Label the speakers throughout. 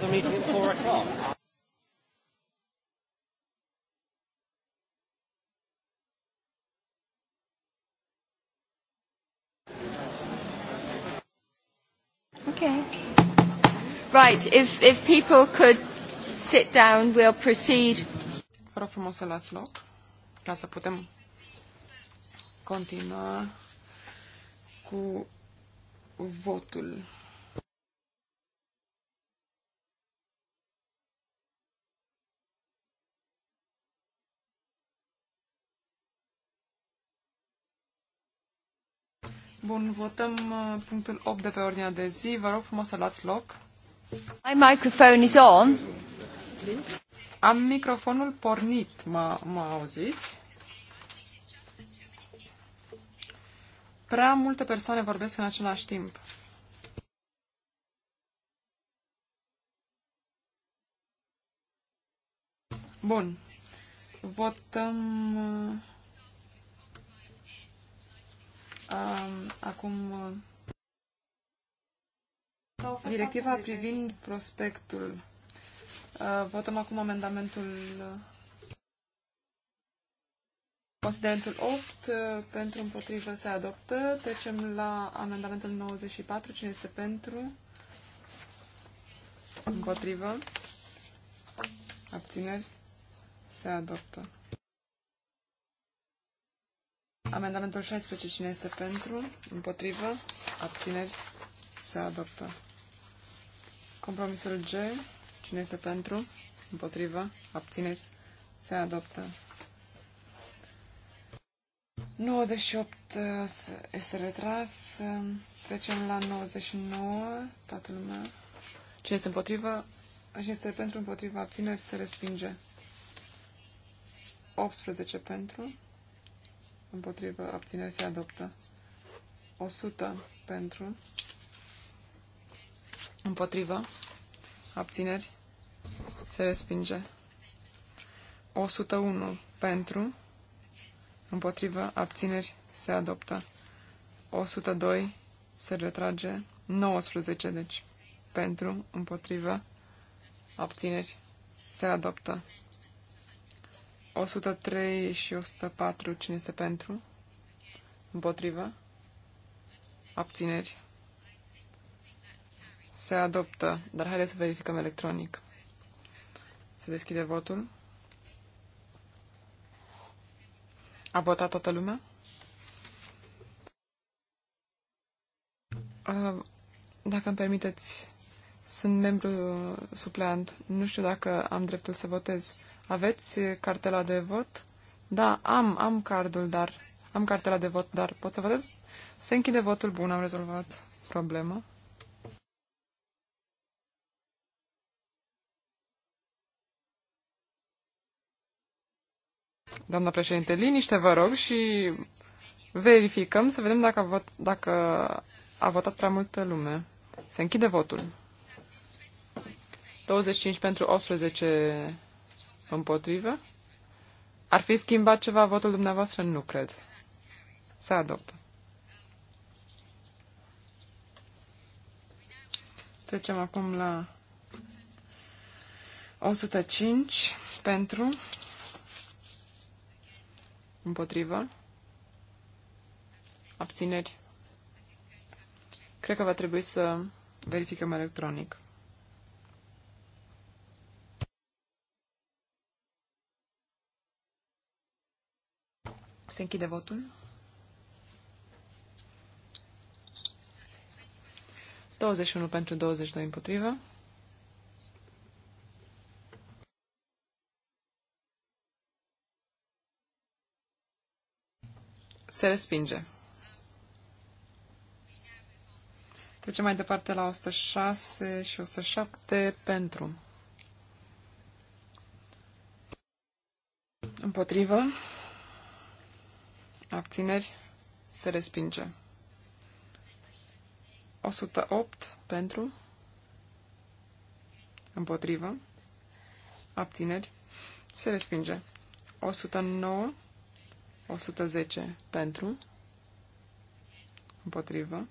Speaker 1: Okay.
Speaker 2: Right, if, if people could sit down, we'll proceed. Vă rog frumos să luați loc ca să putem continua cu votul. Bun, votăm uh, punctul 8 de pe ordinea de zi. Vă rog frumos să luați loc. My microphone is on. Am microfonul pornit, mă, mă auziți? Prea multe persoane vorbesc în același timp. Bun. Votăm uh, acum directiva privind prospectul. Uh, votăm acum amendamentul uh, Considerentul 8 uh, pentru împotrivă se adoptă. Trecem la amendamentul 94. Cine este pentru? Împotrivă. Abțineri. Se adoptă. Amendamentul 16. Cine este pentru? Împotrivă? Abțineri? Se adoptă. Compromisul G. Cine este pentru? Împotrivă? Abțineri? Se adoptă. 98 uh, este retras. Trecem la 99. Toată lumea. Cine este împotrivă? Cine este pentru? Împotrivă? Abțineri? Se respinge. 18 pentru împotrivă, abțineri se adoptă. 100 pentru, împotrivă, abțineri se respinge. 101 pentru, împotrivă, abțineri se adoptă. 102 se retrage, 19 deci, pentru, împotrivă, abțineri se adoptă. 103 și 104, cine este pentru? Împotrivă? Abțineri? Se adoptă, dar haideți să verificăm electronic. Se deschide votul. A votat toată lumea? Uh, dacă îmi permiteți, sunt membru supleant. Nu știu dacă am dreptul să votez. Aveți eh, cartela de vot? Da, am, am cardul, dar... Am cartela de vot, dar pot să vedeți? Se închide votul bun, am rezolvat problema. Doamna președinte, liniște vă rog și verificăm să vedem dacă a, vot, dacă a votat prea multă lume. Se închide votul. 25 pentru 18 Împotrivă? Ar fi schimbat ceva votul dumneavoastră? Nu cred. Se adoptă. Trecem acum la 105 pentru împotrivă abțineri. Cred că va trebui să verificăm electronic. Se închide votul. 21 pentru 22 împotrivă. Se respinge. Trecem mai departe la 106 și 107 pentru. Împotrivă. Abțineri. Se respinge. 108 pentru. Împotrivă. Abțineri. Se respinge. 109. 110 pentru. Împotrivă.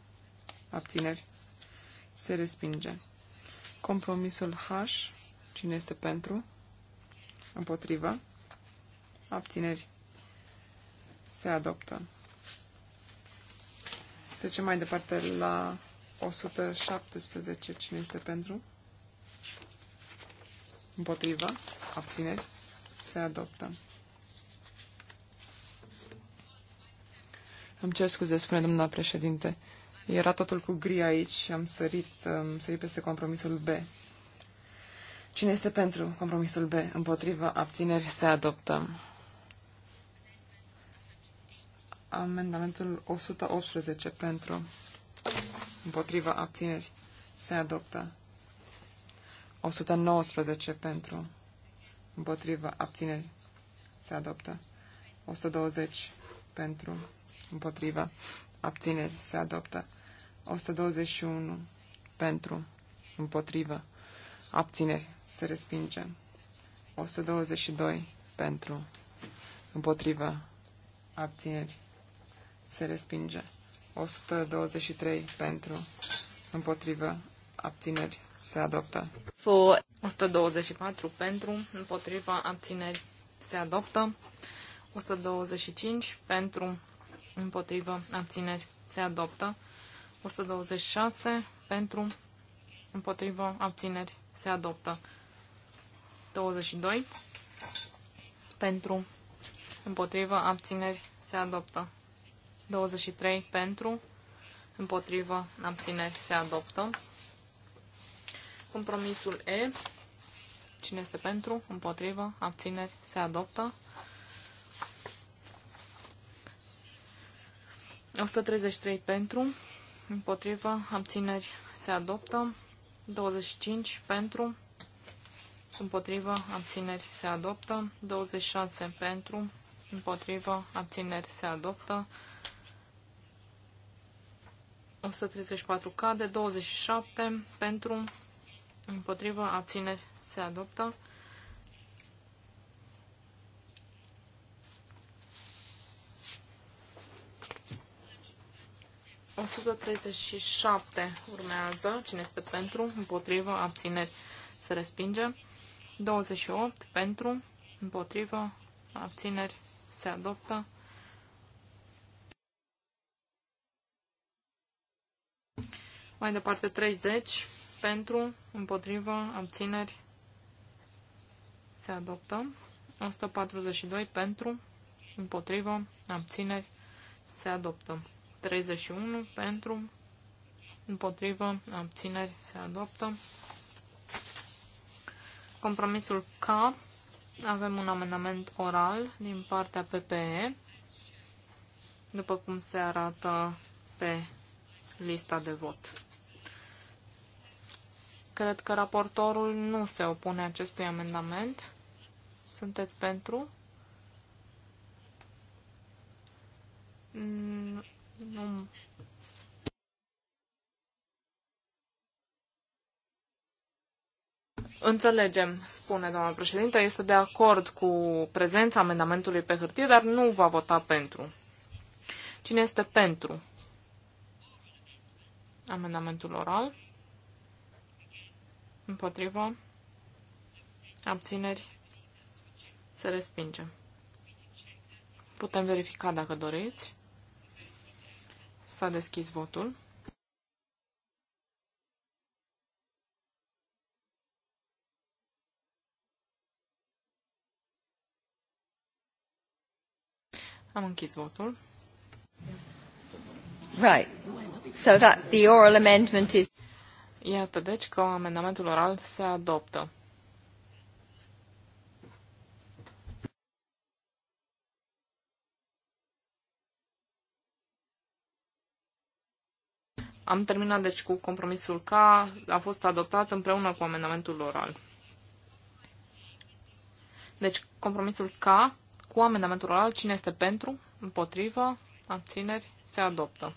Speaker 2: Abțineri. Se respinge. Compromisul H. Cine este pentru? Împotrivă. Abțineri. Se adoptă. Trecem mai departe la 117. Cine este pentru? Împotriva. Abțineri. Se adoptă. Îmi cer scuze, spune domnul președinte. Era totul cu gri aici și am sărit, am sărit peste compromisul B. Cine este pentru compromisul B? Împotriva abțineri se adoptă. Amendamentul 118 pentru împotriva abțineri se adoptă. 119 pentru împotriva abțineri se adoptă. 120 pentru împotriva abțineri se adoptă. 121 pentru împotriva abțineri se respinge. 122 pentru împotriva abțineri se respinge. 123 pentru, împotrivă, abțineri, se adoptă.
Speaker 3: 124 pentru, împotriva, abțineri, se adoptă. 125 pentru, împotrivă, abțineri, se adoptă. 126 pentru, împotrivă, abțineri, se adoptă. 22 pentru, împotrivă, abțineri, se adoptă. 23 pentru, împotrivă, abțineri, se adoptă. Compromisul E, cine este pentru, împotrivă, abțineri, se adoptă. 133 pentru, împotrivă, abțineri, se adoptă. 25 pentru, împotrivă, abțineri, se adoptă. 26 pentru, împotrivă, abțineri, se adoptă. 134 k de 27 pentru, împotrivă, abțineri se adoptă. O 137 urmează. Cine este pentru? Împotrivă. Abțineri. Se respinge. 28 pentru. Împotrivă. Abțineri. Se adoptă. Mai departe 30 pentru, împotrivă, abțineri, se adoptă. 142 pentru, împotrivă, abțineri, se adoptă. 31 pentru, împotrivă, abțineri, se adoptă. Compromisul K, avem un amendament oral din partea PPE, după cum se arată pe lista de vot. Cred că raportorul nu se opune acestui amendament. Sunteți pentru? Mm, nu. Înțelegem, spune doamna președinte, este de acord cu prezența amendamentului pe hârtie, dar nu va vota pentru. Cine este pentru amendamentul oral? Împotrivă. Abțineri. Se respinge. Putem verifica dacă doriți. S-a deschis votul. Am închis votul. Right. So that the oral amendment is Iată deci că amendamentul oral se adoptă. Am terminat deci cu compromisul K, a fost adoptat împreună cu amendamentul oral. Deci compromisul K cu amendamentul oral, cine este pentru, împotrivă, abțineri, se adoptă.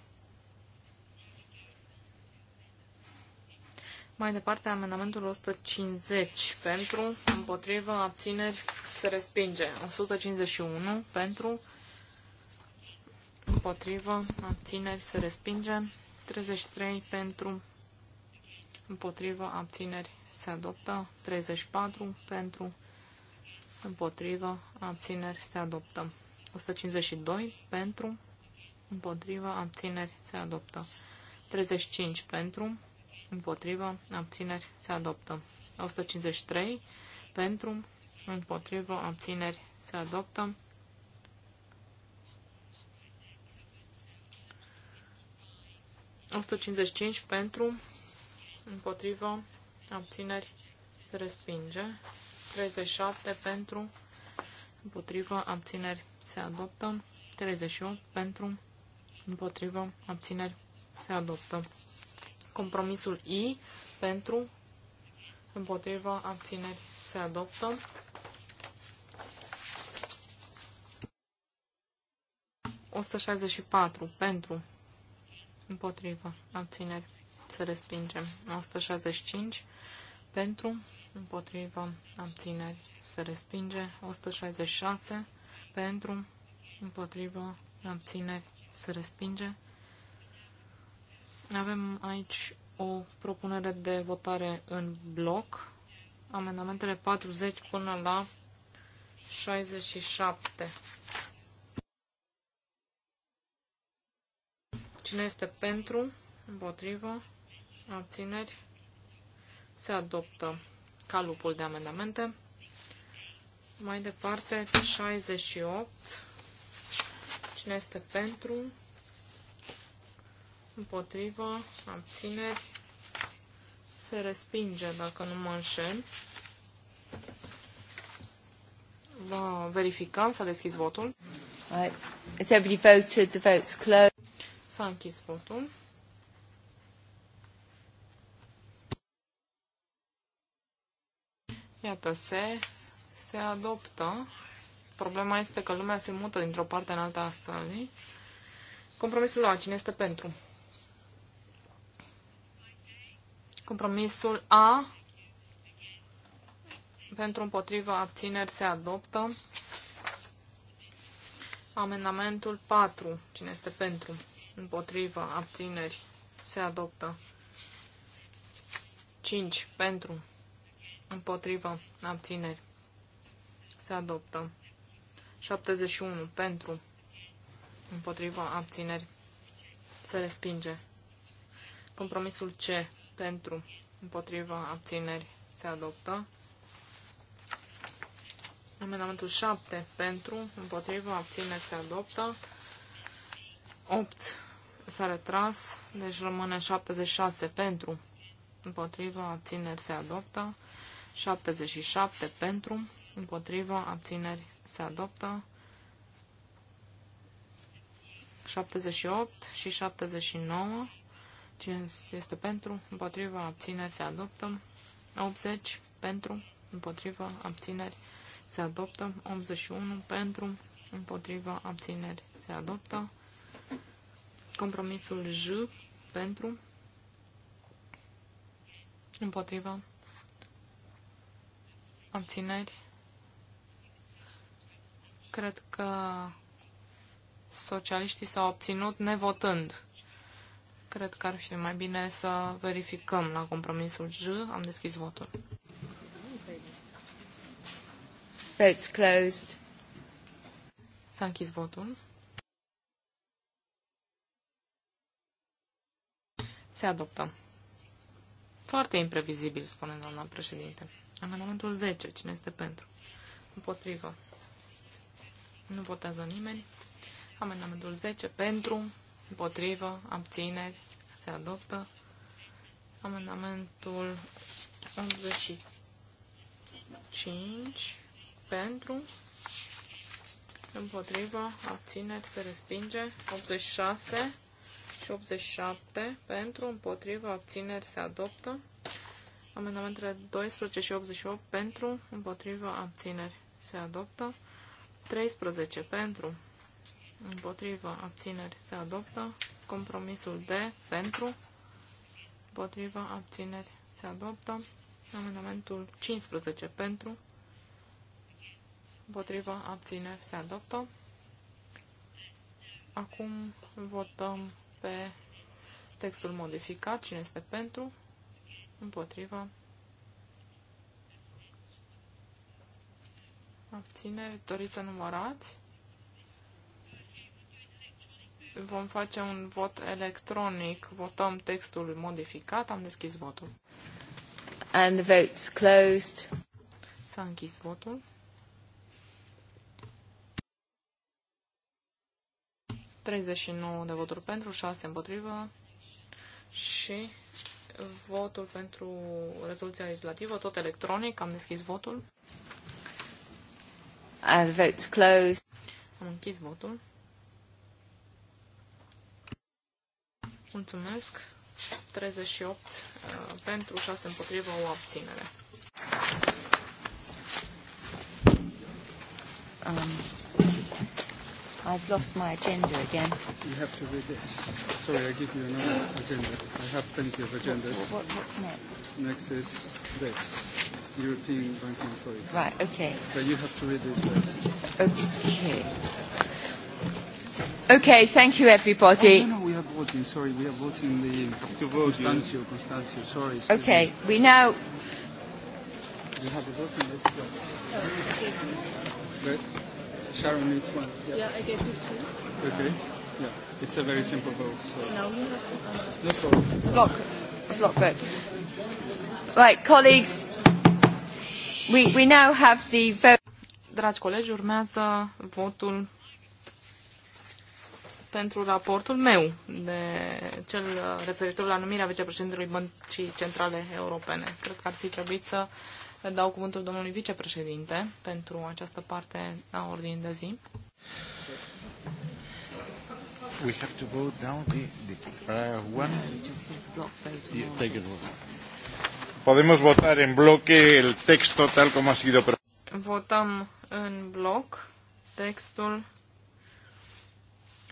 Speaker 3: Mai departe, amendamentul 150 pentru, împotrivă, abțineri, se respinge. 151 pentru, împotrivă, abțineri, se respinge. 33 pentru, împotrivă, abțineri, se adoptă. 34 pentru, împotrivă, abțineri, se adoptă. 152 pentru, împotrivă, abțineri, se adoptă. 35 pentru, împotrivă, abțineri, se adoptă. 153 pentru, împotrivă, abțineri, se adoptă. 155 pentru, împotrivă, abțineri, se respinge. 37 pentru, împotrivă, abțineri, se adoptă. 38 pentru, împotrivă, abțineri, se adoptă. Compromisul I pentru, împotriva, abțineri se adoptă. patru pentru, împotriva, abțineri se respinge. 165 pentru, împotriva, abțineri se respinge. 166 pentru, împotriva, abțineri se respinge. Avem aici o propunere de votare în bloc. Amendamentele 40 până la 67. Cine este pentru? Împotrivă? Abțineri? Se adoptă calupul de amendamente. Mai departe, 68. Cine este pentru? împotrivă, abțineri, se respinge, dacă nu mă înșel. Va verifica, s-a deschis votul. Right. It's voted, the vote's closed. S-a închis votul. Iată, se, se adoptă. Problema este că lumea se mută dintr-o parte în alta a sălii. Compromisul la cine este pentru? Compromisul A pentru împotriva abțineri se adoptă. Amendamentul 4. Cine este pentru? Împotriva abțineri se adoptă. 5. Pentru. Împotriva abțineri se adoptă. 71. Pentru. Împotriva abțineri se respinge. Compromisul C pentru, împotriva abțineri, se adoptă. Amendamentul 7 pentru, împotriva abțineri, se adoptă. 8 s-a retras, deci rămâne 76 pentru, împotriva abțineri, se adoptă. 77 pentru, împotriva abțineri, se adoptă. 78 și 79 5 este pentru? Împotriva abțineri se adoptă. 80 pentru, împotriva abțineri se adoptă. 81 pentru, împotriva abțineri se adoptă. Compromisul J pentru, împotriva abțineri. Cred că socialiștii s-au obținut nevotând. Cred că ar fi mai bine să verificăm la compromisul J. Am deschis votul. Votes closed. S-a închis votul. Se adoptă. Foarte imprevizibil, spune doamna președinte. Amendamentul 10. Cine este pentru? Împotrivă. Nu votează nimeni. Amendamentul 10 pentru, împotrivă, abțineri, se adoptă. Amendamentul 85 pentru, împotrivă, abțineri, se respinge. 86 și 87 pentru, împotrivă, abțineri, se adoptă. Amendamentele 12 și 88 pentru, împotrivă, abțineri, se adoptă. 13 pentru, împotrivă, abțineri, se adoptă. Compromisul D, pentru, împotrivă, abțineri, se adoptă. Amendamentul 15, pentru, împotrivă, abțineri, se adoptă. Acum votăm pe textul modificat. Cine este pentru? Împotrivă. Abțineri. Doriți să numărați? Vom face un vot electronic. Votăm textul modificat. Am deschis votul. And the vote's closed. S-a închis votul. 39 de voturi pentru, 6 împotrivă și votul pentru rezoluția legislativă, tot electronic. Am deschis votul. And the vote's closed. Am închis votul. Mulțumesc. 38 uh, pentru, 6 împotrivă, o abținere. Um, I've lost my agenda again.
Speaker 2: You have to read this. Sorry, I give you another agenda. I have plenty of agendas. What, what, what's next? Next is this. European Banking Authority. Right, okay. But you have to read this first. Okay.
Speaker 1: Okay, thank you everybody. Oh, no, no
Speaker 2: voting, sorry, we are voting the to vote, Constancio, yes. Constancio, sorry. Excuse Okay, me. we now... We have the voting list. Oh, okay. Sharon needs one. Yeah, yeah I
Speaker 1: gave you two.
Speaker 2: Okay, yeah. It's a very simple vote. So. No, you have to... No problem. Block, block vote.
Speaker 3: Right, colleagues, we, we now have the vote. Dragi colegi, urmează votul pentru raportul meu, de cel referitor la numirea vicepreședintelui Băncii Centrale Europene. Cred că ar fi trebuit să dau cuvântul domnului vicepreședinte pentru această parte a ordinii de zi.
Speaker 1: We have to go down the,
Speaker 2: the uh, one. Podemos votar en bloque el texto tal como ha sido.
Speaker 3: Votăm în bloc textul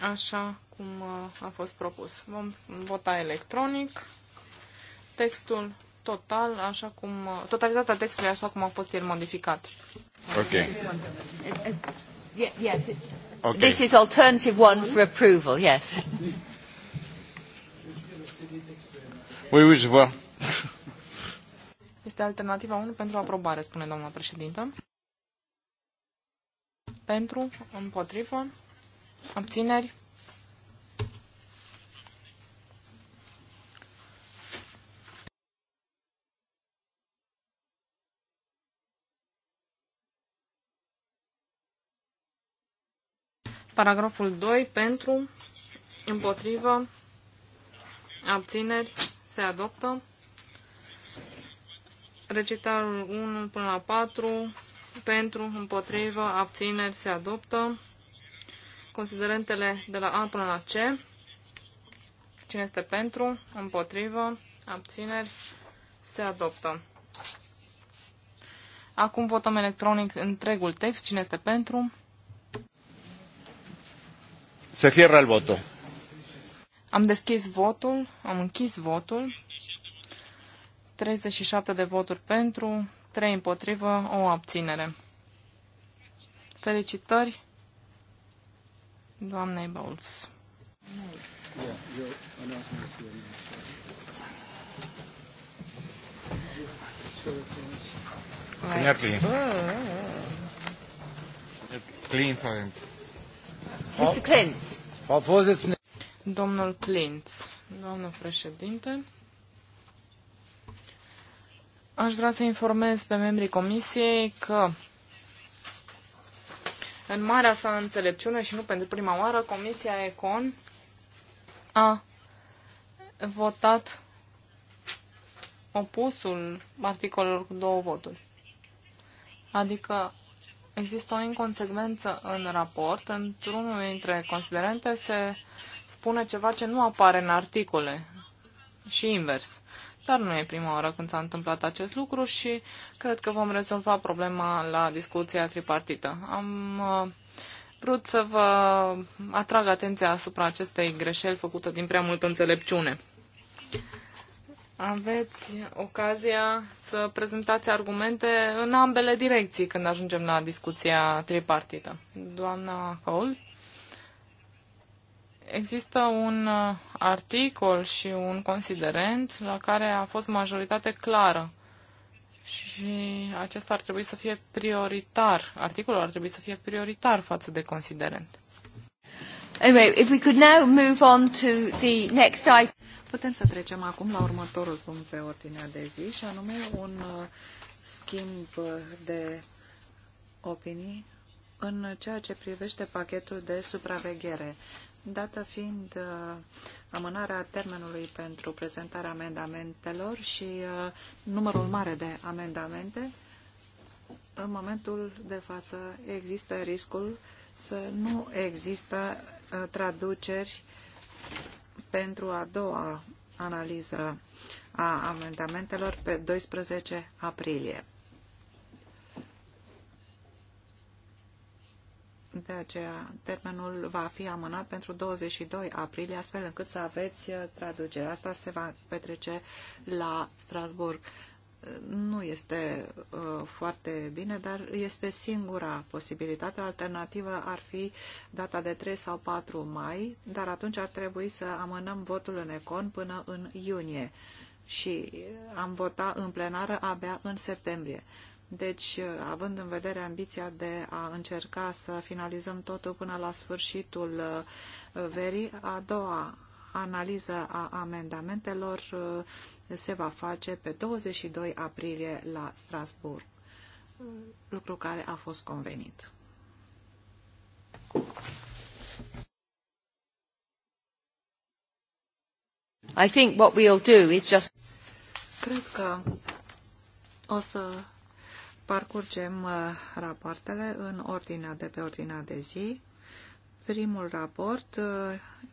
Speaker 3: așa cum uh, a fost propus. Vom vota electronic. Textul total, așa cum, uh, totalitatea textului așa cum a fost el modificat. Ok. Yes. Okay. This is alternative one for approval, yes. Oui, oui, je vois. Este alternativa 1 pentru aprobare, spune doamna președintă. Pentru, împotrivă. Abțineri? Paragraful 2. Pentru, împotrivă, abțineri, se adoptă. Recitalul 1 până la 4. Pentru, împotrivă, abțineri, se adoptă. Considerentele de la A până la C. Cine este pentru? Împotrivă? Abțineri? Se adoptă. Acum votăm electronic întregul text. Cine este pentru? Se cierra el voto. Am deschis votul, am închis votul. 37 de voturi pentru, 3 împotrivă, o abținere. Felicitări doamnei Bowles. Domnul Clint. domnul președinte, aș vrea să informez pe membrii comisiei că în marea sa înțelepciune și nu pentru prima oară, Comisia Econ a votat opusul articolelor cu două voturi. Adică există o inconsecvență în raport. Într-unul dintre considerente se spune ceva ce nu apare în articole și invers. Dar nu e prima oară când s-a întâmplat acest lucru și cred că vom rezolva problema la discuția tripartită. Am uh, vrut să vă atrag atenția asupra acestei greșeli făcute din prea multă înțelepciune. Aveți ocazia să prezentați argumente în ambele direcții când ajungem la discuția tripartită. Doamna Cole? Există un uh, articol și un considerent la care a fost majoritate clară și acesta ar trebui să fie prioritar. Articolul ar trebui să fie prioritar față de considerent. Anyway, if we could now move on to the next item. Putem să trecem acum la următorul punct pe ordinea de zi și anume un
Speaker 1: uh, schimb de opinii în ceea ce privește pachetul de supraveghere dată fiind uh, amânarea termenului pentru prezentarea amendamentelor și uh, numărul mare de amendamente, în momentul de față există riscul să nu există uh, traduceri pentru a doua analiză a amendamentelor pe 12 aprilie. De aceea, termenul va fi amânat pentru 22 aprilie, astfel încât să aveți uh, traducerea. Asta se va petrece la Strasburg. Nu este uh, foarte bine, dar este singura posibilitate. Alternativa alternativă ar fi data de 3 sau 4 mai, dar atunci ar trebui să amânăm votul în Econ până în iunie și am votat în plenară abia în septembrie. Deci, uh, având în vedere ambiția de a încerca să finalizăm totul până la sfârșitul uh, verii, a doua analiză a amendamentelor uh, se va face pe 22 aprilie la Strasburg, lucru care a fost convenit.
Speaker 2: I think what we'll do is just...
Speaker 3: Cred că
Speaker 1: o să parcurgem uh, rapoartele în ordinea de pe ordinea de zi. Primul raport uh,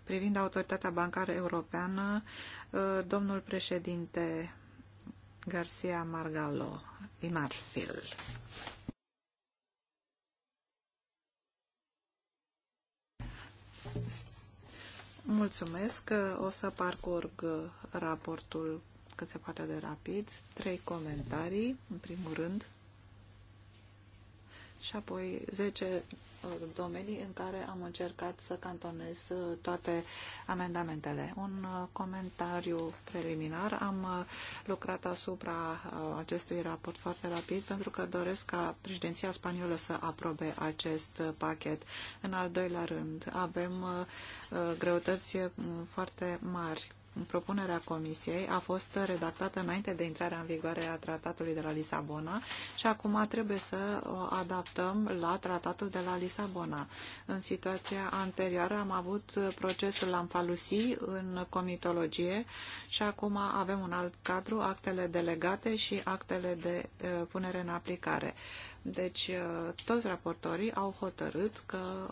Speaker 1: privind Autoritatea Bancară Europeană, uh, domnul președinte Garcia Margalo Imarfil. Mulțumesc. O să parcurg raportul cât se poate de rapid. Trei comentarii, în primul rând și apoi 10 uh, domenii în care am încercat să cantonez uh, toate amendamentele. Un uh, comentariu preliminar. Am lucrat asupra acestui raport foarte rapid pentru că doresc ca președinția spaniolă să aprobe acest pachet. În al doilea rând, avem greutăți foarte mari propunerea Comisiei a fost redactată înainte de intrarea în vigoare a tratatului de la Lisabona și acum trebuie să o adaptăm la tratatul de la Lisabona. În situația anterioară am avut procesul Lamfalusi în comitologie și acum avem un alt cadru, actele delegate și actele de punere în aplicare. Deci toți raportorii au hotărât că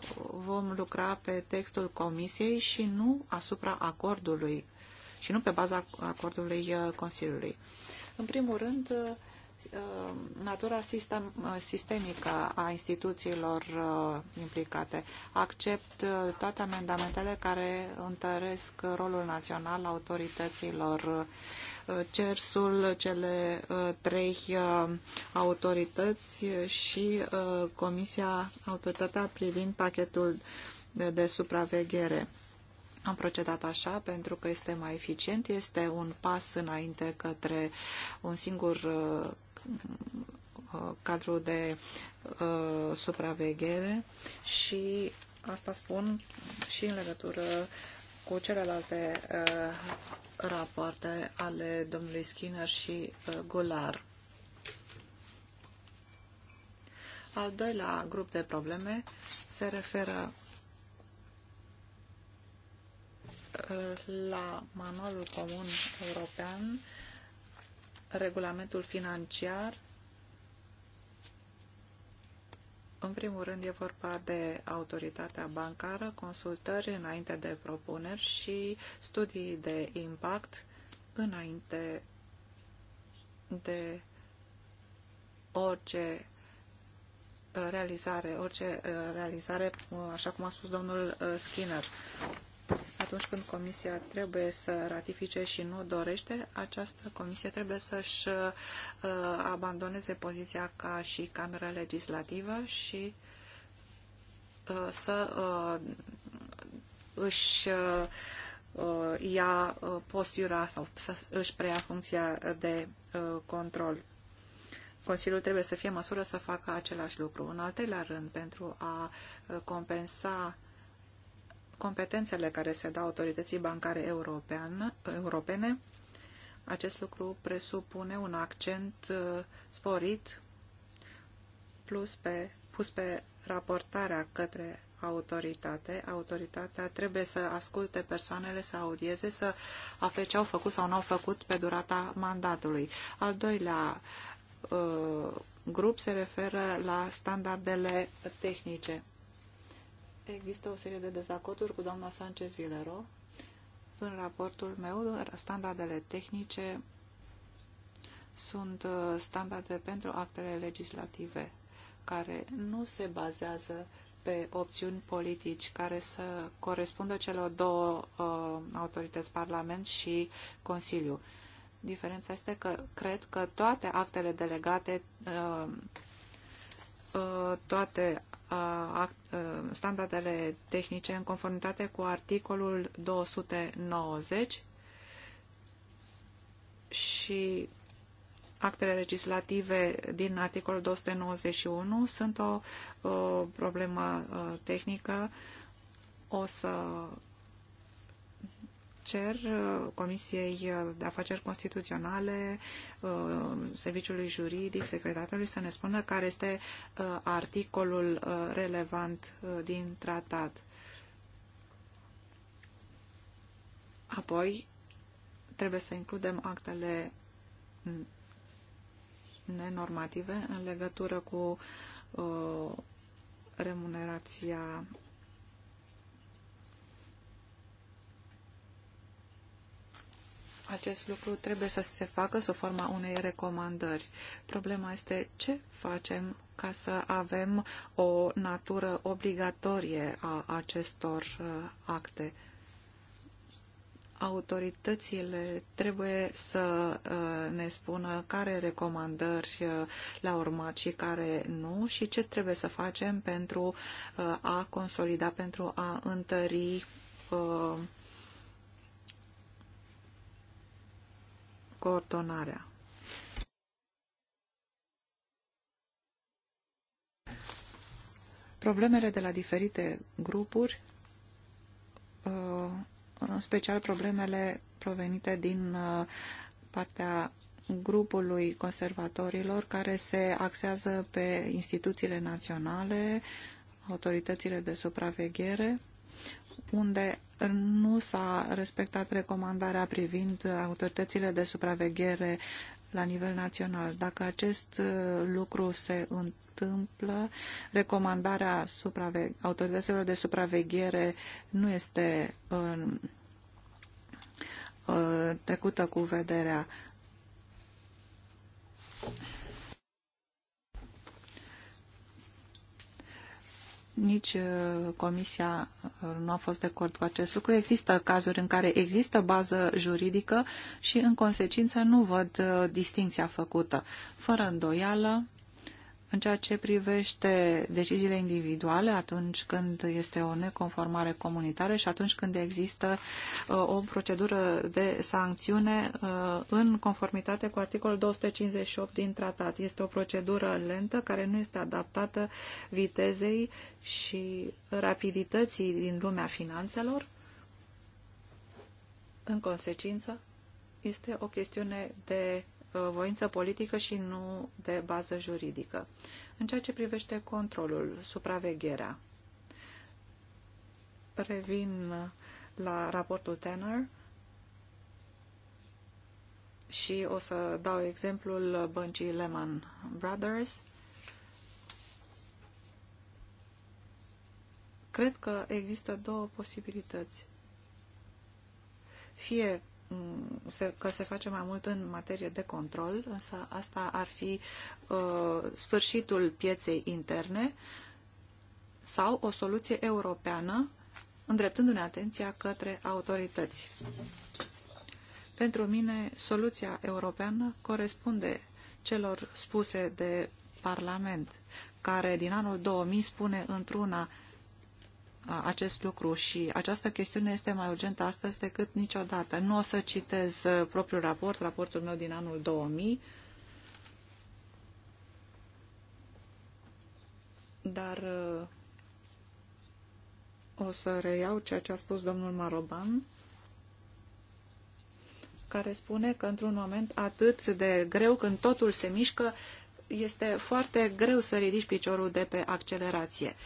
Speaker 1: vom lucra pe textul comisiei și nu asupra acordului și nu pe baza acordului uh, Consiliului. În primul rând, uh, natura sistem, sistemică a instituțiilor uh, implicate. Accept toate amendamentele care întăresc rolul național autorităților, CERSUL, cele trei autorități și Comisia Autoritatea privind pachetul de supraveghere. Am procedat așa pentru că este mai eficient, este un pas înainte către un singur uh, cadru de uh, supraveghere și asta spun și în legătură cu celelalte uh, rapoarte ale domnului Skinner și Golar. Al doilea grup de probleme se referă la manualul comun european, regulamentul financiar. În primul rând e vorba de autoritatea bancară, consultări înainte de propuneri și studii de impact înainte de orice realizare, orice realizare, așa cum a spus domnul uh, Skinner atunci când Comisia trebuie să ratifice și nu dorește, această Comisie trebuie să-și uh, abandoneze poziția ca și Camera Legislativă și uh, să uh, își uh, ia uh, postura sau să își preia funcția de uh, control. Consiliul trebuie să fie măsură să facă același lucru. În al treilea rând, pentru a uh, compensa competențele care se dau autorității bancare europene, acest lucru presupune un accent uh, sporit plus pe, pus pe raportarea către autoritate. Autoritatea trebuie să asculte persoanele, să audieze, să afle ce au făcut sau nu au făcut pe durata mandatului. Al doilea uh, grup se referă la standardele tehnice există o serie de dezacorduri cu doamna Sanchez Vilero în raportul meu. Standardele tehnice sunt uh, standarde pentru actele legislative care nu se bazează pe opțiuni politici care să corespundă celor două uh, autorități, Parlament și Consiliu. Diferența este că cred că toate actele delegate uh, Uh, toate uh, uh, standardele tehnice în conformitate cu articolul 290 și actele legislative din articolul 291 sunt o, o problemă tehnică. O să cer uh, Comisiei uh, de Afaceri Constituționale, uh, Serviciului Juridic, Secretatului să ne spună care este articolul relevant din tratat. Apoi, trebuie să includem actele nenormative în legătură cu remunerația Acest lucru trebuie să se facă sub forma unei recomandări. Problema este ce facem ca să avem o natură obligatorie a acestor uh, acte. Autoritățile trebuie să uh, ne spună care recomandări uh, le-au urmat și care nu și ce trebuie să facem pentru a consolida, pentru a întări coordonarea. Problemele de la diferite grupuri, uh, în special problemele provenite din uh, partea grupului conservatorilor care se axează pe instituțiile naționale, autoritățile de supraveghere, unde nu s-a respectat recomandarea privind autoritățile de supraveghere la nivel național. Dacă acest uh, lucru se întâmplă, recomandarea autorităților de supraveghere nu este uh, uh, trecută cu vederea. nici uh, Comisia uh, nu a fost de acord cu acest lucru. Există cazuri în care există bază juridică și, în consecință, nu văd uh, distinția făcută. Fără îndoială, în ceea ce privește deciziile individuale, atunci când este o neconformare comunitară și atunci când există uh, o procedură de sancțiune uh, în conformitate cu articolul 258 din tratat. Este o procedură lentă care nu este adaptată vitezei și rapidității din lumea finanțelor. În consecință, este o chestiune de Uh, voință politică și nu de bază juridică. În ceea ce privește controlul, supravegherea, revin la raportul Tanner și o să dau exemplul băncii Lehman Brothers. Cred că există două posibilități. Fie Mm, că se face mai mult în materie de control, însă asta ar fi uh, sfârșitul pieței interne sau o soluție europeană, îndreptându-ne atenția către autorități. Pentru mine, soluția europeană corespunde celor spuse de Parlament, care din anul 2000 spune într-una acest lucru și această chestiune este mai urgentă astăzi decât niciodată. Nu o să citez uh, propriul raport, raportul meu din anul 2000, dar uh, o să reiau ceea ce a spus domnul Maroban, care spune că într-un moment atât de greu, când totul se mișcă, este foarte greu să ridici piciorul de pe accelerație. Uh,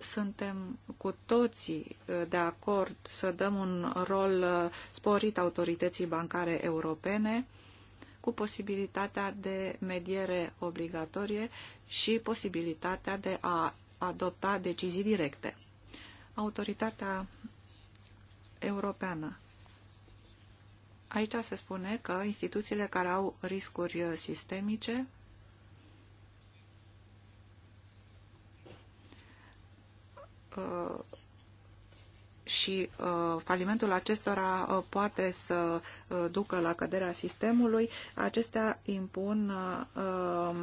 Speaker 1: suntem cu toții uh, de acord să dăm un rol uh, sporit autorității bancare europene cu posibilitatea de mediere obligatorie și posibilitatea de a adopta decizii directe. Autoritatea europeană. Aici se spune că instituțiile care au riscuri uh, sistemice Uh, și uh, falimentul acestora uh, poate să uh, ducă la căderea sistemului, acestea impun uh,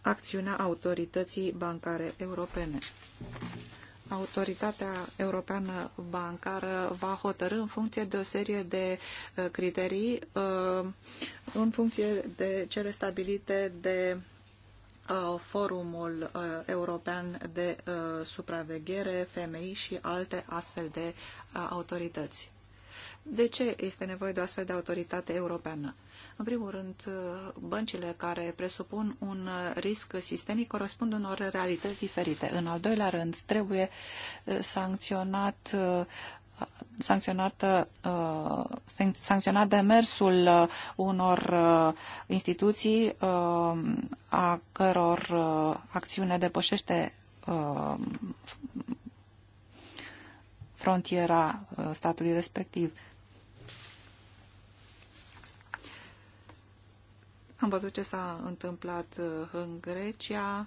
Speaker 1: acțiunea autorității bancare europene. Autoritatea Europeană Bancară va hotărâ în funcție de o serie de uh, criterii, uh, în funcție de cele stabilite de Uh, Forumul uh, European de uh, Supraveghere, FMI și alte astfel de autorități. De ce este nevoie de o astfel de autoritate europeană? În primul rând, băncile care presupun un risc sistemic corespund unor realități diferite. În al doilea rând, trebuie sancționat sancționat, uh, sancționat demersul uh, unor uh, instituții a căror acțiune depășește frontiera statului respectiv. Am văzut ce s-a întâmplat în Grecia,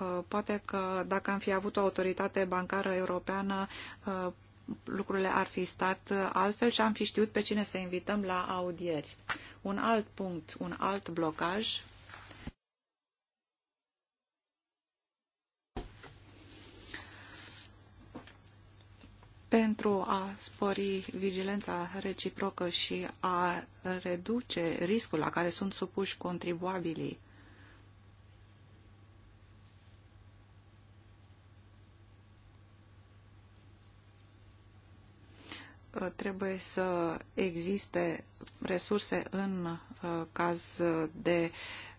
Speaker 1: Uh, poate că dacă am fi avut o autoritate bancară europeană, uh, lucrurile ar fi stat altfel și am fi știut pe cine să invităm la audieri. Un alt punct, un alt blocaj. Pentru a spori vigilența reciprocă și a reduce riscul la care sunt supuși contribuabilii Uh, trebuie să existe resurse în uh, caz de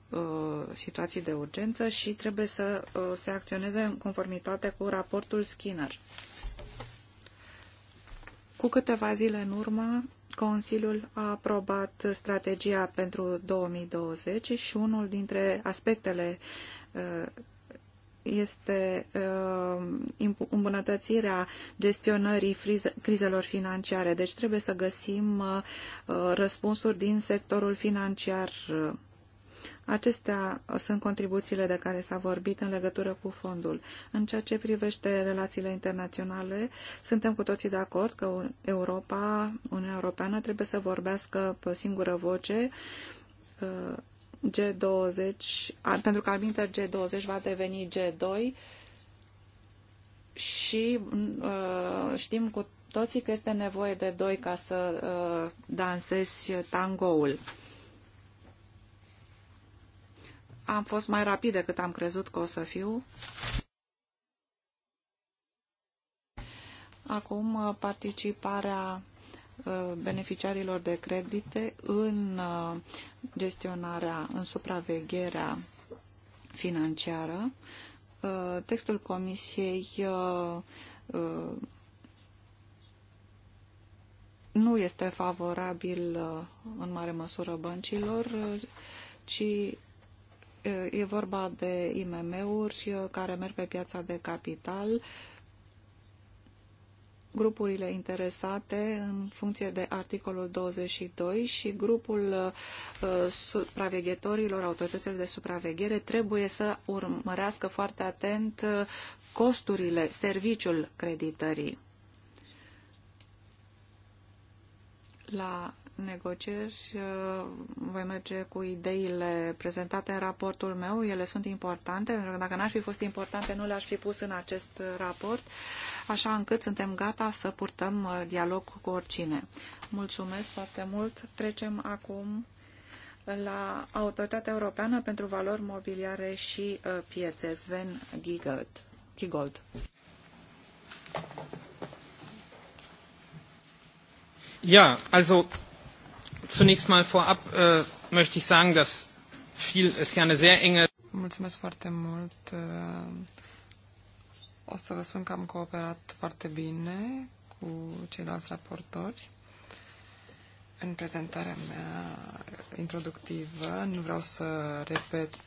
Speaker 1: uh, situații de urgență și trebuie să se acționeze în conformitate cu raportul Skinner. Cu câteva zile în urmă, Consiliul a aprobat strategia pentru 2020 și unul dintre aspectele este uh, îmbunătățirea gestionării crizelor financiare. Deci trebuie să găsim uh, uh, răspunsuri din sectorul financiar. Acestea sunt contribuțiile de care s-a vorbit în legătură cu fondul. În ceea ce privește relațiile internaționale, suntem cu toții de acord că Europa, Uniunea Europeană, trebuie să vorbească pe o singură voce G20, pentru că alminter G20 va deveni G2 și mm, uh, știm cu toții că este nevoie de doi ca să uh, dansezi tangoul. Am fost mai rapid decât am crezut că o să fiu. Acum uh, participarea Uh, beneficiarilor de credite în uh, gestionarea, în supravegherea financiară. Uh, textul Comisiei nu este favorabil în mare măsură băncilor, ci e vorba de IMM-uri care merg pe piața de capital grupurile interesate în funcție de articolul 22 și grupul uh, supraveghetorilor, autorităților de supraveghere, trebuie să urmărească foarte atent uh, costurile, serviciul creditării. La negocieri uh, voi merge cu ideile prezentate în raportul meu. Ele sunt importante, pentru că dacă n-ar fi fost importante, nu le-aș fi pus în acest raport, așa încât suntem gata să purtăm uh, dialog cu oricine. Mulțumesc foarte mult. Trecem acum la Autoritatea Europeană pentru Valori Mobiliare și uh, Piețe, Sven Giegold. Giegold.
Speaker 2: Ja, also Zunächst mal vorab äh, möchte ich sagen, dass viel ist ja eine sehr enge. Mulțumesc foarte mult. O să vă spun că am cooperat foarte bine cu ceilalți raportori în prezentarea mea introductivă. Nu vreau să repet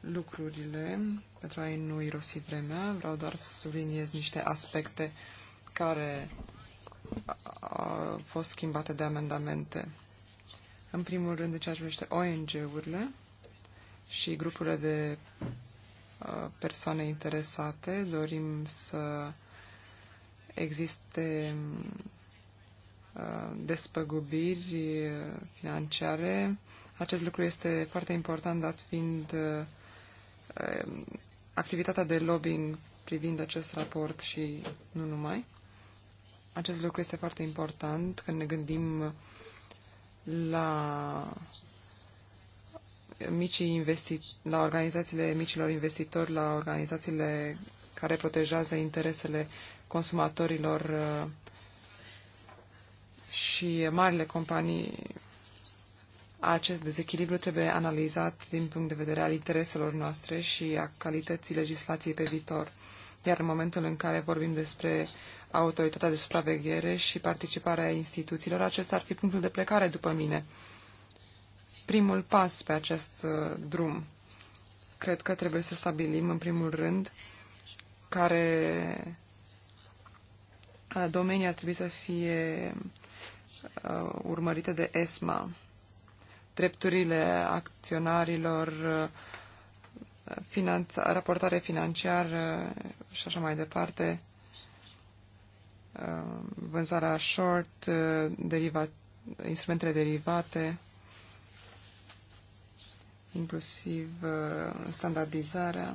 Speaker 2: lucrurile pentru a nu irosi vremea. Vreau doar să subliniez niște aspecte care au fost schimbate de amendamente. În primul rând, în ceea ce privește ONG-urile și grupurile de uh, persoane interesate, dorim să existe uh, despăgubiri financiare. Acest lucru este foarte important, dat fiind uh, activitatea de lobbying privind acest raport și nu numai. Acest lucru este foarte important când ne gândim la micii investi la organizațiile micilor investitori, la organizațiile care protejează interesele consumatorilor uh, și marile companii. Acest dezechilibru trebuie analizat din punct de vedere al intereselor noastre și a calității legislației pe viitor. Iar în momentul în care vorbim despre autoritatea de supraveghere și participarea instituțiilor. Acesta ar fi punctul de plecare după mine. Primul pas pe acest uh, drum. Cred că trebuie să stabilim, în primul rând, care uh, domenii ar trebui să fie uh, urmărite de ESMA. Drepturile acționarilor, finanța, raportare financiară și așa mai departe, Uh, vânzarea short, uh, deriva, instrumentele derivate, inclusiv uh, standardizarea.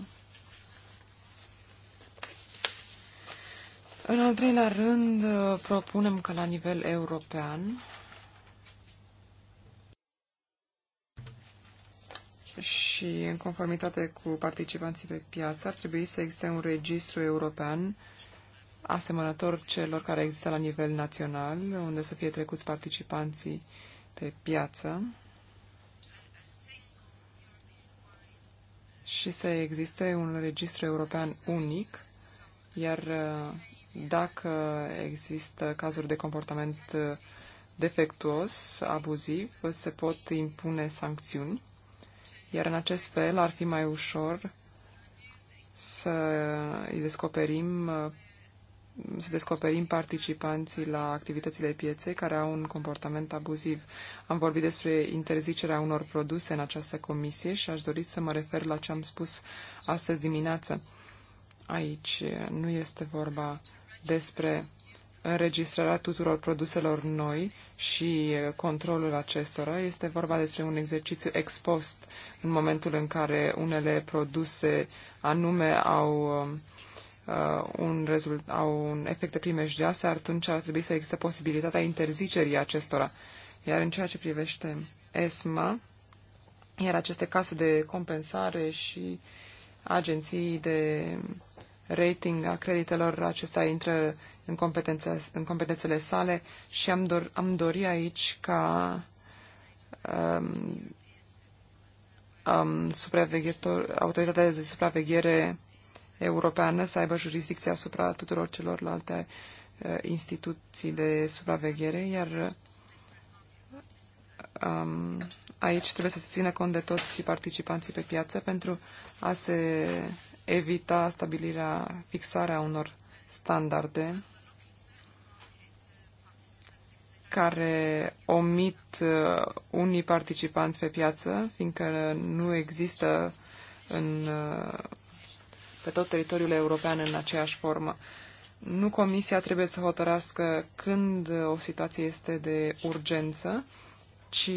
Speaker 2: În al treilea rând, propunem că la nivel european și în conformitate cu participanții pe piață ar trebui să existe un registru european uh, asemănător celor care există la nivel național, unde să fie trecuți participanții pe piață și să existe un registru european unic, iar uh, dacă există cazuri de comportament uh, defectuos, abuziv, se pot impune sancțiuni, iar în acest fel ar fi mai ușor să îi descoperim uh, să descoperim participanții la activitățile pieței care au un comportament abuziv. Am vorbit despre interzicerea unor produse în această comisie și aș dori să mă refer la ce am spus astăzi dimineață. Aici nu este vorba despre înregistrarea tuturor produselor noi și controlul acestora. Este vorba despre un exercițiu ex post în momentul în care unele produse anume au uh, un, rezult, au un de primejdioase, atunci ar trebui să existe posibilitatea interzicerii acestora. Iar în ceea ce privește ESMA, iar aceste case de compensare și agenții de rating a creditelor, acesta intră în, competențe, în competențele sale și am, dor, am dori aici ca um, um, autoritatea de supraveghere europeană să aibă jurisdicție asupra tuturor celorlalte eh, instituții de supraveghere, iar um, aici trebuie să se țină cont de toți participanții pe piață pentru a se evita stabilirea, fixarea unor standarde care omit eh, unii participanți pe piață, fiindcă nu există în eh, pe tot teritoriul european în aceeași formă. Nu comisia trebuie să hotărască când o situație este de urgență, ci,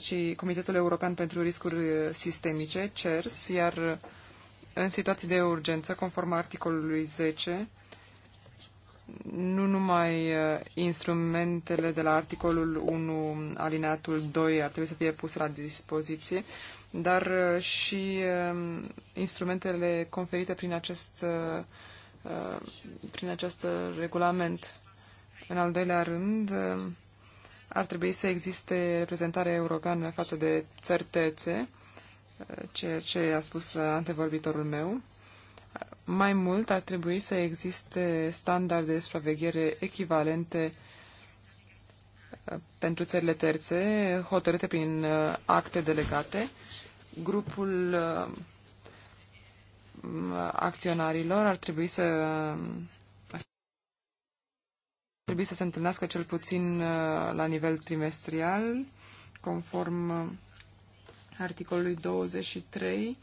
Speaker 2: ci Comitetul European pentru Riscuri Sistemice, CERS, iar în situații de urgență, conform articolului 10, nu numai uh, instrumentele de la articolul 1, alineatul 2, ar trebui să fie puse la dispoziție, dar uh, și um, instrumentele conferite prin acest, uh, uh, prin acest regulament. În al doilea rând, ar trebui să existe reprezentare europeană față de țări terțe, ceea ce a spus antevorbitorul meu. Mai mult, ar trebui să existe standarde de supraveghere echivalente pentru țările terțe, hotărâte prin acte delegate grupul uh, acționarilor ar trebui să uh, ar trebui să se întâlnească cel puțin uh, la nivel trimestrial, conform articolului 23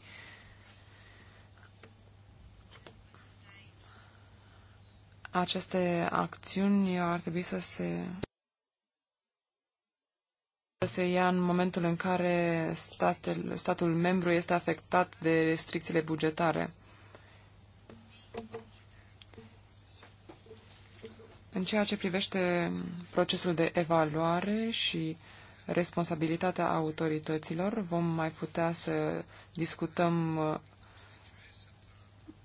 Speaker 2: aceste acțiuni ar trebui să se se ia în momentul în care statul, statul membru este afectat de restricțiile bugetare. În ceea ce privește procesul de evaluare și responsabilitatea autorităților, vom mai putea să discutăm uh,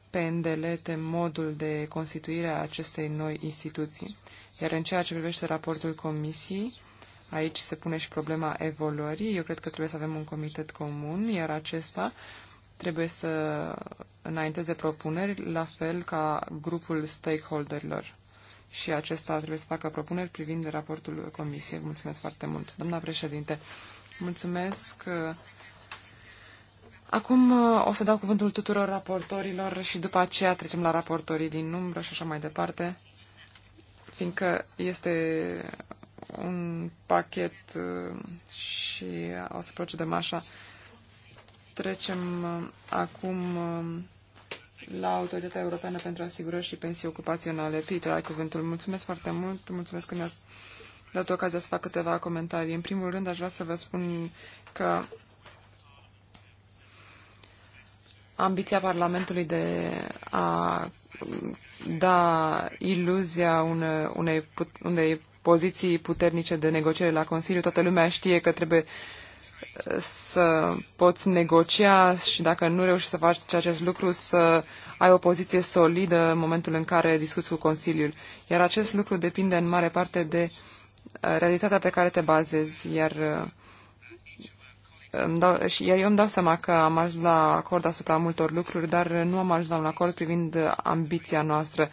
Speaker 2: pe îndelete modul de constituire a acestei noi instituții. Iar în ceea ce privește raportul Comisiei, Aici se pune și problema evoluării. Eu cred că trebuie să avem un comitet comun, iar acesta trebuie să înainteze propuneri, la fel ca grupul stakeholderilor. Și acesta trebuie să facă propuneri privind raportul comisiei. Mulțumesc foarte mult. Doamna președinte, mulțumesc. Acum uh, o să dau cuvântul tuturor raportorilor și după aceea trecem la raportorii din umbră și așa mai departe, fiindcă este un pachet uh, și o să procedăm așa. Trecem uh, acum uh, la Autoritatea Europeană pentru Asigurări și Pensii Ocupaționale. Peter, ai cuvântul. Mulțumesc foarte mult. Mulțumesc că mi-ați dat ocazia să fac câteva comentarii. În primul rând, aș vrea să vă spun că ambiția Parlamentului de a da iluzia unei, unei poziții puternice de negociere la Consiliu. Toată lumea știe că trebuie uh, să poți negocia și dacă nu reușești să faci acest lucru, să ai o poziție solidă în momentul în care discuți cu Consiliul. Iar acest lucru depinde în mare parte de uh, realitatea pe care te bazezi, iar uh, îmi dau, și, iar eu îmi dau seama că am ajuns la acord asupra multor lucruri, dar nu am ajuns la un acord privind ambiția noastră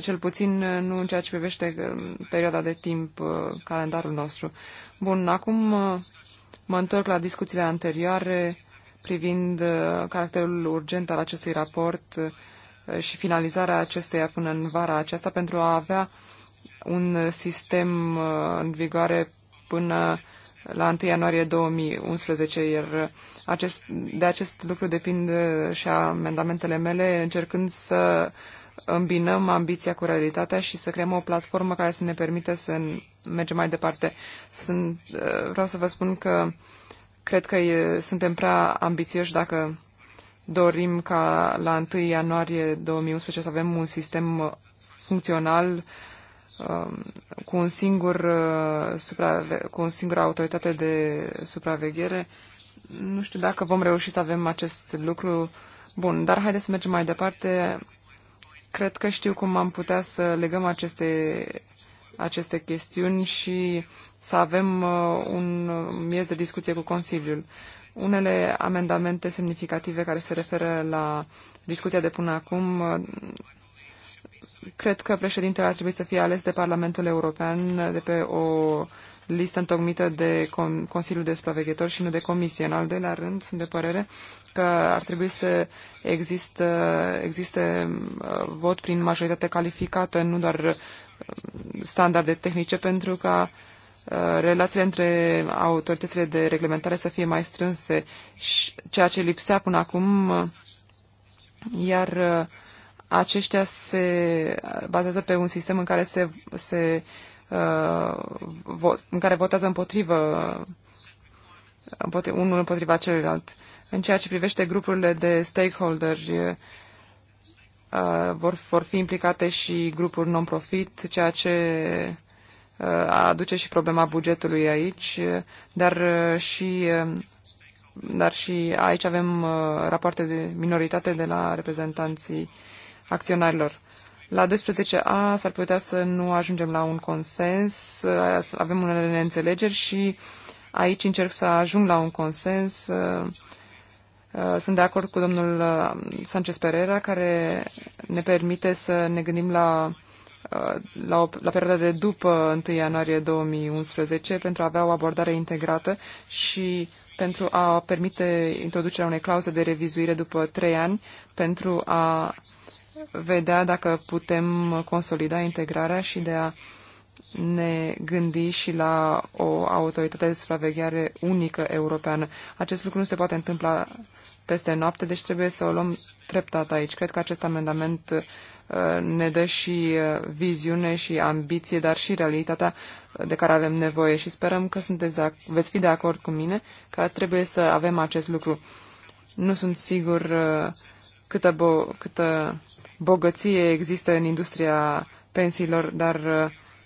Speaker 2: cel puțin uh, nu în ceea ce privește uh, perioada de timp, uh, calendarul nostru. Bun, acum mă întorc la discuțiile anterioare privind caracterul urgent al acestui raport și finalizarea acestuia până în vara aceasta pentru a avea un sistem în vigoare până la 1 ianuarie 2011, iar acest, de acest lucru depind și amendamentele mele, încercând să îmbinăm ambiția cu realitatea și să creăm o platformă care să ne permită să mergem mai departe. Sunt, uh, vreau să vă spun că cred că e, suntem prea ambițioși dacă dorim ca la 1 ianuarie 2011 să avem un sistem uh, funcțional um, cu un singur, uh, cu un singur autoritate de supraveghere. Nu știu dacă vom reuși să avem acest lucru bun, dar haideți să mergem mai departe. Cred că știu cum am putea să legăm aceste, aceste chestiuni și să avem uh, un miez de discuție cu Consiliul. Unele amendamente semnificative care se referă la discuția de până acum uh, cred că președintele ar trebui să fie ales de Parlamentul European de pe o listă întocmită de Consiliul de Supraveghetori și nu de Comisie. În al doilea rând, sunt de părere că ar trebui să există, existe uh, vot prin majoritate calificată, nu doar uh, standarde tehnice, pentru ca uh, relațiile între autoritățile de reglementare să fie mai strânse, ceea ce lipsea până acum, iar aceștia se bazează pe un sistem în care se, se în care votează împotrivă, împotriva, unul împotriva celuilalt. În ceea ce privește grupurile de stakeholders vor, vor fi implicate și grupuri non-profit, ceea ce aduce și problema bugetului aici, dar și, dar și aici avem rapoarte de minoritate de la reprezentanții acționarilor. La 12A s-ar putea să nu ajungem la un consens, avem unele neînțelegeri și aici încerc să ajung la un consens Uh, sunt de acord cu domnul uh, Sanchez Pereira, care ne permite să ne gândim la, uh, la, o, la perioada de după 1 ianuarie 2011 pentru a avea o abordare integrată și pentru a permite introducerea unei clauze de revizuire după 3 ani pentru a vedea dacă putem consolida integrarea și de a ne gândi și la o autoritate de supraveghere unică europeană. Acest lucru nu se poate întâmpla peste noapte, deci trebuie să o luăm treptat aici. Cred că acest amendament uh, ne dă și uh, viziune și ambiție, dar și realitatea uh, de care avem nevoie și sperăm că sunteți, veți fi de acord cu mine că trebuie să avem acest lucru. Nu sunt sigur câtă, bo- câtă bogăție există în industria pensiilor, dar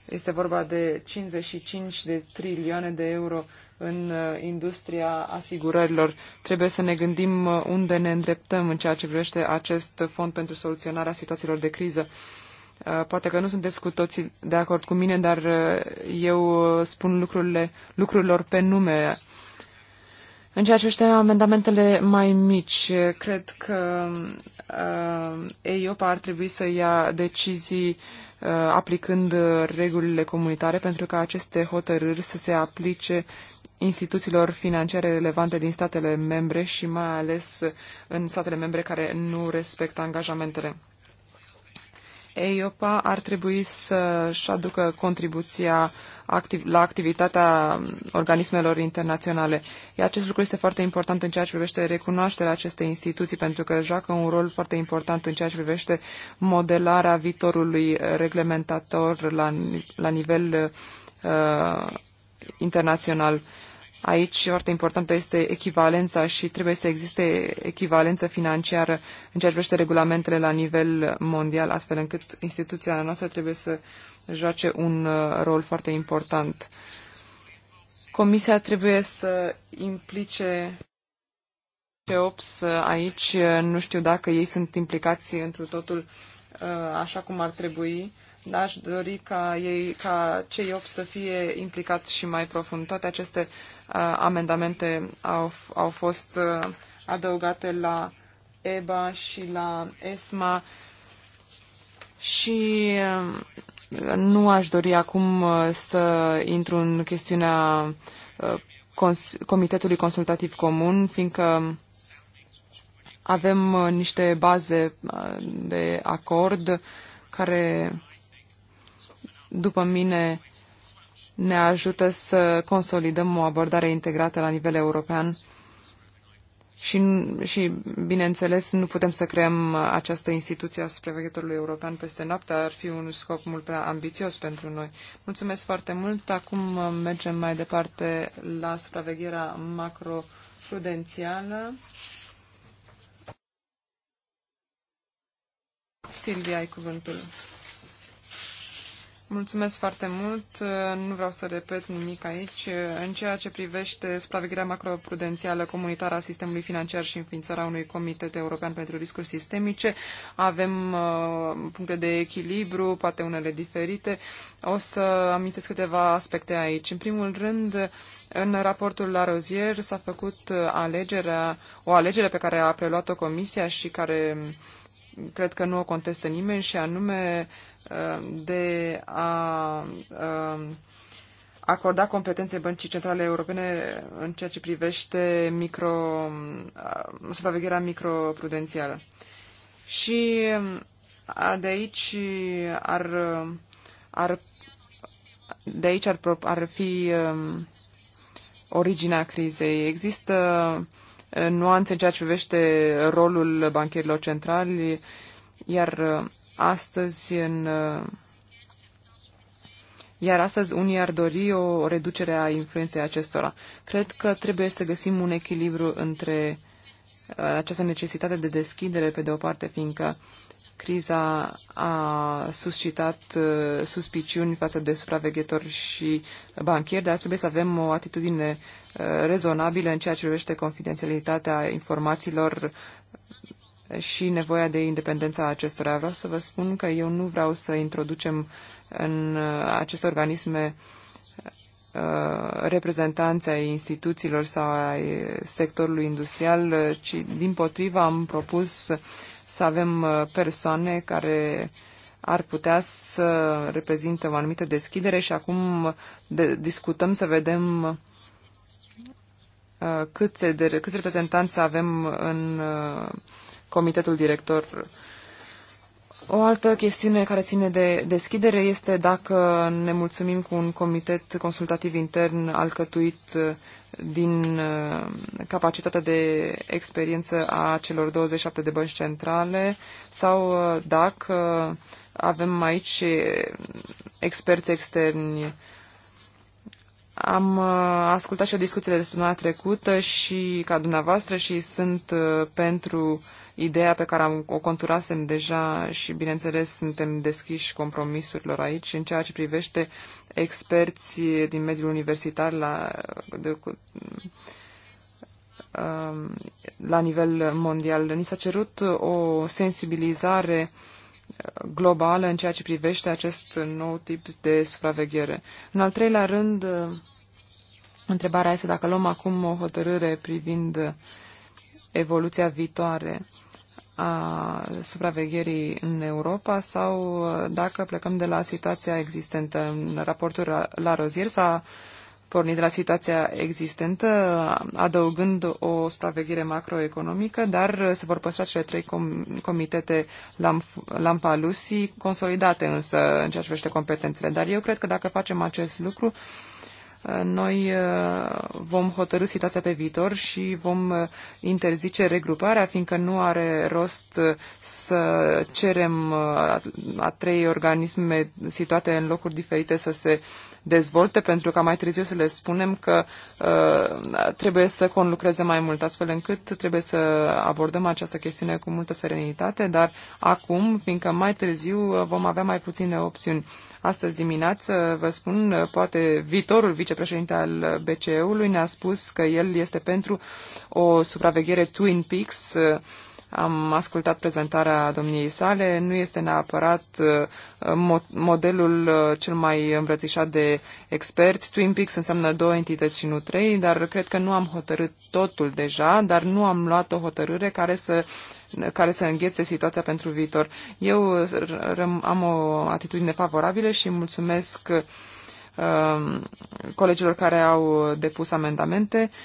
Speaker 2: este vorba de 55 de trilioane de euro în uh, industria asigurărilor. Trebuie să ne gândim uh, unde ne îndreptăm în ceea ce privește acest fond pentru soluționarea situațiilor de criză. Uh, poate că nu sunteți cu toții de acord cu mine, dar eu spun lucrurile, lucrurilor pe nume. În ceea ce privește amendamentele mai mici, cred că uh, EIOPA ar trebui să ia decizii uh, aplicând regulile comunitare pentru ca aceste hotărâri să se aplice instituțiilor financiare relevante din statele membre și mai ales în statele membre care nu respectă angajamentele. EIOPA ar trebui să-și aducă contribuția activ- la activitatea organismelor internaționale. Iar acest lucru este foarte important în ceea ce privește recunoașterea acestei instituții, pentru că joacă un rol foarte important în ceea ce privește modelarea viitorului reglementator la, la nivel uh, internațional. Aici foarte importantă este echivalența și trebuie să existe echivalență financiară în ceea ce privește regulamentele la nivel mondial, astfel încât instituția noastră trebuie să joace un uh, rol foarte important. Comisia trebuie să implice CEOPS aici. Nu știu dacă ei sunt implicați întru totul uh, așa cum ar trebui aș dori ca, ei, ca cei 8 să fie implicați și mai profund. Toate aceste uh, amendamente au, au fost uh, adăugate la EBA și la ESMA și uh, nu aș dori acum uh, să intru în chestiunea uh, cons- Comitetului Consultativ Comun, fiindcă avem niște baze de acord care după mine, ne ajută să consolidăm o abordare integrată la nivel european și, și bineînțeles, nu putem să creăm această instituție a supraveghetorului european peste noapte. Ar fi un scop mult prea ambițios pentru noi. Mulțumesc foarte mult. Acum uh, mergem mai departe la supravegherea macroprudențială. Silvia, ai cuvântul. Mulțumesc foarte mult. Nu vreau să repet nimic aici. În ceea ce privește supravegherea macroprudențială comunitară a sistemului financiar și înființarea unui comitet european pentru riscuri sistemice, avem uh, puncte de echilibru, poate unele diferite. O să amintesc câteva aspecte aici. În primul rând, în raportul la Rozier s-a făcut alegerea, o alegere pe care a preluat-o Comisia și care uh, cred că nu o contestă nimeni, și anume uh, de a uh, acorda competențe băncii centrale europene în ceea ce privește micro, uh, supravegherea microprudențială. Și de aici ar, ar de aici ar, ar fi um, originea crizei. Există nuanțe în ceea ce privește rolul bancherilor centrali, iar uh, astăzi în uh, iar astăzi unii ar dori o reducere a influenței acestora. Cred că trebuie să găsim un echilibru între uh, această necesitate de deschidere, pe de o parte, fiindcă uh, Criza a suscitat uh, suspiciuni față de supraveghetori și banchieri, dar trebuie să avem o atitudine uh, rezonabilă în ceea ce privește confidențialitatea informațiilor și nevoia de a acestora. Vreau să vă spun că eu nu vreau să introducem în uh, aceste organisme reprezentanța ai instituțiilor sau ai sectorului industrial, ci din potriva am propus să avem uh, persoane care ar putea să reprezintă o anumită deschidere și acum uh, de, discutăm să vedem uh, câți, de, câți reprezentanți avem în comitetul director. O altă chestiune care ține de deschidere este dacă ne mulțumim cu un comitet consultativ intern alcătuit din uh, capacitatea de experiență a celor 27 de bănci centrale sau uh, dacă uh, avem aici experți externi. Am ascultat și o discuție despre trecută și ca dumneavoastră și sunt pentru uh, ideea pe care am, o conturasem deja și, bineînțeles, suntem deschiși compromisurilor aici în ceea ce privește experți din mediul universitar la, de, um, la nivel mondial. Ni s-a cerut o sensibilizare globală în ceea ce privește acest nou tip de supraveghere. În al treilea rând, întrebarea este dacă luăm acum o hotărâre privind evoluția viitoare a supravegherii în Europa sau uh, dacă plecăm de la situația existentă. În raportul la rozier s-a pornit de la situația existentă, adăugând o supraveghere macroeconomică, dar se vor păstra cele trei com- comitete Lampalusi, consolidate însă în ceea ce privește competențele. Dar eu cred că dacă facem acest lucru, noi uh, vom hotărâ situația pe viitor și vom uh, interzice regruparea, fiindcă nu are rost uh, să cerem a trei organisme situate în locuri diferite să se dezvolte, pentru ca mai târziu să le spunem că uh, trebuie să conlucreze mai mult, astfel încât trebuie să abordăm această chestiune cu multă serenitate, dar acum, fiindcă mai târziu uh, vom avea mai puține opțiuni. Astăzi dimineață, vă spun, uh, poate viitorul vicepreședinte al BCE-ului ne-a spus că el este pentru o supraveghere Twin Peaks uh, am ascultat prezentarea domniei sale. Nu este neapărat uh, modelul uh, cel mai îmbrățișat de experți. Twin Peaks înseamnă două entități și nu trei, dar cred că nu am hotărât totul deja, dar nu am luat o hotărâre care să care să înghețe situația pentru viitor. Eu uh, am o atitudine favorabilă și mulțumesc colegilor care au depus amendamente. Uh,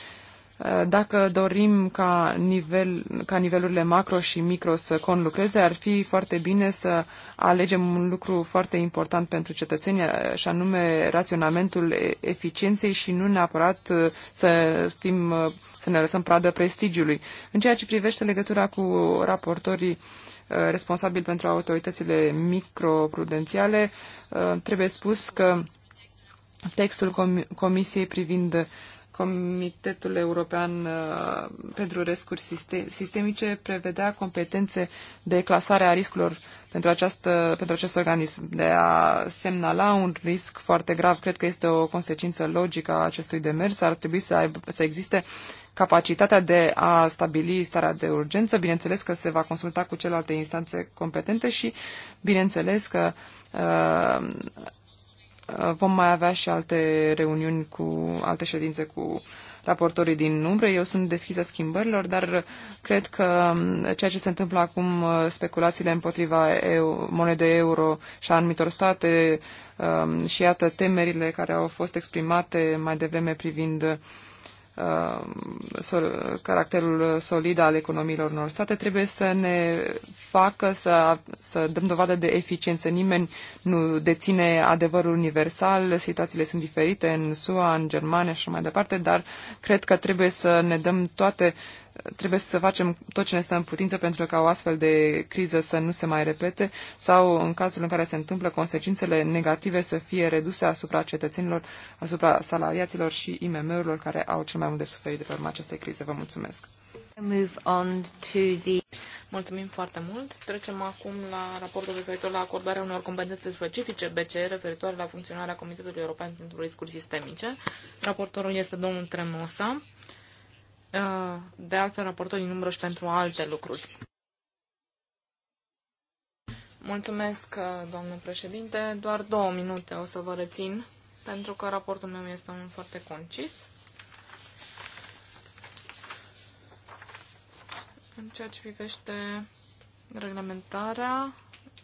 Speaker 2: Eh, dacă dorim ca, nivel, ca nivelurile macro și micro să conlucreze, ar fi foarte bine să alegem un lucru foarte important pentru cetățenii, eh, și anume raționamentul eficienței și nu neapărat eh, să, fim, să ne lăsăm pradă prestigiului. În ceea ce privește legătura cu raportorii responsabili pentru autoritățile microprudențiale, trebuie spus că textul Comisiei privind Comitetul European uh, pentru Riscuri Sistemice prevedea competențe de clasare a riscurilor pentru, această, pentru acest organism, de a semnala un risc foarte grav. Cred că este o consecință logică a acestui demers. Ar trebui să, aibă, să existe capacitatea de a stabili starea de urgență. Bineînțeles că se va consulta cu celelalte instanțe competente și, bineînțeles că uh, Vom mai avea și alte reuniuni cu alte ședințe cu raportorii din umbră. Eu sunt deschisă schimbărilor, dar cred că ceea ce se întâmplă acum, speculațiile împotriva eu, monedei euro și a anumitor state și iată temerile care au fost exprimate mai devreme privind Uh, caracterul solid al economiilor unor state, trebuie să ne facă să, să dăm dovadă de eficiență. Nimeni nu deține adevărul universal, situațiile sunt diferite în SUA, în Germania și mai departe, dar cred că trebuie să ne dăm toate uh, trebuie să facem tot ce ne stă în putință pentru ca o astfel de criză să nu se mai repete sau, în cazul în care se întâmplă, consecințele negative să fie reduse asupra cetățenilor, asupra salariaților și IMM-urilor care au cel mai mult de suferit de pe urma acestei crize. Vă mulțumesc! Move on to the...
Speaker 3: Mulțumim foarte mult. Trecem acum la raportul referitor la acordarea unor competențe specifice BCE referitoare la funcționarea Comitetului European pentru Riscuri Sistemice. Raportorul este domnul Tremosa. Uh, de altfel raportorii din și pentru alte lucruri. Mulțumesc, uh, doamnă președinte. Doar două minute o să vă rețin, pentru că raportul meu este unul foarte concis. În ceea ce privește reglementarea,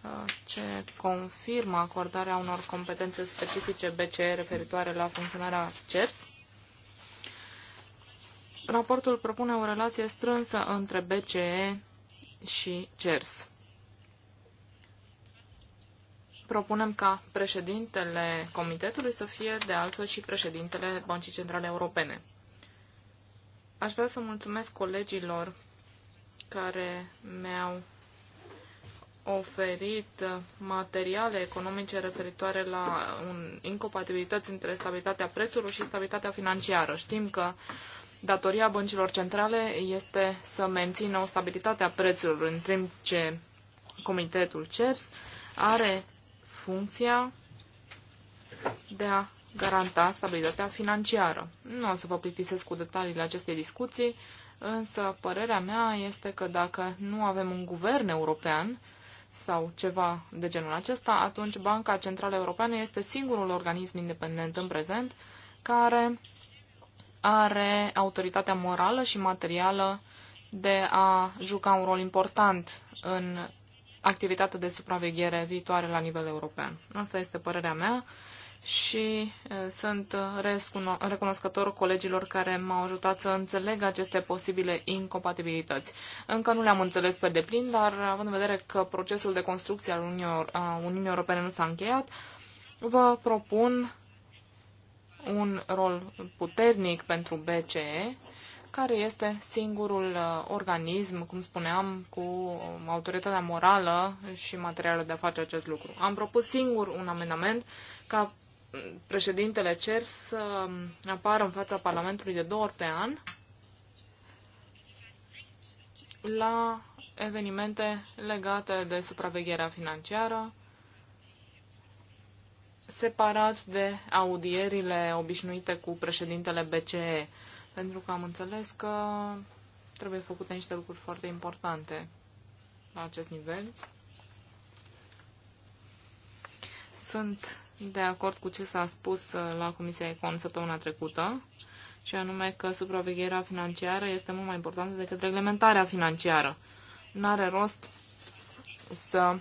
Speaker 3: uh, ce confirmă acordarea unor competențe specifice BCE referitoare la funcționarea CERS, Raportul propune o relație strânsă între BCE și CERS. Propunem ca președintele comitetului să fie de altfel și președintele Băncii Centrale Europene. Aș vrea să mulțumesc colegilor care mi-au oferit materiale economice referitoare la un, incompatibilități între stabilitatea prețurilor și stabilitatea financiară. Știm că Datoria băncilor centrale este să mențină o stabilitate a prețurilor, în timp ce Comitetul CERS are funcția de a garanta stabilitatea financiară. Nu o să vă plictisesc cu detaliile acestei discuții, însă părerea mea este că dacă nu avem un guvern european sau ceva de genul acesta, atunci Banca Centrală Europeană este singurul organism independent în prezent care are autoritatea morală și materială de a juca un rol important în activitatea de supraveghere viitoare la nivel european. Asta este părerea mea și sunt recunoscător colegilor care m-au ajutat să înțeleg aceste posibile incompatibilități. Încă nu le-am înțeles pe deplin, dar având în vedere că procesul de construcție al Uniunii Europene nu s-a încheiat, vă propun un rol puternic pentru BCE, care este singurul uh, organism, cum spuneam, cu autoritatea morală și materială de a face acest lucru. Am propus singur un amendament ca mm, președintele cer să mm, apară în fața Parlamentului de două ori pe an la evenimente legate de supravegherea financiară separat de audierile obișnuite cu președintele BCE, pentru că am înțeles că trebuie făcute niște lucruri foarte importante la acest nivel. Sunt de acord cu ce s-a spus la Comisia Econ săptămâna trecută, și anume că supravegherea financiară este mult mai importantă decât reglementarea financiară. n are rost să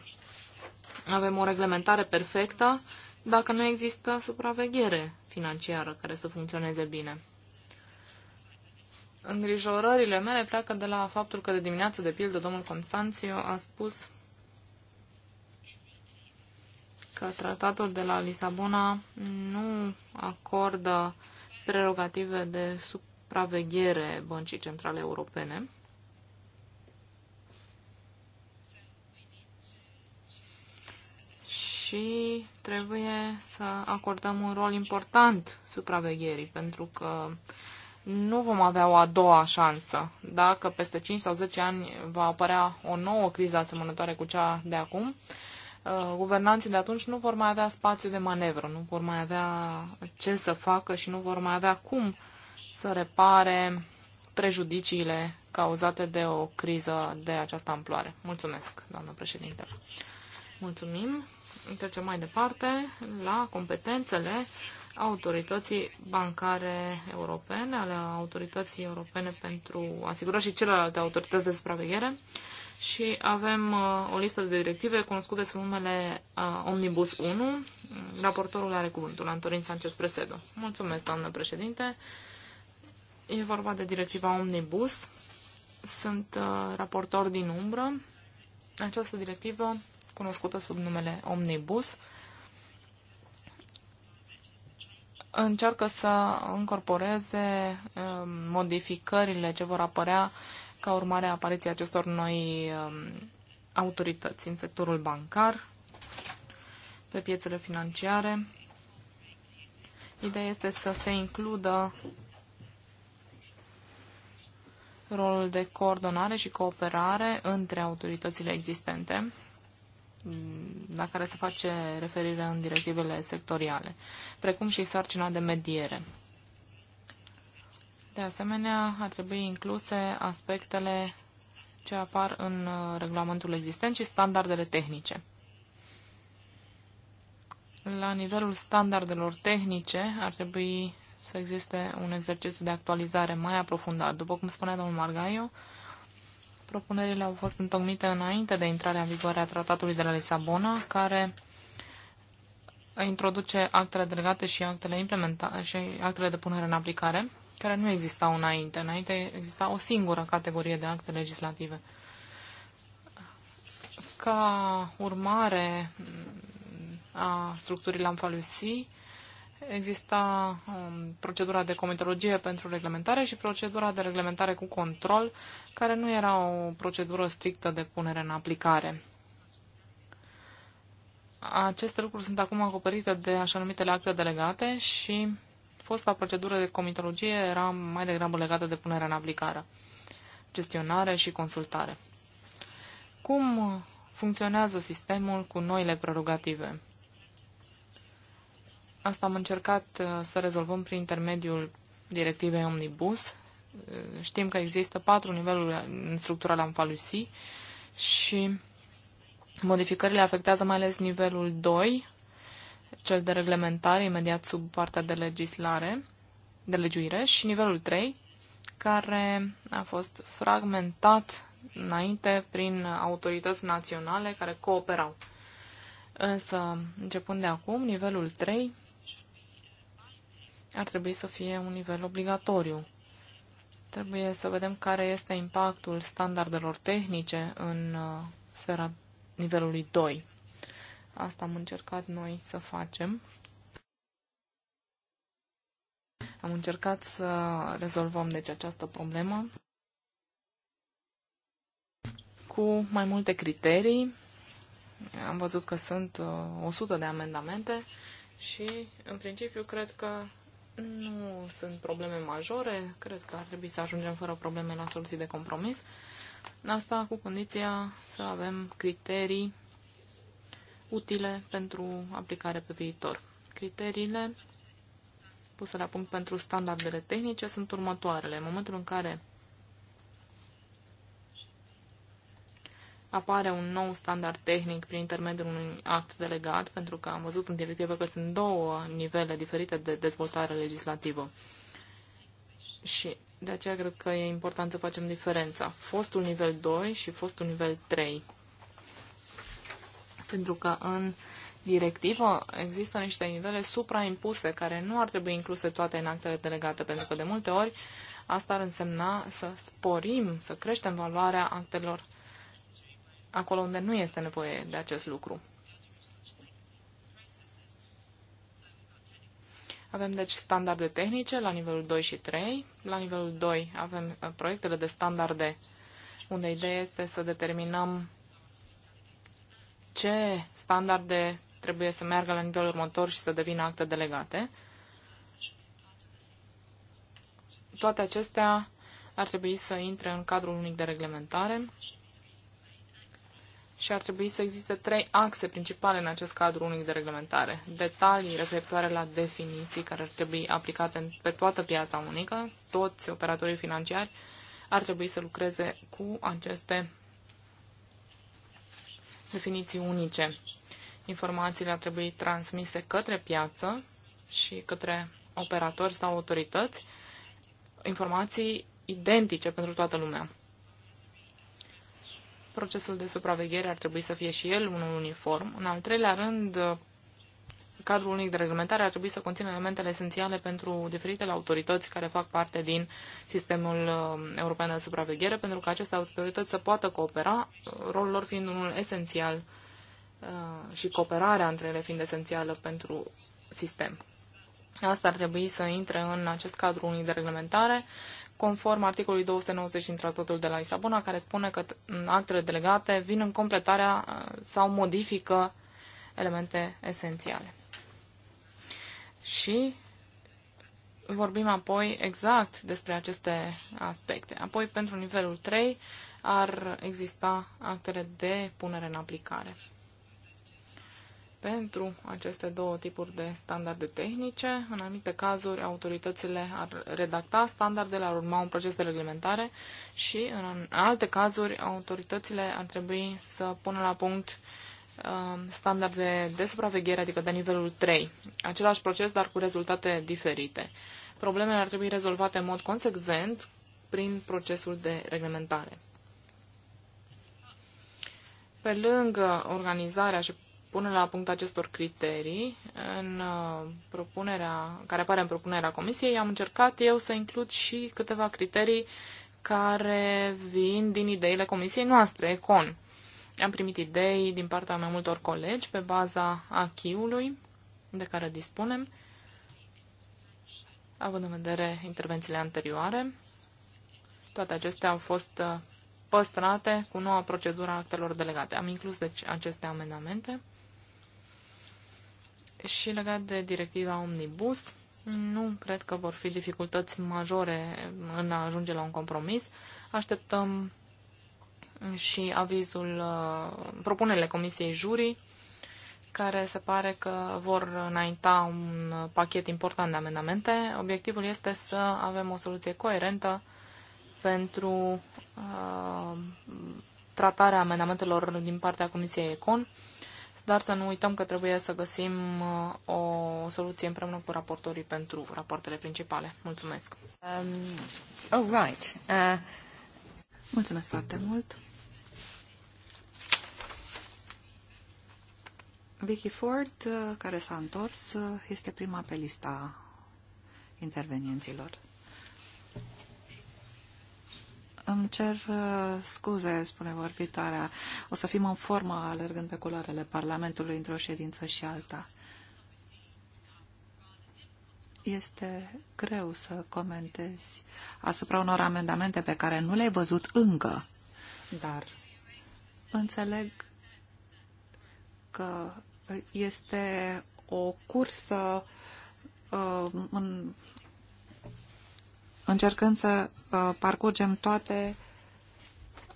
Speaker 3: avem o reglementare perfectă dacă nu există supraveghere financiară care să funcționeze bine. Îngrijorările mele pleacă de la faptul că de dimineață, de pildă, domnul Constanțiu a spus că tratatul de la Lisabona nu acordă prerogative de supraveghere băncii centrale europene. și trebuie să acordăm un rol important supravegherii, pentru că nu vom avea o a doua șansă. Dacă peste 5 sau 10 ani va apărea o nouă criză asemănătoare cu cea de acum, uh, guvernanții de atunci nu vor mai avea spațiu de manevră, nu vor mai avea ce să facă și nu vor mai avea cum să repare prejudiciile cauzate de o criză de această amploare. Mulțumesc, doamnă președinte. Mulțumim. Trecem mai departe la competențele autorității bancare europene, ale autorității europene pentru asigurări și celelalte autorități de supraveghere și avem uh, o listă de directive cunoscute sub numele uh, Omnibus 1. Raportorul are cuvântul, Antonin Sanchez Presedo. Mulțumesc, doamnă președinte. E vorba de directiva Omnibus. Sunt uh, raportor din umbră. Această directivă cunoscută sub numele Omnibus, încearcă să încorporeze um, modificările ce vor apărea ca urmare a apariției acestor noi um, autorități în sectorul bancar, pe piețele financiare. Ideea este să se includă rolul de coordonare și cooperare între autoritățile existente la care se face referire în directivele sectoriale, precum și sarcina de mediere. De asemenea, ar trebui incluse aspectele ce apar în uh, regulamentul existent și standardele tehnice. La nivelul standardelor tehnice ar trebui să existe un exercițiu de actualizare mai aprofundat. După cum spunea domnul Margaio, Propunerile au fost întocmite înainte de intrarea în vigoare a tratatului de la Lisabona, care introduce actele delegate și actele, implementa- și actele de punere în aplicare, care nu existau înainte. Înainte exista o singură categorie de acte legislative. Ca urmare a structurii la exista um, procedura de comitologie pentru reglementare și procedura de reglementare cu control, care nu era o procedură strictă de punere în aplicare. Aceste lucruri sunt acum acoperite de așa numitele acte delegate și fosta procedură de comitologie era mai degrabă legată de punere în aplicare, gestionare și consultare. Cum funcționează sistemul cu noile prerogative? Asta am încercat uh, să rezolvăm prin intermediul directivei Omnibus. Uh, știm că există patru niveluri structurale am falusi și modificările afectează mai ales nivelul 2, cel de reglementare, imediat sub partea de legislare, de legiuire, și nivelul 3, care a fost fragmentat înainte prin autorități naționale care cooperau. Însă, începând de acum, nivelul 3 ar trebui să fie un nivel obligatoriu. Trebuie să vedem care este impactul standardelor tehnice în uh, sfera nivelului 2. Asta am încercat noi să facem. Am încercat să rezolvăm deci această problemă cu mai multe criterii. Am văzut că sunt 100 uh, de amendamente și, în principiu, cred că nu sunt probleme majore, cred că ar trebui să ajungem fără probleme la soluții de compromis. Asta cu condiția să avem criterii utile pentru aplicare pe viitor. Criteriile puse la punct pentru standardele tehnice sunt următoarele. În momentul în care apare un nou standard tehnic prin intermediul unui act delegat, pentru că am văzut în directivă că sunt două nivele diferite de dezvoltare legislativă. Și de aceea cred că e important să facem diferența. Fostul nivel 2 și fostul nivel 3. Pentru că în directivă există niște nivele supraimpuse care nu ar trebui incluse toate în actele delegate, pentru că de multe ori asta ar însemna să sporim, să creștem valoarea actelor acolo unde nu este nevoie de acest lucru. Avem deci standarde tehnice la nivelul 2 și 3. La nivelul 2 avem uh, proiectele de standarde unde ideea este să determinăm ce standarde trebuie să meargă la nivelul următor și să devină acte delegate. Toate acestea ar trebui să intre în cadrul unic de reglementare și ar trebui să existe trei axe principale în acest cadru unic de reglementare. Detalii referitoare la definiții care ar trebui aplicate pe toată piața unică, toți operatorii financiari ar trebui să lucreze cu aceste definiții unice. Informațiile ar trebui transmise către piață și către operatori sau autorități, informații identice pentru toată lumea procesul de supraveghere ar trebui să fie și el unul uniform. În al treilea rând, cadrul unic de reglementare ar trebui să conțină elementele esențiale pentru diferitele autorități care fac parte din sistemul uh, european de supraveghere, pentru că aceste autorități să poată coopera, uh, rolul lor fiind unul esențial uh, și cooperarea între ele fiind esențială pentru sistem. Asta ar trebui să intre în acest cadru unic de reglementare, conform articolului 290 din Tratatul de la Lisabona, care spune că actele delegate vin în completarea uh, sau modifică elemente esențiale. Și vorbim apoi exact despre aceste aspecte. Apoi, pentru nivelul 3, ar exista actele de punere în aplicare pentru aceste două tipuri de standarde tehnice. În anumite cazuri, autoritățile ar redacta standardele, ar urma un proces de reglementare și, în alte cazuri, autoritățile ar trebui să pună la punct um, standarde de supraveghere, adică de nivelul 3. Același proces, dar cu rezultate diferite. Problemele ar trebui rezolvate în mod consecvent prin procesul de reglementare pe lângă organizarea și pune la punct acestor criterii în uh, propunerea, care apare în propunerea comisiei, am încercat eu să includ și câteva criterii care vin din ideile comisiei noastre, ECON. Am primit idei din partea mai multor colegi pe baza achiului de care dispunem, având în vedere intervențiile anterioare. Toate acestea au fost uh, păstrate cu noua procedură a actelor delegate. Am inclus deci aceste amendamente și legat de directiva Omnibus, nu cred că vor fi dificultăți majore în a ajunge la un compromis. Așteptăm și avizul, uh, propunerile Comisiei Jurii, care se pare că vor înainta un pachet important de amendamente. Obiectivul este să avem o soluție coerentă pentru uh, tratarea amendamentelor din partea Comisiei Econ dar să nu uităm că trebuie să găsim uh, o soluție împreună cu raportorii pentru rapoartele principale. Mulțumesc! Um, oh, right. Uh... Mulțumesc foarte mult! Vicky
Speaker 1: Ford, uh, care s-a întors, uh, este prima pe lista intervenienților. Îmi cer uh, scuze, spune vorbitoarea. O să fim în formă alergând pe culoarele Parlamentului într-o ședință și alta. Este greu să comentezi asupra unor amendamente pe care nu le-ai văzut încă, dar înțeleg că este o cursă uh, în încercând să uh, parcurgem toate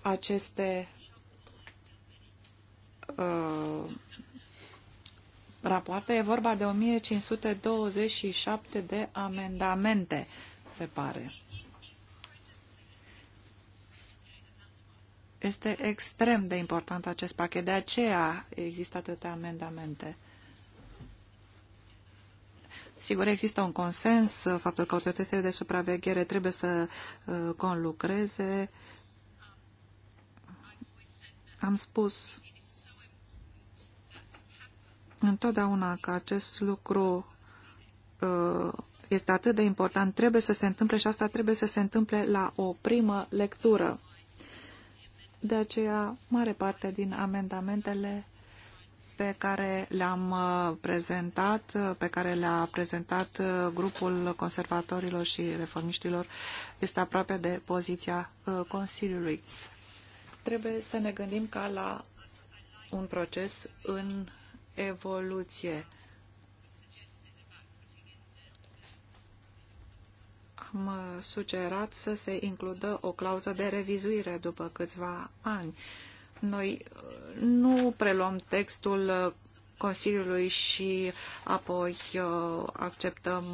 Speaker 1: aceste uh, rapoarte, e vorba de 1527 de amendamente, se pare. Este extrem de important acest pachet, de aceea există atâtea amendamente. Sigur, există un consens, uh, faptul că autoritățile de supraveghere trebuie să uh, conlucreze. Am spus întotdeauna că acest lucru uh, este atât de important, trebuie să se întâmple și asta trebuie să se întâmple la o primă lectură. De aceea, mare parte din amendamentele pe care le-am uh, prezentat, uh, pe care le-a prezentat uh, grupul conservatorilor și reformiștilor, este aproape de poziția Consiliului. Trebuie să ne gândim ca la un proces în evoluție. Am sugerat să se includă o clauză de revizuire după câțiva ani noi uh, nu preluăm textul uh, Consiliului și apoi uh, acceptăm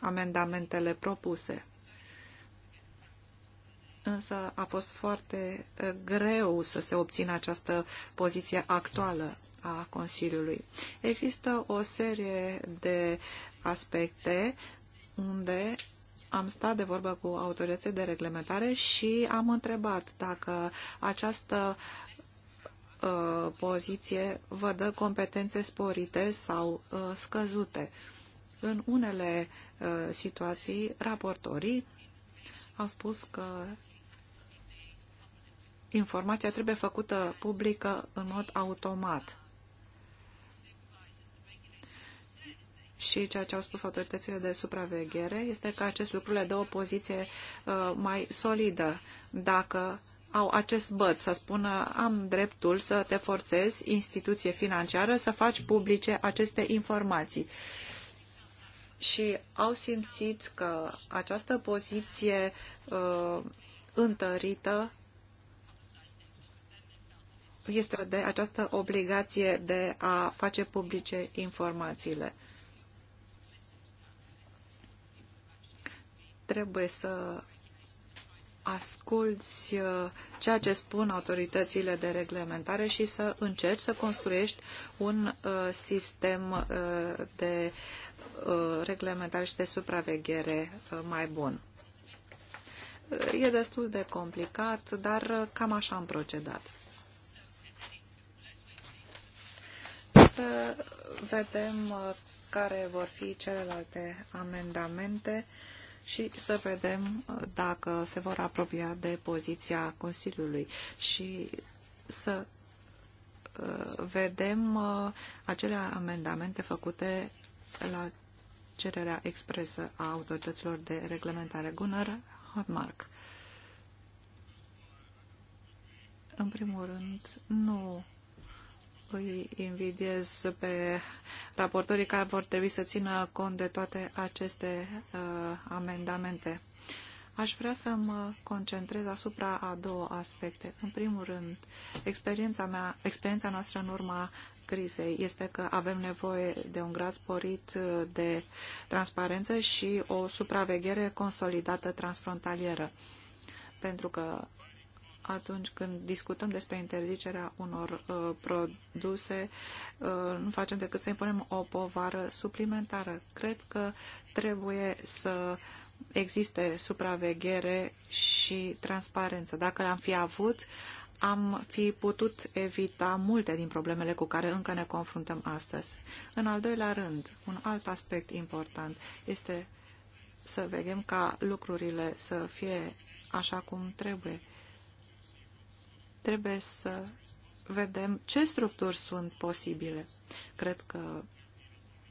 Speaker 1: amendamentele propuse. Însă a fost foarte greu să se obțină această poziție actuală a Consiliului. Există o serie de aspecte unde am stat de vorbă cu autoritățile de reglementare și am întrebat dacă această uh, poziție vă dă competențe sporite sau uh, scăzute. În unele uh, situații, raportorii au spus că informația trebuie făcută publică în mod automat și ceea ce au spus autoritățile de supraveghere este că acest lucru le dă o poziție uh, mai solidă. Dacă au acest băț să spună am dreptul să te forțezi, instituție financiară, să faci publice aceste informații. Și au simțit că această poziție uh, întărită este de această obligație de a face publice informațiile. trebuie să asculți uh, ceea ce spun autoritățile de reglementare și să încerci să construiești un uh, sistem uh, de reglementare și de supraveghere mai bun. E destul de complicat, dar cam așa am procedat.
Speaker 2: Să
Speaker 1: vedem care vor fi celelalte amendamente și să vedem uh, dacă se vor apropia de poziția Consiliului și să uh, vedem uh, acele amendamente făcute la cererea expresă a autorităților de reglementare. Gunnar Hotmark. În primul rând, nu îi invidiez pe raportorii care vor trebui să țină cont de toate aceste uh, amendamente. Aș vrea să mă concentrez asupra a două aspecte. În primul rând, experiența, mea, experiența noastră în urma crizei este că avem nevoie de un grad sporit uh, de transparență și o supraveghere consolidată transfrontalieră. Pentru că atunci când discutăm despre interzicerea unor uh, produse, uh, nu facem decât să impunem o povară suplimentară. Cred că trebuie să existe supraveghere și transparență. Dacă l-am fi avut, am fi putut evita multe din problemele cu care încă ne confruntăm astăzi. În al doilea rând, un alt aspect important este să vedem ca lucrurile să fie așa cum trebuie. Trebuie să vedem ce structuri sunt posibile. Cred că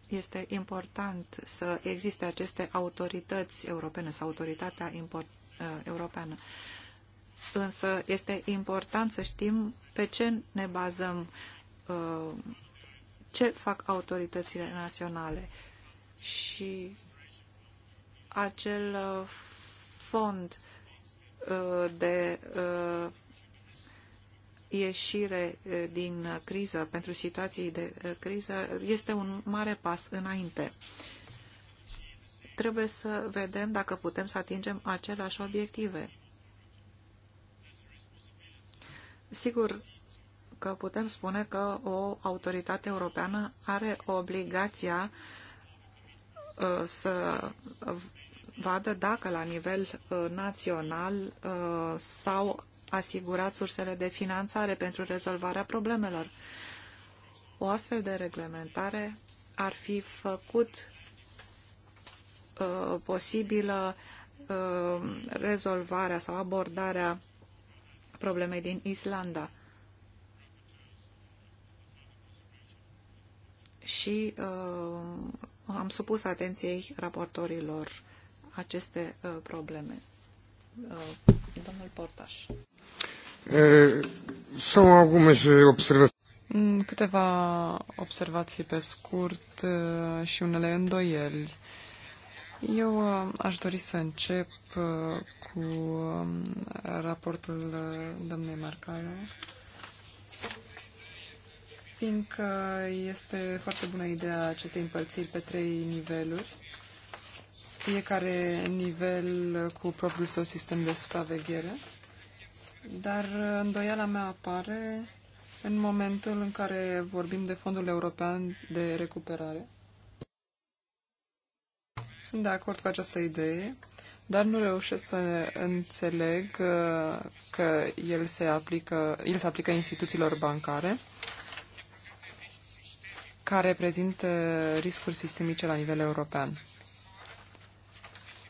Speaker 1: este important să existe aceste autorități europene sau autoritatea uh, europeană. Însă este important să știm pe ce ne bazăm, uh, ce fac autoritățile naționale și acel uh, fond de ieșire eh, din criză, pentru situații de eh, criză, este un mare pas înainte. Trebuie să vedem dacă putem să atingem aceleași obiective. Sigur că putem spune că o autoritate europeană are obligația eh, să vadă dacă la nivel național sau asigurat sursele de finanțare pentru rezolvarea problemelor. O astfel de reglementare ar fi făcut uh, posibilă uh, rezolvarea sau abordarea problemei din Islanda. Și uh, am supus atenției raportorilor aceste uh, probleme. Uh. Domnul Portaș.
Speaker 3: Sau
Speaker 2: mm, Câteva observații pe scurt și unele îndoieli. Eu aș dori să încep cu raportul domnului Marcaro, fiindcă este foarte bună ideea acestei împărțiri pe trei niveluri fiecare nivel cu propriul său sistem de supraveghere, dar îndoiala mea apare în momentul în care vorbim de Fondul European de Recuperare. Sunt de acord cu această idee, dar nu reușesc să înțeleg uh, că el se aplică, el se aplică instituțiilor bancare care prezintă riscuri sistemice la nivel european.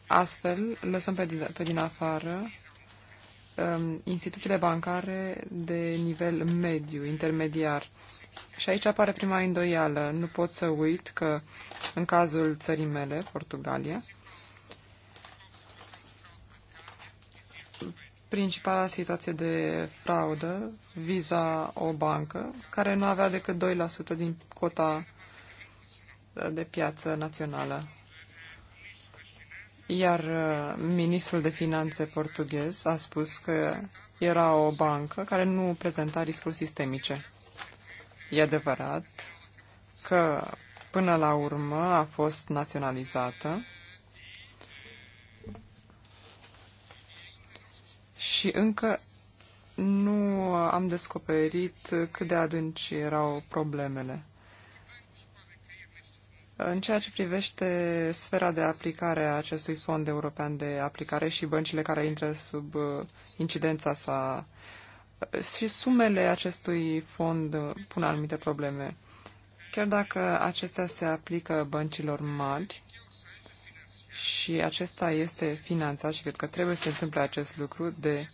Speaker 2: Astfel, lăsăm pe din, pe din afară um, instituțiile bancare de nivel mediu, intermediar. Și aici apare prima îndoială. Nu pot să uit că în cazul țării mele, Portugalia, principala situație de fraudă viza o bancă care nu avea decât 2% din cota de piață națională. Iar uh, ministrul de finanțe portughez a spus că era o bancă care nu prezenta riscuri sistemice. E adevărat că până la urmă a fost naționalizată și încă nu am descoperit cât de adânci erau problemele. În ceea ce privește sfera de aplicare a acestui fond european de aplicare și băncile care intră sub uh, incidența sa, uh, și sumele acestui fond uh, pun anumite probleme. Chiar dacă acestea se aplică băncilor mari și acesta este finanțat și cred că trebuie să se întâmple acest lucru de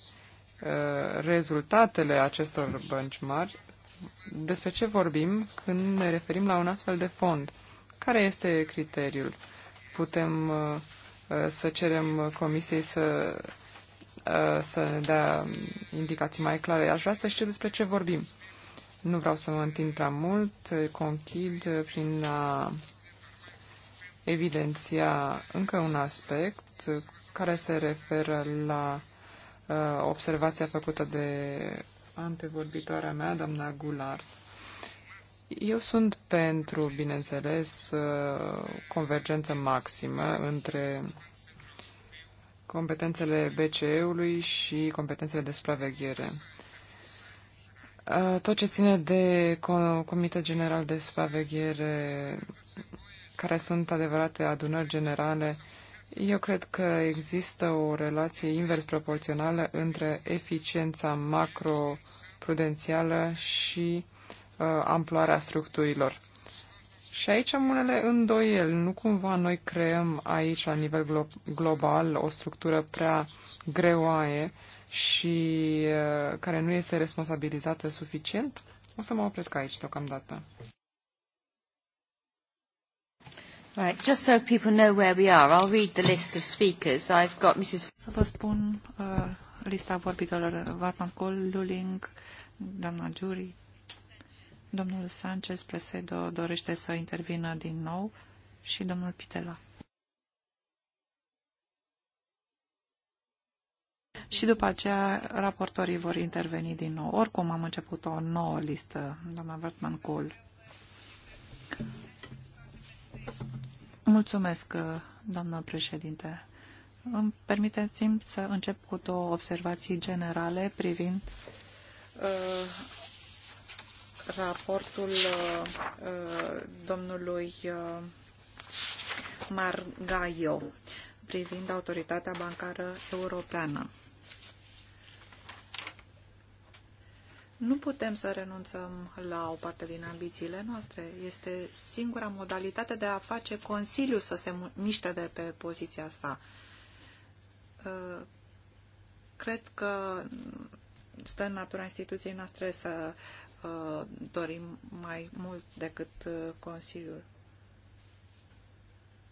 Speaker 2: rezultatele acestor bănci mari, despre ce vorbim când ne referim la un astfel de fond? Care este criteriul? Putem uh, uh, să cerem comisiei să, uh, să ne dea indicații mai clare. Aș vrea să știu despre ce vorbim. Nu vreau să mă întind prea mult, conchid prin a evidenția încă un aspect care se referă la observația făcută de antevorbitoarea mea, doamna Goulart. Eu sunt pentru, bineînțeles, uh, convergență maximă între competențele BCE-ului și competențele de supraveghere. Uh, tot ce ține de Comitetul General de Supraveghere, care sunt adevărate adunări generale, eu cred că există o relație invers proporțională între eficiența macroprudențială și Uh, amploarea structurilor. Și aici am unele îndoieli. Nu cumva noi creăm aici, la nivel glo- global, o structură prea greoaie și uh, care nu este responsabilizată suficient? O să mă opresc aici deocamdată.
Speaker 1: Right, just so people know where we are, I'll read the list of speakers. I've got Mrs. Să vă spun uh, lista vorbitorilor, Varman Kohl, Luling, doamna Jury, Domnul Sanchez Presedo dorește să intervină din nou și domnul Pitela. Și după aceea raportorii vor interveni din nou. Oricum am început o nouă listă, doamna Wertmann Kohl. Mulțumesc, doamnă președinte. Îmi permiteți-mi să încep cu două observații generale privind
Speaker 2: uh, raportul uh, uh,
Speaker 1: domnului uh, Margaio privind autoritatea bancară europeană. Nu putem să renunțăm la o parte din ambițiile noastre. Este singura modalitate de a face Consiliul să se miște de pe poziția sa. Cred că stă în natura instituției noastre să Uh, dorim mai mult decât uh, Consiliul.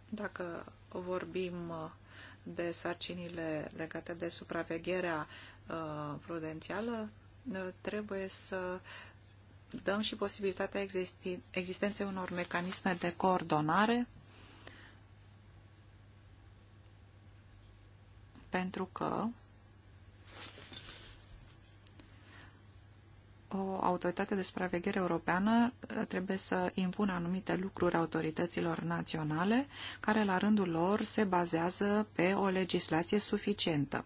Speaker 1: Dacă vorbim uh, de sarcinile legate de supravegherea prudențială, trebuie să dăm și posibilitatea existenței unor mecanisme de coordonare pentru că o autoritate de supraveghere europeană uh, trebuie să impună anumite lucruri autorităților naționale, care la rândul lor se bazează pe o legislație suficientă.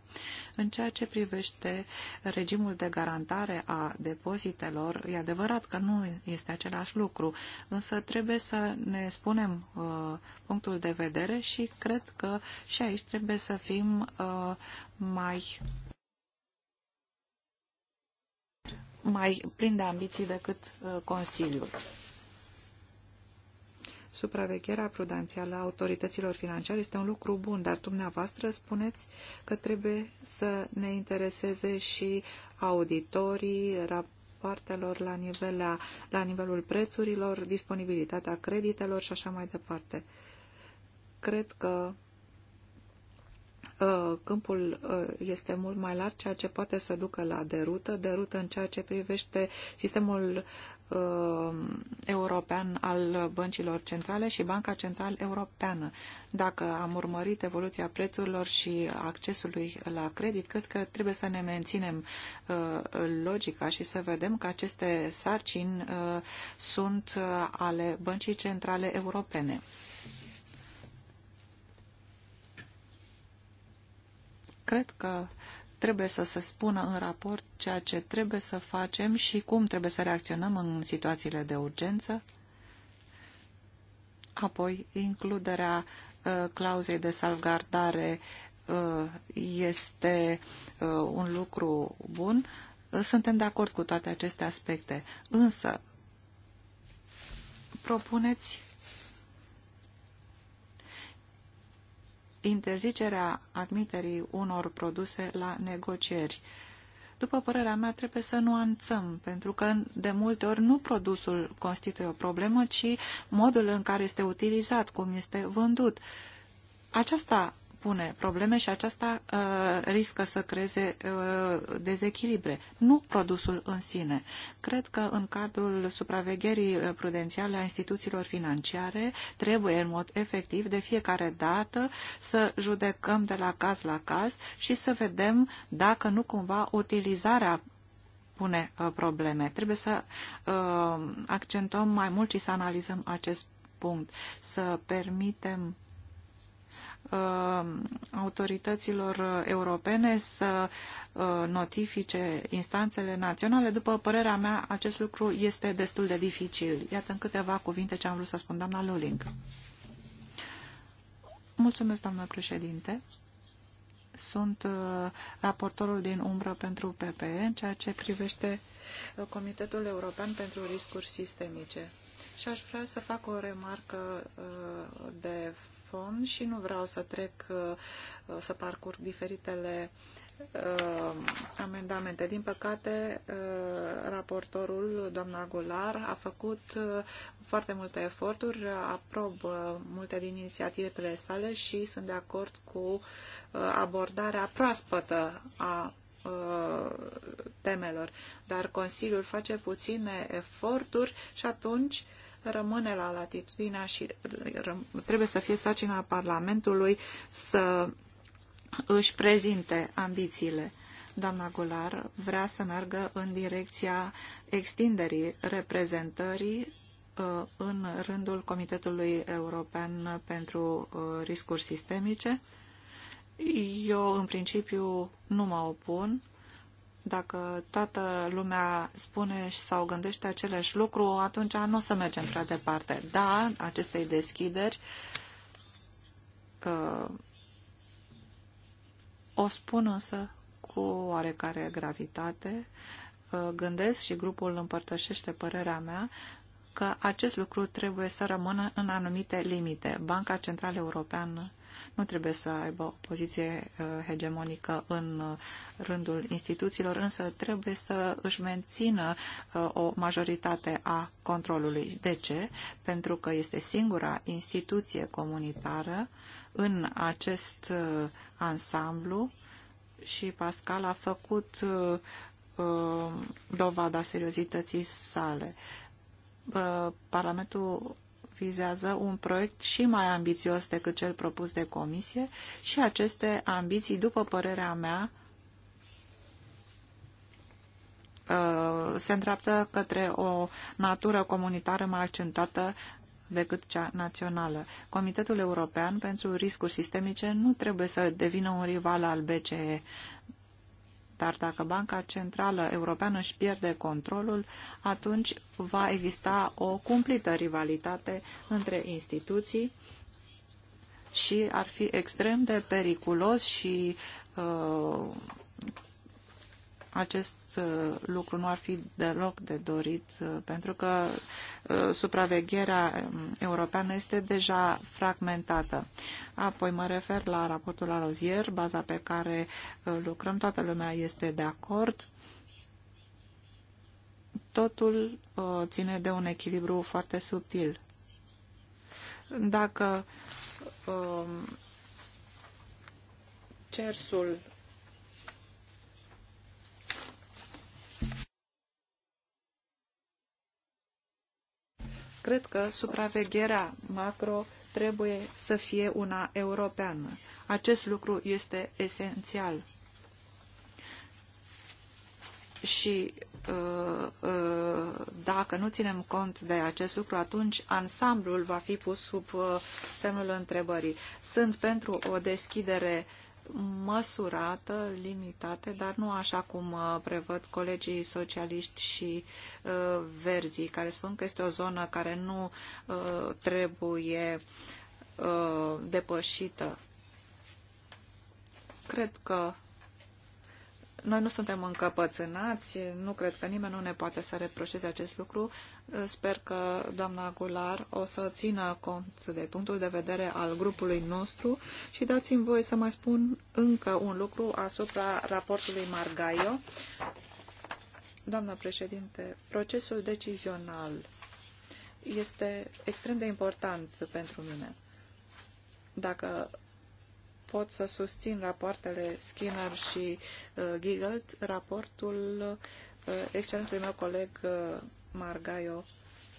Speaker 1: În ceea ce privește regimul de garantare a depozitelor, e adevărat că nu este același lucru, însă trebuie să ne spunem uh, punctul de vedere și cred că și aici trebuie să fim uh, mai mai plin de ambiții decât uh, Consiliul. Supravegherea prudențială a autorităților financiare este un lucru bun, dar dumneavoastră spuneți că trebuie să ne intereseze și auditorii, rapoartelor la, la nivelul prețurilor, disponibilitatea creditelor și așa mai departe. Cred că Uh, câmpul uh, este mult mai larg, ceea ce poate să ducă la derută, derută în ceea ce privește sistemul uh, european al băncilor centrale și Banca Centrală Europeană. Dacă am urmărit evoluția prețurilor și accesului la credit, cred că trebuie să ne menținem logica și să vedem că aceste sarcini sunt ale Băncii Centrale Europene. Cred că trebuie să se spună în raport ceea ce trebuie să facem și cum trebuie să reacționăm în situațiile de urgență, apoi includerea uh, clauzei de salvgardare uh, este uh, un lucru bun. Suntem de acord cu toate aceste aspecte, însă propuneți interzicerea admiterii unor produse la negocieri. După părerea mea, trebuie să nuanțăm, pentru că de multe ori nu produsul constituie o problemă, ci modul în care este utilizat, cum este vândut. Aceasta pune probleme și aceasta uh, riscă să creeze uh, dezechilibre, nu produsul în sine. Cred că în cadrul supravegherii uh, prudențiale a instituțiilor financiare trebuie în mod efectiv de fiecare dată să judecăm de la caz la caz și să vedem dacă nu cumva utilizarea pune uh, probleme. Trebuie să uh, accentuăm mai mult și să analizăm acest punct, să permitem Uh, autorităților europene să uh, notifice instanțele naționale. După părerea mea, acest lucru este destul de dificil. Iată în câteva cuvinte ce am vrut să spun, doamna Luling. Mulțumesc, doamnă președinte. Sunt uh, raportorul din umbră pentru PPE în ceea ce privește Comitetul European pentru Riscuri Sistemice. Și aș vrea să fac o remarcă de fond și nu vreau să trec, uh, să parcurg diferitele uh, amendamente. Din păcate, uh, raportorul, doamna Gular, a făcut foarte multe eforturi, aprob multe din inițiativele sale și sunt de acord cu abordarea proaspătă a temelor, dar Consiliul face puține eforturi și atunci uh, rămâne la latitudinea și trebuie să fie sacina Parlamentului să își prezinte ambițiile. Doamna Gular vrea să meargă în direcția extinderii reprezentării uh, în rândul Comitetului European pentru uh, Riscuri Sistemice. Eu, în principiu, nu mă opun dacă toată lumea spune sau gândește același lucru, atunci nu o să mergem prea departe. Da, acestei deschideri uh, o spun însă cu oarecare gravitate. Uh, gândesc și grupul împărtășește părerea mea că acest lucru trebuie să rămână în anumite limite. Banca Centrală Europeană nu trebuie să aibă o poziție uh, hegemonică în uh, rândul instituțiilor, însă trebuie să își mențină uh, o majoritate a controlului. De ce? Pentru că este singura instituție comunitară în acest ansamblu și Pascal a făcut dovada seriozității sale. Parlamentul vizează un proiect și mai ambițios decât cel propus de comisie și aceste ambiții, după părerea mea, uh, se îndreaptă către o natură comunitară mai accentată decât cea națională. Comitetul European pentru Riscuri Sistemice nu trebuie să devină un rival al BCE. Dar dacă Banca Centrală Europeană își pierde controlul, atunci va exista o cumplită rivalitate între instituții și ar fi extrem de periculos și uh, acest Uh, lucru nu ar fi deloc de dorit, uh, pentru că uh, supravegherea um, europeană este deja fragmentată. Apoi mă refer la raportul la rozier, baza pe care lucrăm, toată lumea este de acord. Totul ține de un echilibru foarte subtil. Dacă um, cersul Cred că supravegherea macro trebuie să fie una europeană. Acest lucru este esențial. Și uh, uh, dacă nu ținem cont de acest lucru, atunci ansamblul va fi pus sub uh, semnul întrebării. Sunt pentru o deschidere măsurată, limitate, dar nu așa cum uh, prevăd colegii socialiști și uh, verzii, care spun că este o zonă care nu uh, trebuie uh, depășită. Cred că noi nu suntem încăpățânați, nu cred că nimeni nu ne poate să reproșeze acest lucru. Sper că doamna Gular o să țină cont de punctul de vedere al grupului nostru și dați-mi voie să mai spun încă un lucru asupra raportului Margaio. Doamna președinte, procesul decizional este extrem de important pentru mine. Dacă pot să susțin rapoartele Skinner și uh, Giggled, raportul uh, excelentului meu coleg uh, Margaio,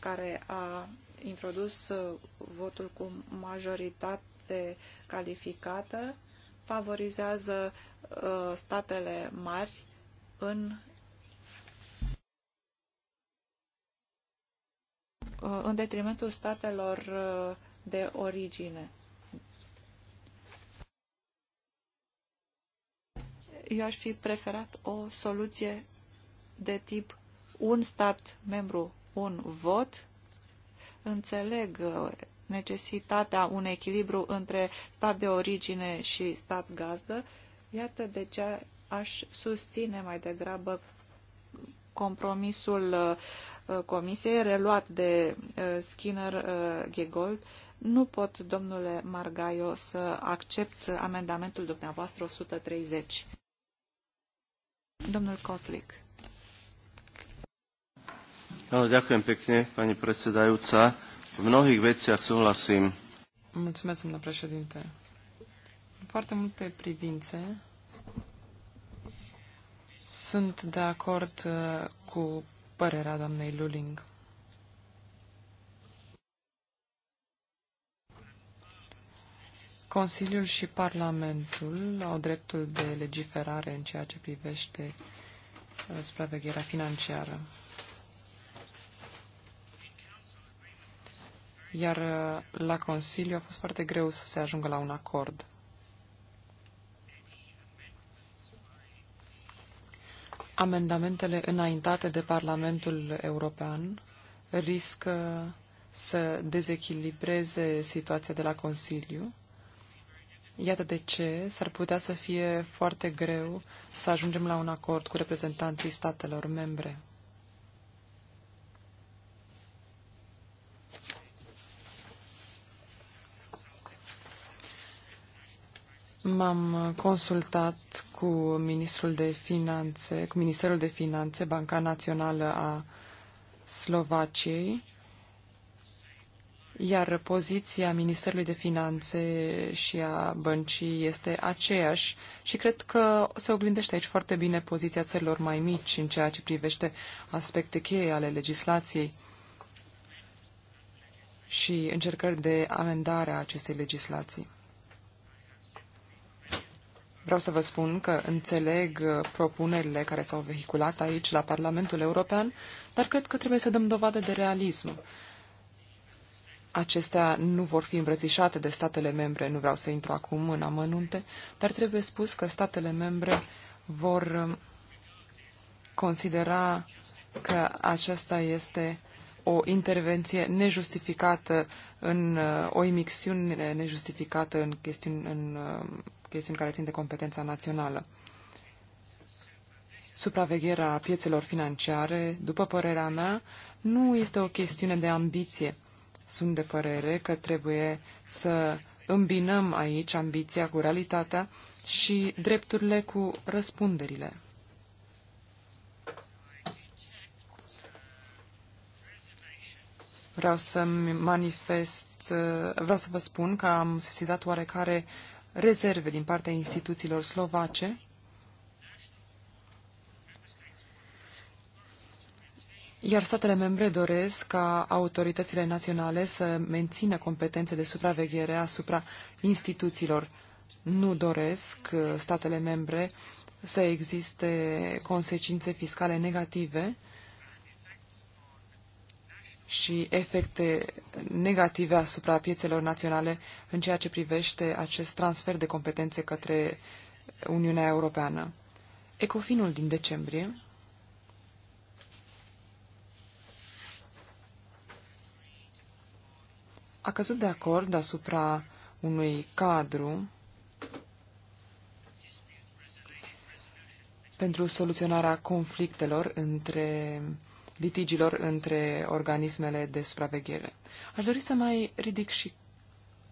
Speaker 1: care a introdus uh, votul cu majoritate calificată, favorizează uh, statele mari în uh, în detrimentul statelor uh, de origine. eu aș fi preferat o soluție de tip un stat membru, un vot. Înțeleg uh, necesitatea un echilibru între stat de origine și stat gazdă. Iată de ce aș susține mai degrabă compromisul uh, uh, comisiei reluat de Skinner Giegold. Nu pot, domnule Margaio, să accept amendamentul dumneavoastră 130.
Speaker 3: Domnul Coslic. Áno, ďakujem pekne, pani predsedajúca. V mnohých veciach súhlasím.
Speaker 2: Mulțumesc, domnule președinte. În foarte multe privințe sunt de acord uh, cu părerea doamnei Luling. Consiliul și Parlamentul au dreptul de legiferare în ceea ce privește uh, supravegherea financiară. Iar uh, la Consiliu a fost foarte greu să se ajungă la un acord. Amendamentele înaintate de Parlamentul European riscă să dezechilibreze situația de la Consiliu Iată de ce s-ar putea să fie foarte greu să ajungem la un acord cu reprezentanții statelor membre. M-am consultat cu ministrul de finanțe, cu Ministerul de Finanțe, Banca Națională a Slovaciei iar poziția Ministerului de Finanțe și a băncii este aceeași și cred că se oglindește aici foarte bine poziția țărilor mai mici în ceea ce privește aspecte cheie ale legislației și încercări de amendare a acestei legislații. Vreau să vă spun că înțeleg propunerile care s-au vehiculat aici la Parlamentul European, dar cred că trebuie să dăm dovadă de realism acestea nu vor fi îmbrățișate de statele membre, nu vreau să intru acum în amănunte, dar trebuie spus că statele membre vor um, considera că aceasta este o intervenție nejustificată în uh, o imixiune nejustificată în chestiuni, în um, chestiuni care țin de competența națională. Supravegherea piețelor financiare, după părerea mea, nu este o chestiune de ambiție, sunt de părere că trebuie să îmbinăm aici ambiția cu realitatea și drepturile cu răspunderile. Vreau să manifest, vreau să vă spun că am sesizat oarecare rezerve din partea instituțiilor slovace iar statele membre doresc ca autoritățile naționale să mențină competențe de supraveghere asupra instituțiilor. Nu doresc uh, statele membre să existe consecințe fiscale negative și efecte negative asupra piețelor naționale în ceea ce privește acest transfer de competențe către Uniunea Europeană. Ecofinul din decembrie a căzut de acord asupra unui cadru pentru soluționarea conflictelor între litigilor între organismele de supraveghere. Aș dori să mai ridic și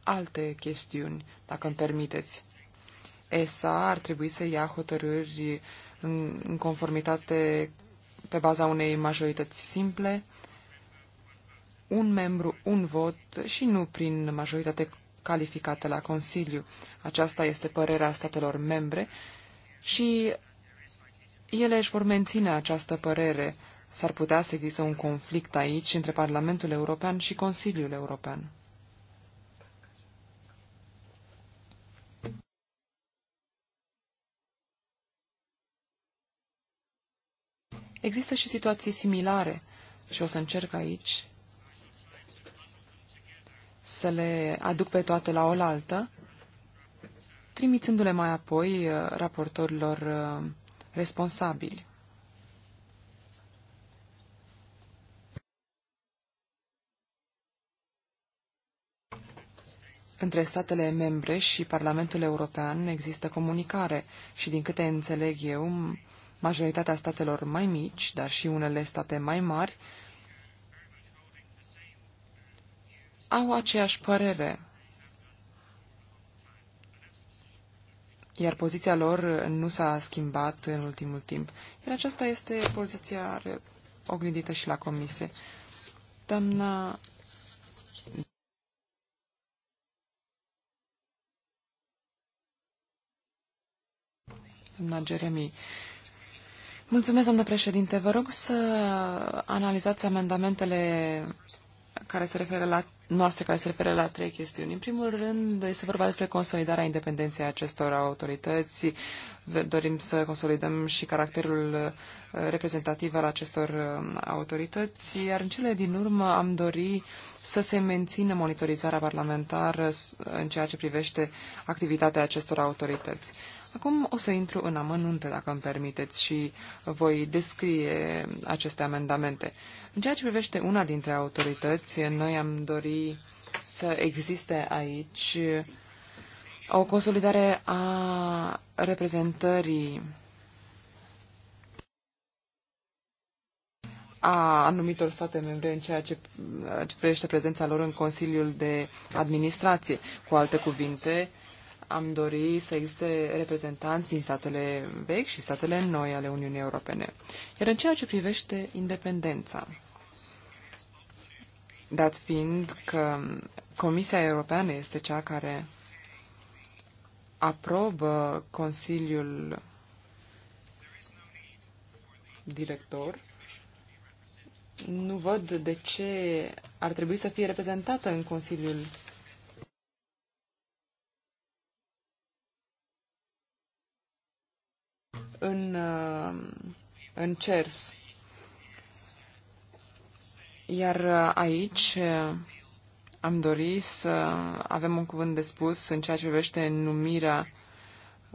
Speaker 2: alte chestiuni, dacă îmi permiteți. ESA ar trebui să ia hotărâri în, în conformitate pe baza unei majorități simple un membru, un vot și nu prin majoritate calificată la Consiliu. Aceasta este părerea statelor membre și ele își vor menține această părere. S-ar putea să există un conflict aici între Parlamentul European și Consiliul European. Există și situații similare și o să încerc aici să le aduc pe toate la oaltă, trimițându-le mai apoi uh, raportorilor uh, responsabili. Între statele membre și Parlamentul European există comunicare și, din câte înțeleg eu, majoritatea statelor mai mici, dar și unele state mai mari, au aceeași părere, iar poziția lor nu s-a schimbat în ultimul timp. Iar aceasta este poziția oglindită și la comisie. Doamna doamna Jeremy. Mulțumesc, doamnă președinte. Vă rog să analizați amendamentele care se referă la noastre care se referă la trei chestiuni. În primul rând, este vorba despre consolidarea independenței acestor autorități. Dorim să consolidăm și caracterul uh, reprezentativ al acestor uh, autorități, iar în cele din urmă am dori să se mențină monitorizarea parlamentară uh, în ceea ce privește activitatea acestor autorități. Acum o să intru în amănunte, dacă îmi permiteți, și voi descrie aceste amendamente. În ceea ce privește una dintre autorități, noi am dori să existe aici o consolidare a reprezentării a anumitor state membre în ceea ce, ce privește prezența lor în Consiliul de Administrație. Cu alte cuvinte, uh, am dori să existe reprezentanți din statele vechi și statele noi ale Uniunii Europene. Iar în ceea ce privește independența, dat fiind că Comisia Europeană este cea care aprobă Consiliul director, nu văd de ce ar trebui să fie reprezentată în Consiliul în, uh, în CERS. Iar uh, aici uh, am dori să avem un cuvânt de spus în ceea ce privește numirea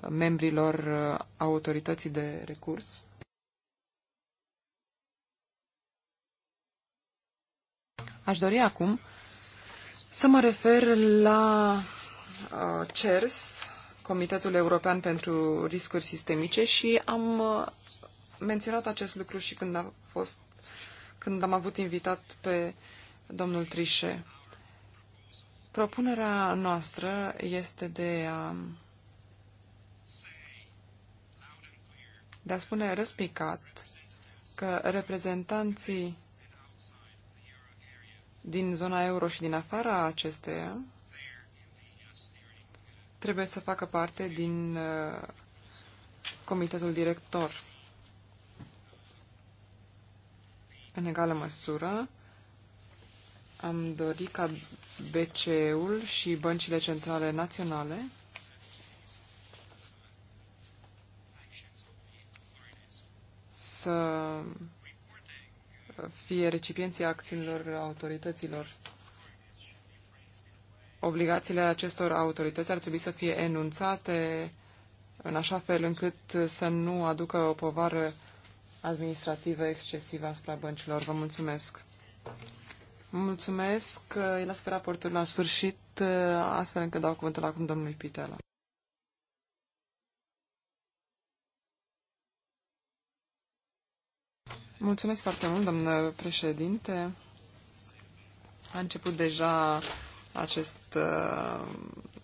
Speaker 2: membrilor autorității de recurs. Aș dori acum să mă refer la uh, CERS, Comitetul European pentru Riscuri Sistemice și am uh, menționat acest lucru și când a fost când am avut invitat pe domnul Trișe. Propunerea noastră este de a, de a spune răspicat că reprezentanții din zona euro și din afara acesteia trebuie să facă parte din uh, comitetul director. În egală măsură, am dorit ca BCE-ul și băncile centrale naționale să fie recipienții acțiunilor autorităților obligațiile acestor autorități ar trebui să fie enunțate în așa fel încât să nu aducă o povară administrativă excesivă asupra băncilor. Vă mulțumesc! Mulțumesc! Îi las pe raportul la sfârșit, astfel încât dau cuvântul acum domnului Pitela. Mulțumesc foarte mult, domnule președinte. A început deja acest, uh,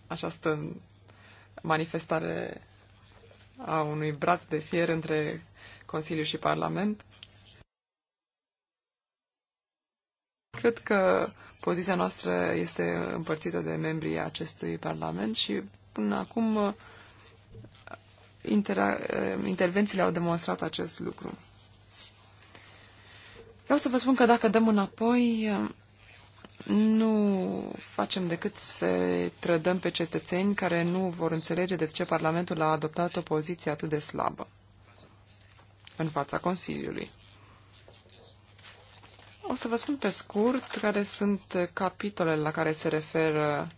Speaker 2: această manifestare a unui braț de fier între Consiliu și Parlament. Cred că poziția noastră este împărțită de membrii acestui Parlament și până acum uh, uh, intervențiile au demonstrat acest lucru. Vreau să vă spun că dacă dăm înapoi, nu facem decât să trădăm pe cetățeni care nu vor înțelege de ce Parlamentul a adoptat o poziție atât de slabă în fața Consiliului. O să vă spun pe scurt care sunt capitolele la care se referă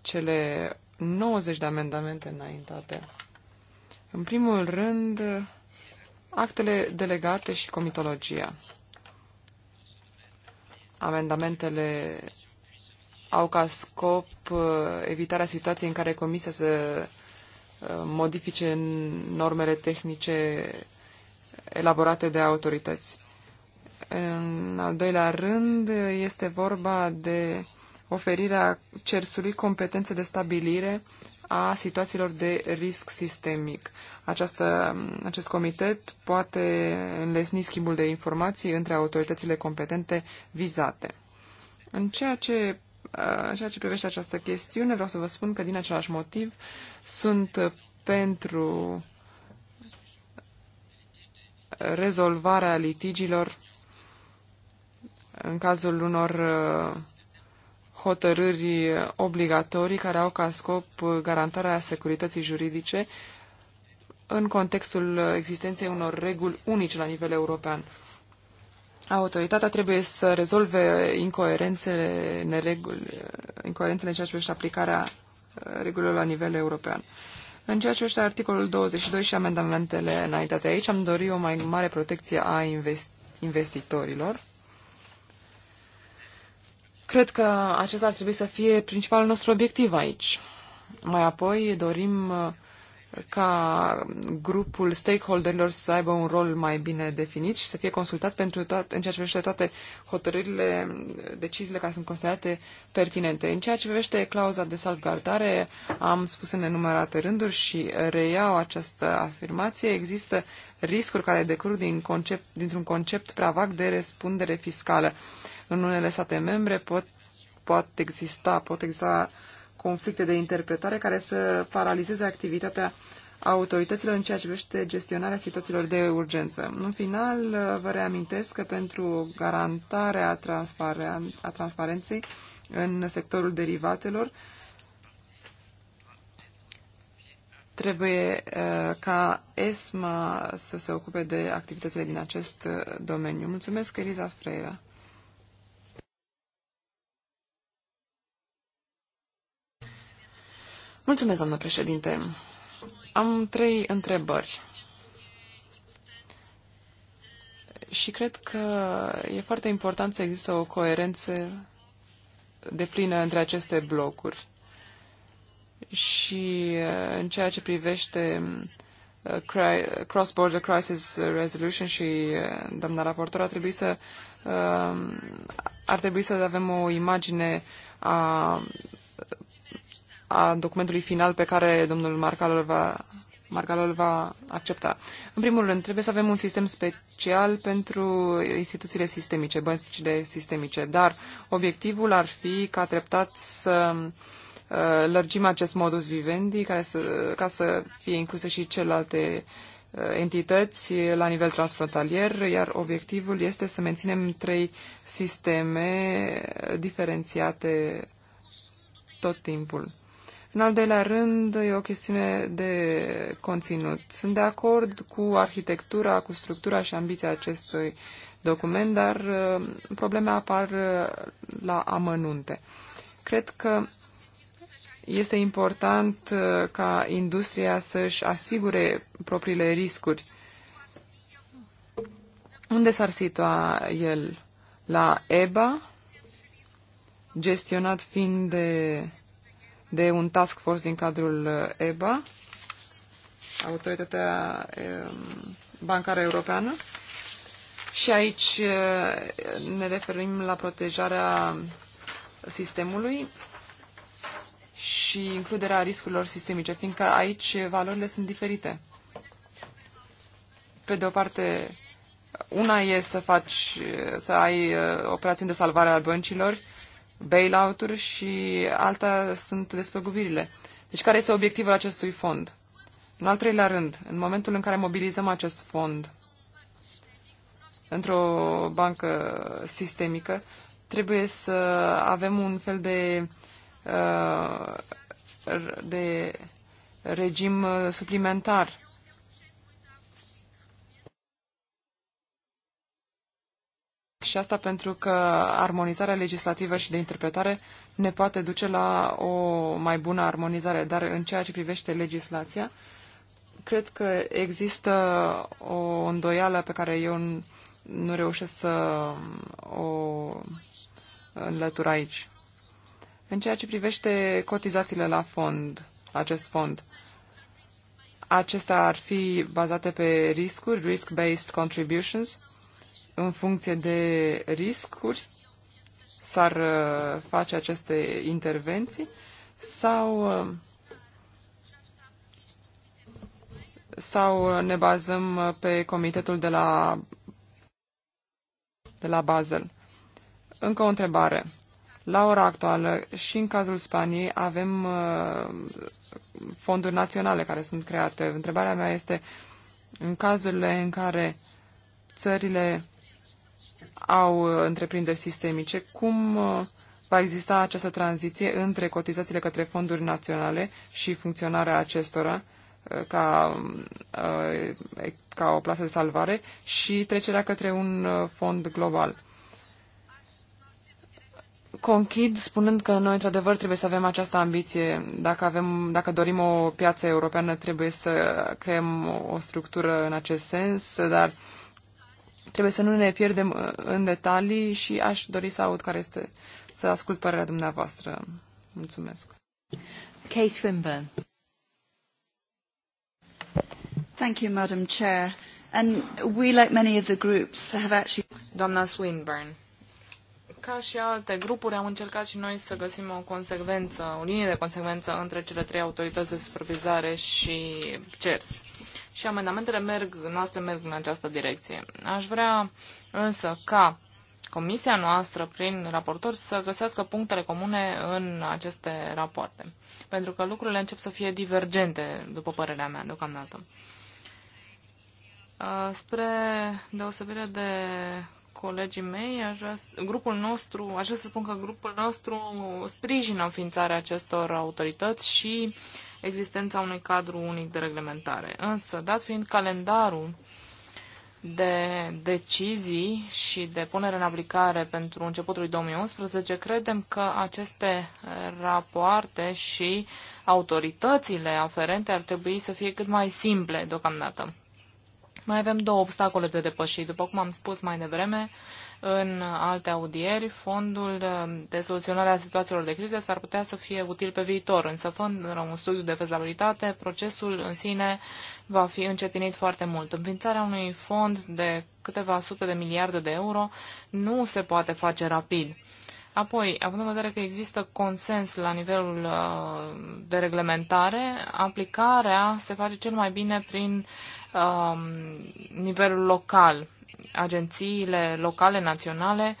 Speaker 2: cele 90 de amendamente înaintate. În primul rând, actele delegate și comitologia. Amendamentele au ca scop uh, evitarea situației în care Comisia să uh, modifice normele tehnice elaborate de autorități. În al doilea rând, este vorba de oferirea CERSului competențe de stabilire a situațiilor de risc sistemic. Această, acest comitet poate înlesni schimbul de informații între autoritățile competente vizate. În ceea ce în ceea ce privește această chestiune, vreau să vă spun că din același motiv sunt pentru rezolvarea litigilor în cazul unor hotărâri obligatorii care au ca scop garantarea securității juridice în contextul existenței unor reguli unice la nivel european. Autoritatea trebuie să rezolve incoerențele, neregul, incoerențele în ceea ce privește aplicarea uh, regulilor la nivel european. În ceea ce privește articolul 22 și amendamentele înaintate aici, am dorit o mai mare protecție a investi- investitorilor Cred că acesta ar trebui să fie principalul nostru obiectiv aici. Mai apoi dorim uh, ca grupul stakeholderilor să aibă un rol mai bine definit și să fie consultat pentru toate, în ceea ce privește toate hotărârile, deciziile care sunt considerate pertinente. În ceea ce privește clauza de salvgardare, am spus în enumerate rânduri și reiau această afirmație, există riscuri care decurg din concept, dintr-un concept prea vag de răspundere fiscală. Uh, în unele state membre pot, pot exista, pot exista conflicte de interpretare care să paralizeze activitatea autorităților în ceea ce privește gestionarea situațiilor de urgență. În final, vă reamintesc că pentru garantarea a transparenței în sectorul derivatelor, trebuie uh, ca ESMA să se ocupe de activitățile din acest uh, domeniu. Mulțumesc, Eliza Freira. Mulțumesc, doamnă președinte. Am trei întrebări. Și cred că e foarte important să există o coerență de plină între aceste blocuri. Și uh, în ceea ce privește uh, Cross-Border Crisis Resolution și uh, doamna raportor ar trebui să ar trebui să avem o imagine a a documentului final pe care domnul Marcal va va accepta. În primul rând, trebuie să avem un sistem special pentru instituțiile sistemice, băncile sistemice, dar obiectivul ar fi ca treptat să uh, lărgim acest modus vivendi care să, ca să fie incluse și celelalte uh, entități la nivel transfrontalier, iar obiectivul este să menținem trei sisteme diferențiate tot timpul. În al doilea rând, e o chestiune de conținut. Sunt de acord cu arhitectura, cu structura și ambiția acestui document, dar uh, probleme apar uh, la amănunte. Cred că este important uh, ca industria să-și asigure propriile riscuri. Unde s-ar situa el? La EBA, gestionat fiind de de un task force din cadrul uh, EBA, Autoritatea um, Bancară Europeană. Și aici uh, ne referim la protejarea sistemului și includerea riscurilor sistemice, fiindcă aici valorile sunt diferite. Pe de o parte, una e să faci, să ai uh, operațiuni de salvare al băncilor bailout-uri și alta sunt despăgubirile. Deci care este obiectivul acestui fond? În al treilea rând, în momentul în care mobilizăm acest fond într-o bancă sistemică, trebuie să avem un fel de, uh, de regim uh, suplimentar Și asta pentru că armonizarea legislativă și de interpretare ne poate duce la o mai bună armonizare, dar în ceea ce privește legislația, cred că există o îndoială pe care eu nu reușesc să o înlătur aici. În ceea ce privește cotizațiile la fond, acest fond, acestea ar fi bazate pe riscuri, risk-based contributions, în funcție de riscuri s-ar uh, face aceste intervenții sau uh, sau ne bazăm uh, pe comitetul de la de la Basel. Încă o întrebare. La ora actuală și în cazul Spaniei avem fonduri naționale care sunt create. Întrebarea mea este în cazurile în care țările au uh, întreprinderi sistemice, cum uh, va exista această tranziție între cotizațiile către fonduri naționale și funcționarea acestora uh, ca, ca o plasă de salvare și trecerea către un fond global. Conchid spunând că noi, într-adevăr, trebuie să avem această ambiție. Dacă, avem, dacă dorim o piață europeană, trebuie să creăm o structură în acest sens, dar trebuie să nu ne pierdem uh, în detalii și aș dori să aud care este, să ascult părerea dumneavoastră. Mulțumesc.
Speaker 1: Kay Swinburne. Thank you, Madam Chair. And we, like many of the groups, have actually... Doamna
Speaker 3: Swinburne. Ca și alte grupuri, am încercat și noi să găsim o consecvență, o linie de consecvență între cele trei autorități de supervizare și CERS și amendamentele merg, noastre merg în această direcție. Aș vrea însă ca comisia noastră, prin raportor, să găsească punctele comune în aceste rapoarte. Pentru că lucrurile încep să fie divergente, după părerea mea, deocamdată. Spre deosebire de colegii mei, aș vrea, grupul nostru, aș vrea să spun că grupul nostru sprijină înființarea acestor autorități și existența unui cadru unic de reglementare. Însă, dat fiind calendarul de decizii și de punere în aplicare pentru începutul 2011, credem că aceste rapoarte și autoritățile aferente ar trebui să fie cât mai simple deocamdată. Mai avem două obstacole de depășit. După cum am spus mai devreme, în alte audieri, fondul de soluționare a situațiilor de criză s-ar putea să fie util pe viitor, însă fără un studiu de fezabilitate, procesul în sine va fi încetinit foarte mult. Înființarea unui fond de câteva sute de miliarde de euro nu se poate face rapid. Apoi, având în vedere că există consens la nivelul uh, de reglementare, aplicarea se face cel mai bine prin uh, Um, nivelul local. Agențiile locale, naționale,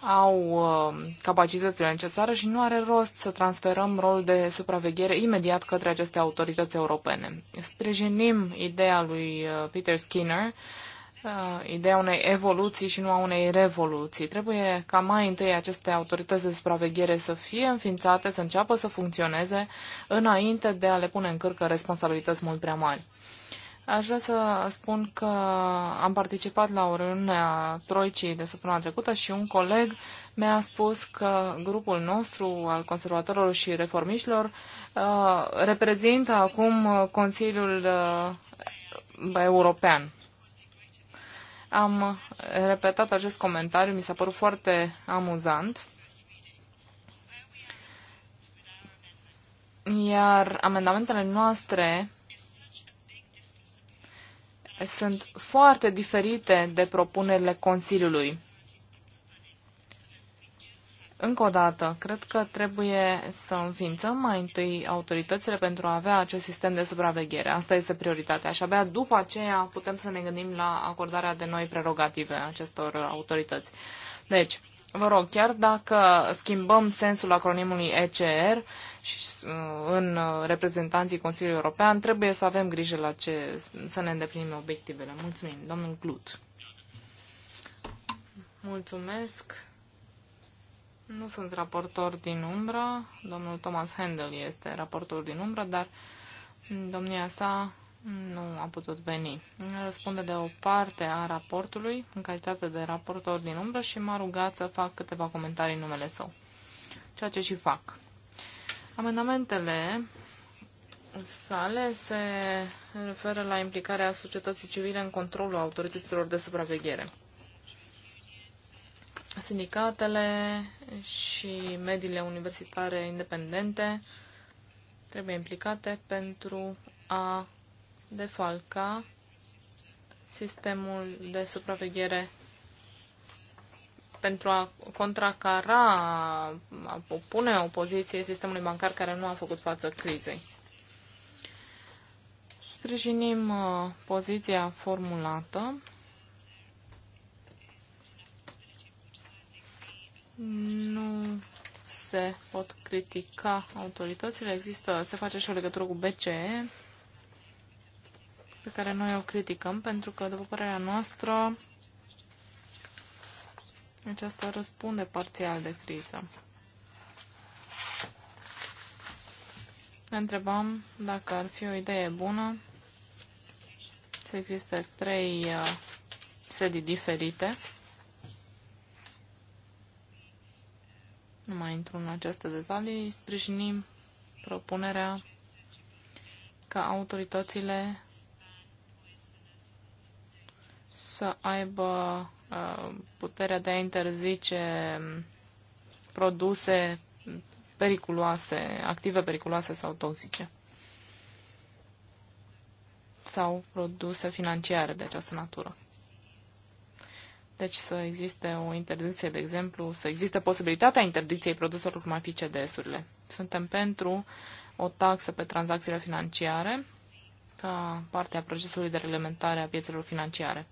Speaker 3: au um, capacitățile necesare și nu are rost să transferăm rolul de supraveghere imediat către aceste autorități europene. Sprijinim ideea lui uh, Peter Skinner, uh, ideea unei evoluții și nu a unei revoluții. Trebuie ca mai întâi aceste autorități de supraveghere să fie înființate, să înceapă să funcționeze, înainte de a le pune în cârcă responsabilități mult prea mari. Aș vrea să spun că am participat la o reuniune a Troicii de săptămâna trecută și un coleg mi-a spus că grupul nostru al conservatorilor și reformiștilor uh, reprezintă acum Consiliul uh, European. Am repetat acest comentariu, mi s-a părut foarte amuzant. Iar amendamentele noastre sunt foarte diferite de propunerile Consiliului. Încă o dată, cred că trebuie să înființăm mai întâi autoritățile pentru a avea acest sistem de supraveghere. Asta este prioritatea și abia după aceea putem să ne gândim la acordarea de noi prerogative acestor autorități. Deci, Vă rog, chiar dacă schimbăm sensul acronimului ECR și uh, în uh, reprezentanții Consiliului European, trebuie să avem grijă la ce să ne îndeplinim obiectivele. Mulțumim. Domnul Glut. Mulțumesc. Nu sunt raportor din umbră. Domnul Thomas Handel este raportor din umbră, dar domnia sa nu a putut veni. Răspunde de o parte a raportului, în calitate de raportor din umbră, și m-a rugat să fac câteva comentarii în numele său, ceea ce și fac. Amendamentele sale se referă la implicarea societății civile în controlul autorităților de supraveghere. Sindicatele și mediile universitare independente trebuie implicate pentru a de falca sistemul de supraveghere pentru a contracara, a pune opoziție sistemului bancar care nu a făcut față crizei. Sprijinim uh, poziția formulată. Nu se pot critica autoritățile. Există, se face și o legătură cu BCE pe care noi o criticăm, pentru că, după părerea noastră, aceasta răspunde parțial de criză. Ne întrebam dacă ar fi o idee bună să existe trei uh, sedii diferite. Nu mai intru în aceste detalii. Sprijinim propunerea ca autoritățile să aibă uh, puterea de a interzice um, produse periculoase, active periculoase sau toxice sau produse financiare de această natură. Deci să existe o interdicție, de exemplu, să existe posibilitatea interdicției produselor cum ar fi CDS-urile. Suntem pentru o taxă pe tranzacțiile financiare ca parte a procesului de reglementare a piețelor financiare.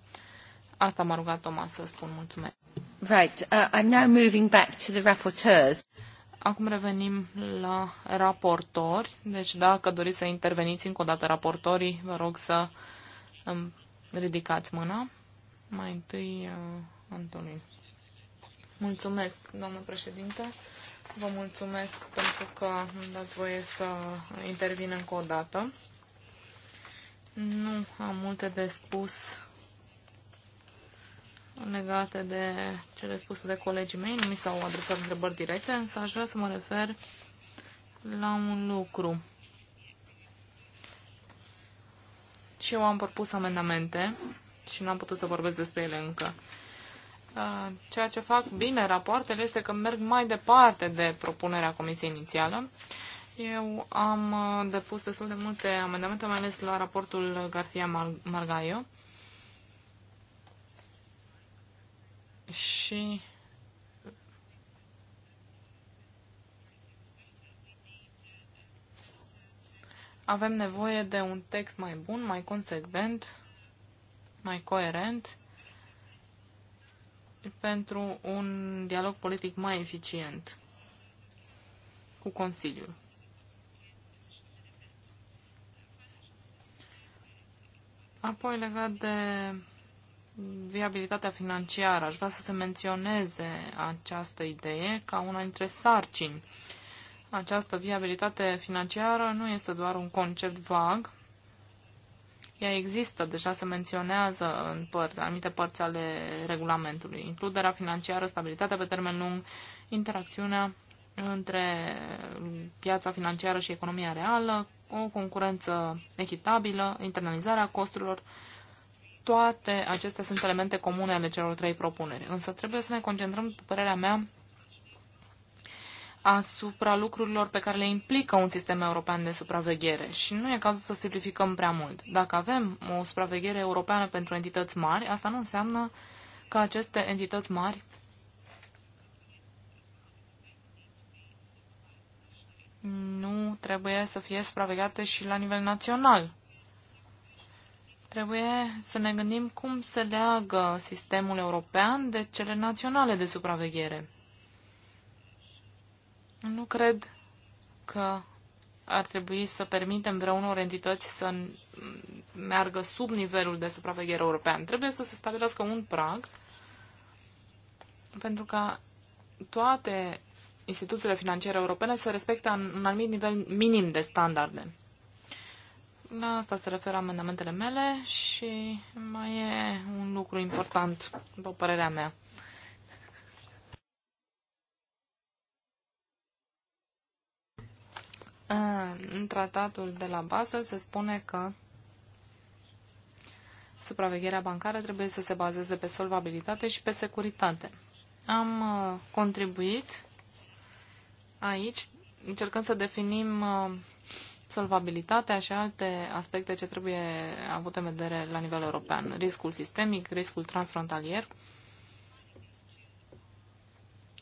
Speaker 3: Asta m-a rugat Thomas să spun. Mulțumesc. Right. Uh, I'm now moving back to the rapporteurs. Acum revenim la raportori. Deci dacă doriți să interveniți încă o dată raportorii, vă rog să ridicați mâna. Mai întâi, uh, Antonin. Mulțumesc, doamnă președinte. Vă mulțumesc pentru că îmi dați voie să intervin încă o dată. Nu am multe de spus legate de cele spuse de colegii mei. Nu mi s-au adresat întrebări directe, însă aș vrea să mă refer la un lucru. Și eu am propus amendamente și nu am putut să vorbesc despre ele încă. Ceea ce fac bine rapoartele este că merg mai departe de propunerea comisiei inițială. Eu am uh, depus destul de multe amendamente, mai ales la raportul García Margallo și avem nevoie de un text mai bun, mai consecvent, mai coerent pentru un dialog politic mai eficient cu Consiliul. Apoi, legat de viabilitatea financiară. Aș vrea să se menționeze această idee ca una dintre sarcini. Această viabilitate financiară nu este doar un concept vag, ea există, deja se menționează în părți, anumite părți ale regulamentului. Includerea financiară, stabilitatea pe termen lung, interacțiunea între piața financiară și economia reală, o concurență echitabilă, internalizarea costurilor, toate acestea sunt elemente comune ale celor trei propuneri, însă trebuie să ne concentrăm, după părerea mea, asupra lucrurilor pe care le implică un sistem european de supraveghere și nu e cazul să simplificăm prea mult. Dacă avem o supraveghere europeană pentru entități mari, asta nu înseamnă că aceste entități mari nu trebuie să fie supravegheate și la nivel național. Trebuie să ne gândim cum se leagă sistemul european de cele naționale de supraveghere. Nu cred că ar trebui să permitem vreunor entități să meargă sub nivelul de supraveghere european. Trebuie să se stabilească un prag pentru ca toate instituțiile financiare europene să respecte un anumit nivel minim de standarde. La asta se referă amendamentele mele și mai e un lucru important, după părerea mea. În tratatul de la Basel se spune că supravegherea bancară trebuie să se bazeze pe solvabilitate și pe securitate. Am uh, contribuit aici, încercând să definim uh, solvabilitatea și alte aspecte ce trebuie avute în vedere la nivel european. Riscul sistemic, riscul transfrontalier.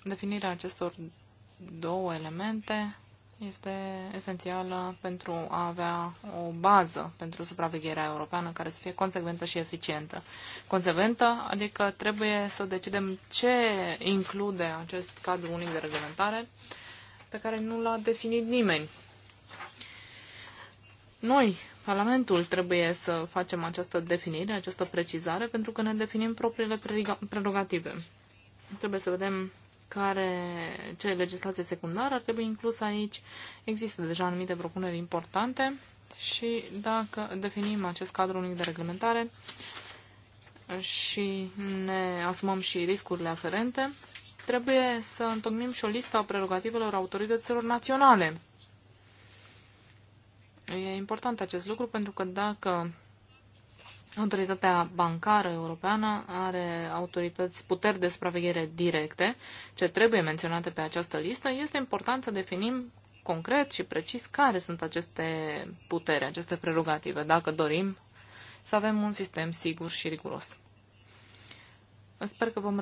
Speaker 3: Definirea acestor două elemente este esențială pentru a avea o bază pentru supravegherea europeană care să fie consecventă și eficientă. Consecventă, adică trebuie să decidem ce include acest cadru unic de reglementare pe care nu l-a definit nimeni noi, Parlamentul, trebuie să facem această definire, această precizare, pentru că ne definim propriile prerogative. Trebuie să vedem care, ce legislație secundară ar trebui inclusă aici. Există deja anumite propuneri importante și dacă definim acest cadru unic de reglementare și ne asumăm și riscurile aferente, trebuie să întocmim și o listă a prerogativelor autorităților naționale E important acest lucru pentru că dacă Autoritatea bancară europeană are autorități puteri de supraveghere directe, ce trebuie menționate pe această listă. Este important să definim concret și precis care sunt aceste putere, aceste prerogative, dacă dorim să avem un sistem sigur și riguros. Sper că vom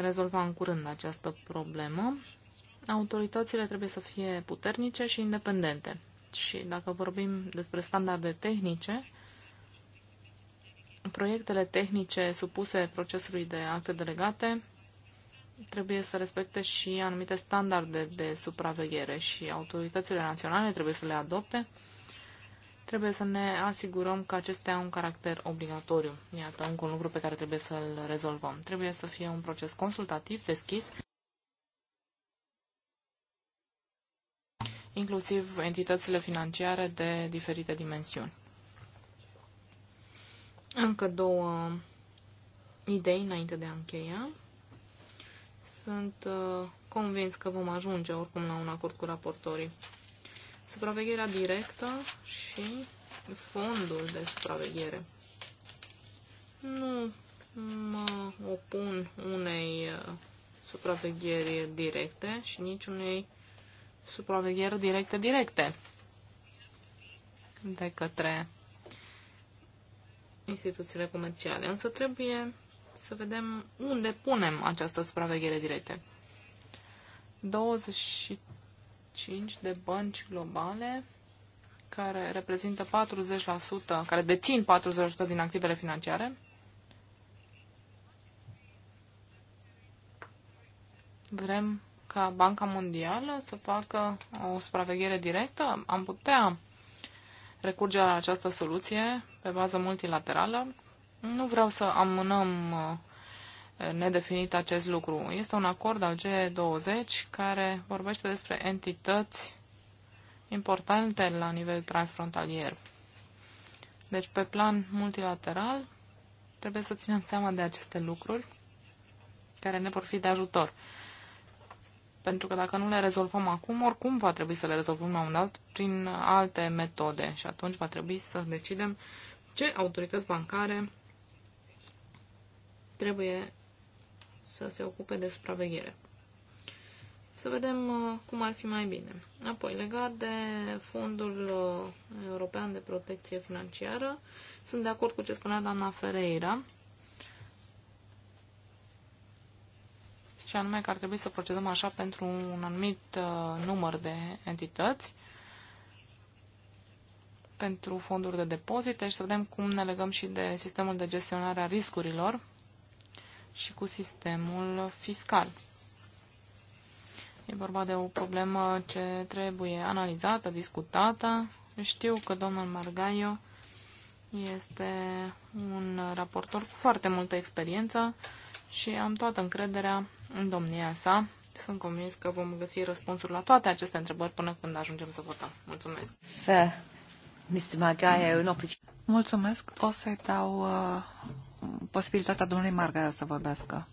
Speaker 3: rezolva în curând această problemă. Autoritățile trebuie să fie puternice și independente. Și dacă vorbim despre standarde tehnice, proiectele tehnice supuse procesului de acte delegate trebuie să respecte și anumite standarde de supraveghere și autoritățile naționale trebuie să le adopte. Trebuie să ne asigurăm că acestea au un caracter obligatoriu. Iată, încă un lucru pe care trebuie să-l rezolvăm. Trebuie să fie un proces consultativ, deschis. inclusiv entitățile financiare de diferite dimensiuni. Încă două idei înainte de a încheia. Sunt uh, convins că vom ajunge oricum la un acord cu raportorii. Supravegherea directă și fondul de supraveghere. Nu mă opun unei uh, supravegheri directe și nici unei Supraveghere directă directe de către instituțiile comerciale. Însă trebuie să vedem unde punem această supraveghere directă. 25 de bănci globale care reprezintă 40%, care dețin 40% din activele financiare. Vrem ca Banca Mondială să facă o supraveghere directă? Am putea recurge la această soluție pe bază multilaterală. Nu vreau să amânăm uh, nedefinit acest lucru. Este un acord al G20 care vorbește despre entități importante la nivel transfrontalier. Deci, pe plan multilateral, trebuie să ținem seama de aceste lucruri care ne vor fi de ajutor. Pentru că dacă nu le rezolvăm acum, oricum va trebui să le rezolvăm la un dat prin alte metode și atunci va trebui să decidem ce autorități bancare trebuie să se ocupe de supraveghere. Să vedem uh, cum ar fi mai bine. Apoi, legat de Fondul uh, European de Protecție Financiară, sunt de acord cu ce spunea doamna Ferreira. și anume că ar trebui să procedăm așa pentru un anumit uh, număr de entități, pentru fonduri de depozite și să vedem cum ne legăm și de sistemul de gestionare a riscurilor și cu sistemul fiscal. E vorba de o problemă ce trebuie analizată, discutată. Știu că domnul Margaio este un raportor cu foarte multă experiență și am toată încrederea în domnia sa. Sunt convins că vom găsi răspunsuri la toate aceste întrebări până când ajungem să votăm. Mulțumesc!
Speaker 1: Mr. Margaia, un Mulțumesc. O să-i dau uh, posibilitatea domnului Margaia să vorbească.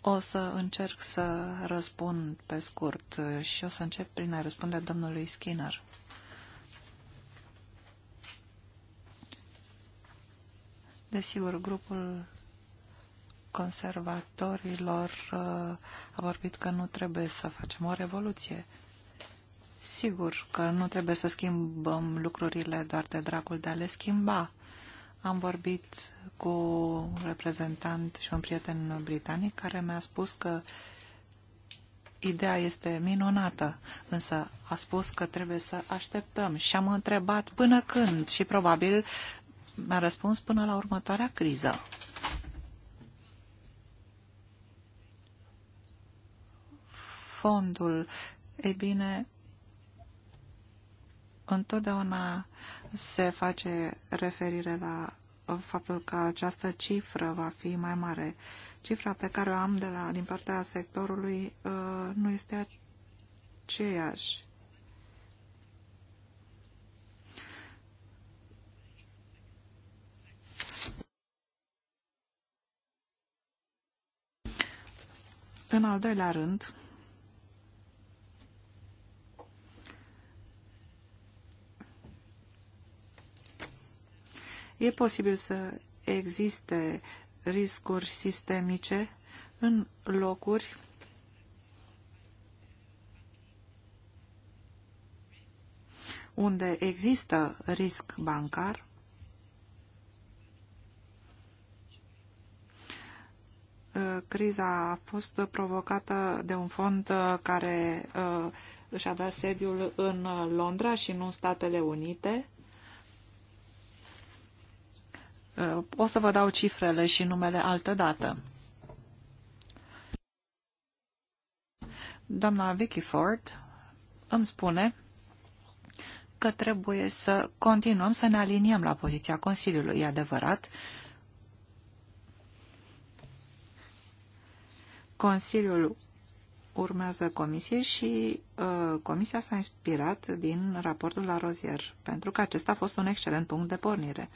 Speaker 1: O să încerc să răspund pe scurt uh, și o să încep prin a răspunde domnului Skinner. Desigur, grupul conservatorilor uh, a vorbit că nu trebuie să facem o revoluție. Sigur că nu trebuie să schimbăm lucrurile doar de dragul de a le schimba. Am vorbit cu un reprezentant și un prieten britanic care mi-a spus că ideea este minunată, însă a spus că trebuie să așteptăm și am întrebat până când și probabil mi-a răspuns până la următoarea criză. fondul. Ei bine, întotdeauna se face referire la faptul că această cifră va fi mai mare. Cifra pe care o am de la, din partea sectorului uh, nu este aceeași. În al doilea rând, E posibil să existe riscuri sistemice în locuri unde există risc bancar, criza a fost provocată de un fond care uh, își avea sediul în Londra și nu în Statele Unite Eh, o să vă dau cifrele și numele altă dată. Doamna Vicky Ford îmi spune că trebuie să continuăm să ne aliniem la poziția Consiliului, e adevărat. Consiliul urmează comisiei și uh, comisia s-a inspirat din raportul la rozier, pentru că acesta a fost un excelent punct de pornire.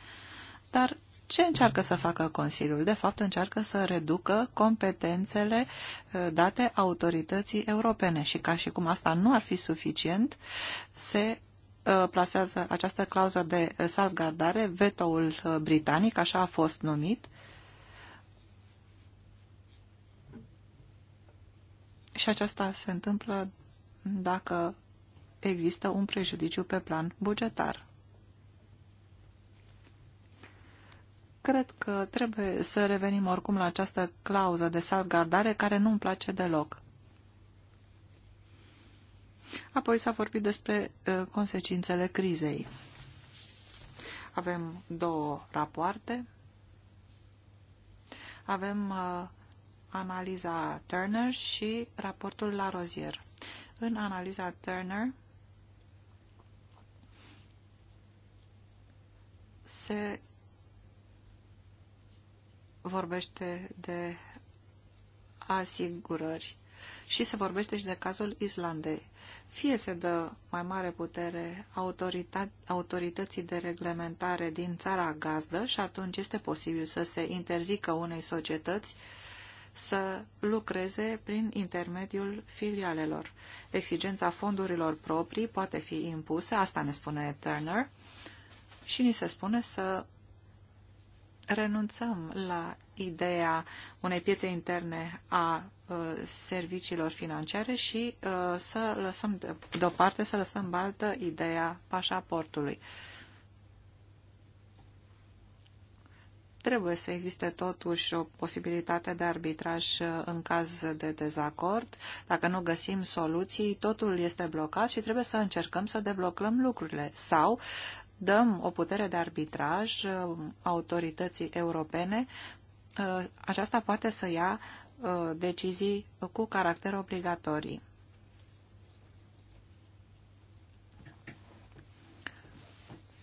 Speaker 1: Dar ce încearcă să facă Consiliul? De fapt, încearcă să reducă competențele uh, date autorității europene și ca și cum asta nu ar fi suficient, se uh, plasează această clauză de salvgardare, vetoul uh, britanic, așa a fost numit, Și aceasta se întâmplă dacă există un prejudiciu pe plan bugetar. Cred că trebuie să revenim oricum la această clauză de salvgardare care nu-mi place deloc. Apoi s-a vorbit despre uh, consecințele crizei. Avem două rapoarte. Avem uh, analiza Turner și raportul la rozier. În analiza Turner se vorbește de asigurări și se vorbește și de cazul Islandei. Fie se dă mai mare putere autorității de reglementare din țara gazdă și atunci este posibil să se interzică unei societăți să lucreze prin intermediul filialelor. Exigența fondurilor proprii poate fi impusă, asta ne spune Turner, și ni se spune să renunțăm la ideea unei piețe interne a uh, serviciilor financiare și uh, să lăsăm deoparte, să lăsăm baltă ideea pașaportului. Trebuie să existe totuși o posibilitate de arbitraj uh, în caz de dezacord. Dacă nu găsim soluții, totul este blocat și trebuie să încercăm să deblocăm lucrurile. Sau dăm o putere de arbitraj uh, autorității europene, uh, aceasta poate să ia uh, decizii cu caracter obligatorii.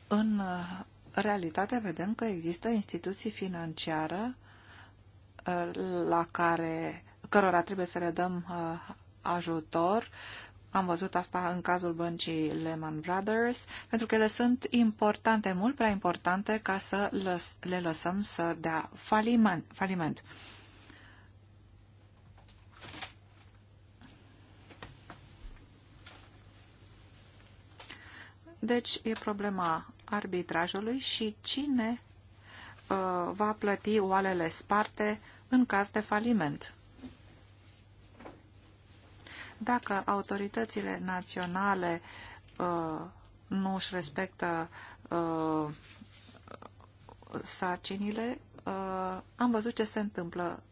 Speaker 1: În realitate vedem că există instituții financiare la care, cărora trebuie să le dăm ajutor am văzut asta în cazul băncii Lehman Brothers, pentru că ele sunt importante, mult prea importante, ca să le lăsăm să dea faliment. Deci e problema arbitrajului și cine uh, va plăti oalele sparte în caz de faliment. Dacă autoritățile naționale uh, nu își respectă uh, sarcinile, uh, am văzut ce se întâmplă.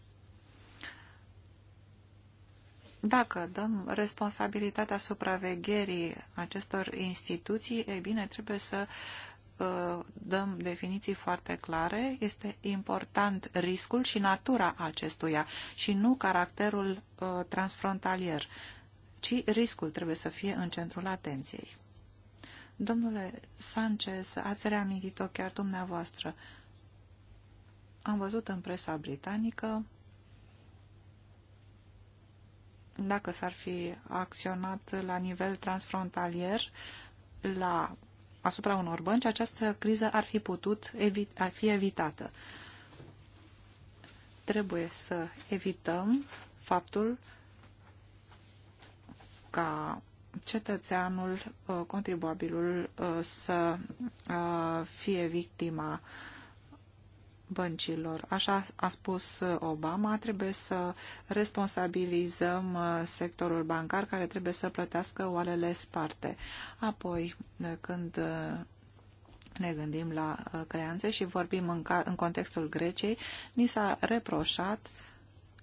Speaker 1: Dacă dăm responsabilitatea supravegherii acestor instituții, e bine, trebuie să dăm definiții foarte clare. Este important riscul și natura acestuia și nu caracterul transfrontalier ci riscul trebuie să fie în centrul atenției. Domnule Sanchez, ați reamintit-o chiar dumneavoastră. Am văzut în presa britanică dacă s-ar fi acționat la nivel transfrontalier la, asupra unor bănci, această criză ar fi putut evi, ar fi evitată. Trebuie să evităm faptul ca cetățeanul, uh, contribuabilul uh, să uh, fie victima băncilor. Așa a spus Obama, trebuie să responsabilizăm sectorul bancar care trebuie să plătească oalele sparte. Apoi, când ne gândim la creanțe și vorbim în, ca, în contextul Greciei, ni s-a reproșat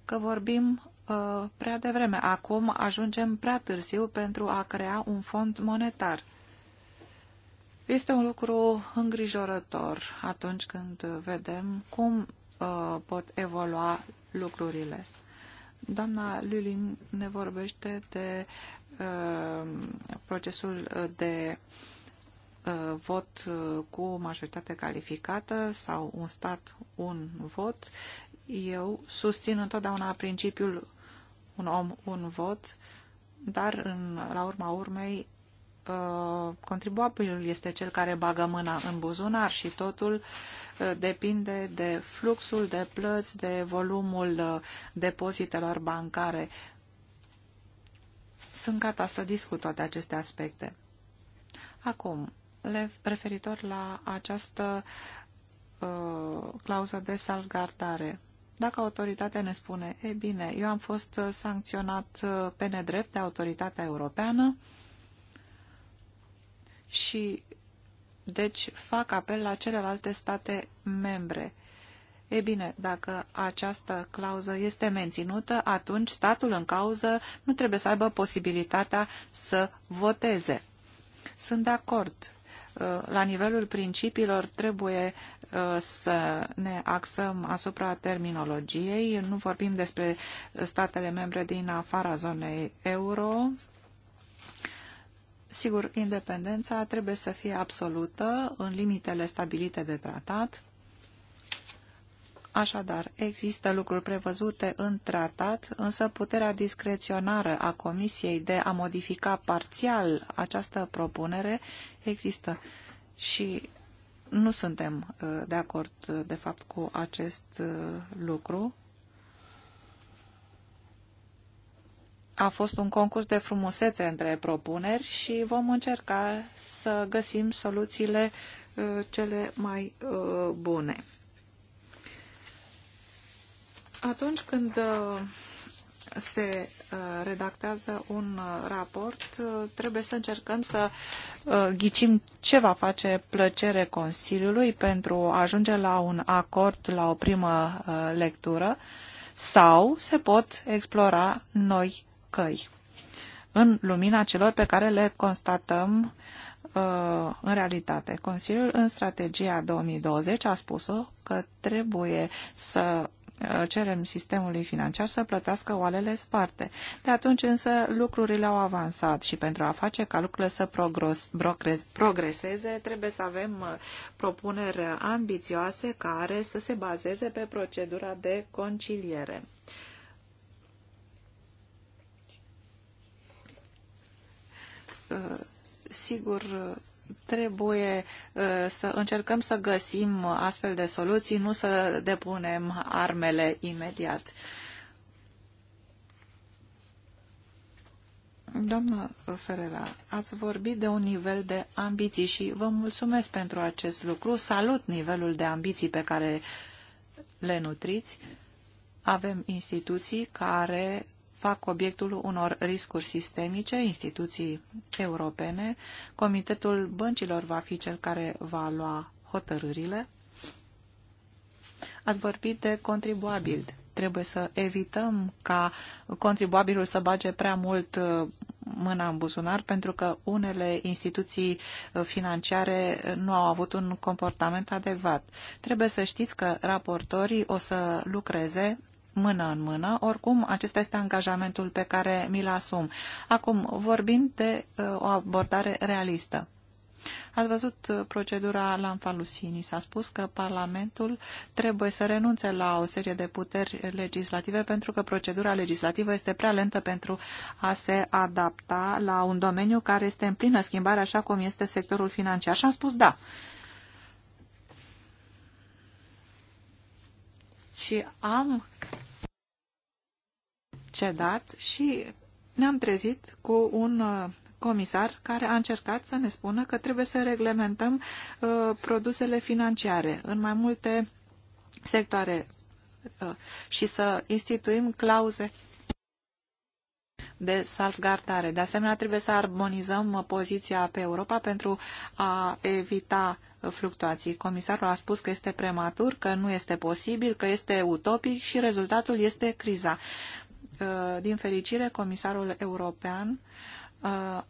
Speaker 1: că vorbim Uh, prea devreme. Acum ajungem prea târziu pentru a crea un fond monetar. Este un lucru îngrijorător atunci când vedem cum uh, pot evolua lucrurile. Doamna Lulin ne vorbește de uh, procesul de uh, vot uh, cu majoritate calificată sau un stat, un vot. Eu susțin întotdeauna principiul un om, un vot, dar în, la urma urmei uh, contribuabilul este cel care bagă mâna în buzunar și totul uh, depinde de fluxul de plăți, de volumul uh, depozitelor bancare. Sunt gata să discut toate aceste aspecte. Acum, referitor la această uh, clauză de salvgardare. Dacă autoritatea ne spune, e bine, eu am fost uh, sancționat uh, pe nedrept de autoritatea europeană și deci fac apel la celelalte state membre. E bine, dacă această clauză este menținută, atunci statul în cauză nu trebuie să aibă posibilitatea să voteze. Sunt de acord Uh, la nivelul principiilor trebuie uh, să ne axăm asupra terminologiei. Nu vorbim despre statele membre din afara zonei euro. Sigur, independența trebuie să fie absolută în limitele stabilite de tratat Așadar, există lucruri prevăzute în tratat, însă puterea discreționară a Comisiei de a modifica parțial această propunere există și nu suntem uh, de acord, uh, de fapt, cu acest uh, lucru. A fost un concurs de frumusețe între propuneri și vom încerca să găsim soluțiile cele mai bune. Atunci când uh, se uh, redactează un uh, raport, trebuie să încercăm să ghicim ce va face plăcere Consiliului pentru a ajunge la un acord la o primă lectură sau se pot explora noi căi în lumina celor pe care le constatăm în realitate. Consiliul în strategia 2020 a spus-o că trebuie să Eh, cerem sistemului financiar să plătească oalele sparte. De atunci însă lucrurile au avansat și pentru a face ca lucrurile să progreseze trebuie să avem eh, propuneri ambițioase care să se bazeze pe procedura de conciliere. Eh, sigur, trebuie uh, să încercăm să găsim astfel de soluții, nu să depunem armele imediat. Doamnă Ferela, ați vorbit de un nivel de ambiții și vă mulțumesc pentru acest lucru. Salut nivelul de ambiții pe care le nutriți. Avem instituții care fac obiectul unor riscuri sistemice, instituții europene, Comitetul Băncilor va fi cel care va lua hotărârile. Ați vorbit de contribuabil. Trebuie să evităm ca contribuabilul să bage prea mult uh, mâna în buzunar, pentru că unele instituții uh, financiare nu au avut un comportament adecvat. Trebuie să știți că raportorii o să lucreze mână în mână. Oricum, acesta este angajamentul pe care mi-l asum. Acum, vorbind de uh, o abordare realistă. Ați văzut uh, procedura Lanfalusini. S-a spus că Parlamentul trebuie să renunțe la o serie de puteri legislative pentru că procedura legislativă este prea lentă pentru a se adapta la un domeniu care este în plină schimbare, așa cum este sectorul financiar. Și am spus da. Și am cedat și ne-am trezit cu un uh, comisar care a încercat să ne spună că trebuie să reglementăm uh, produsele financiare în mai multe sectoare uh, și să instituim clauze de salvgardare. De asemenea, trebuie să armonizăm poziția pe Europa pentru a evita fluctuații. Comisarul a spus că este prematur, că nu este posibil, că este utopic și rezultatul este criza. Uh, din fericire, comisarul european uh,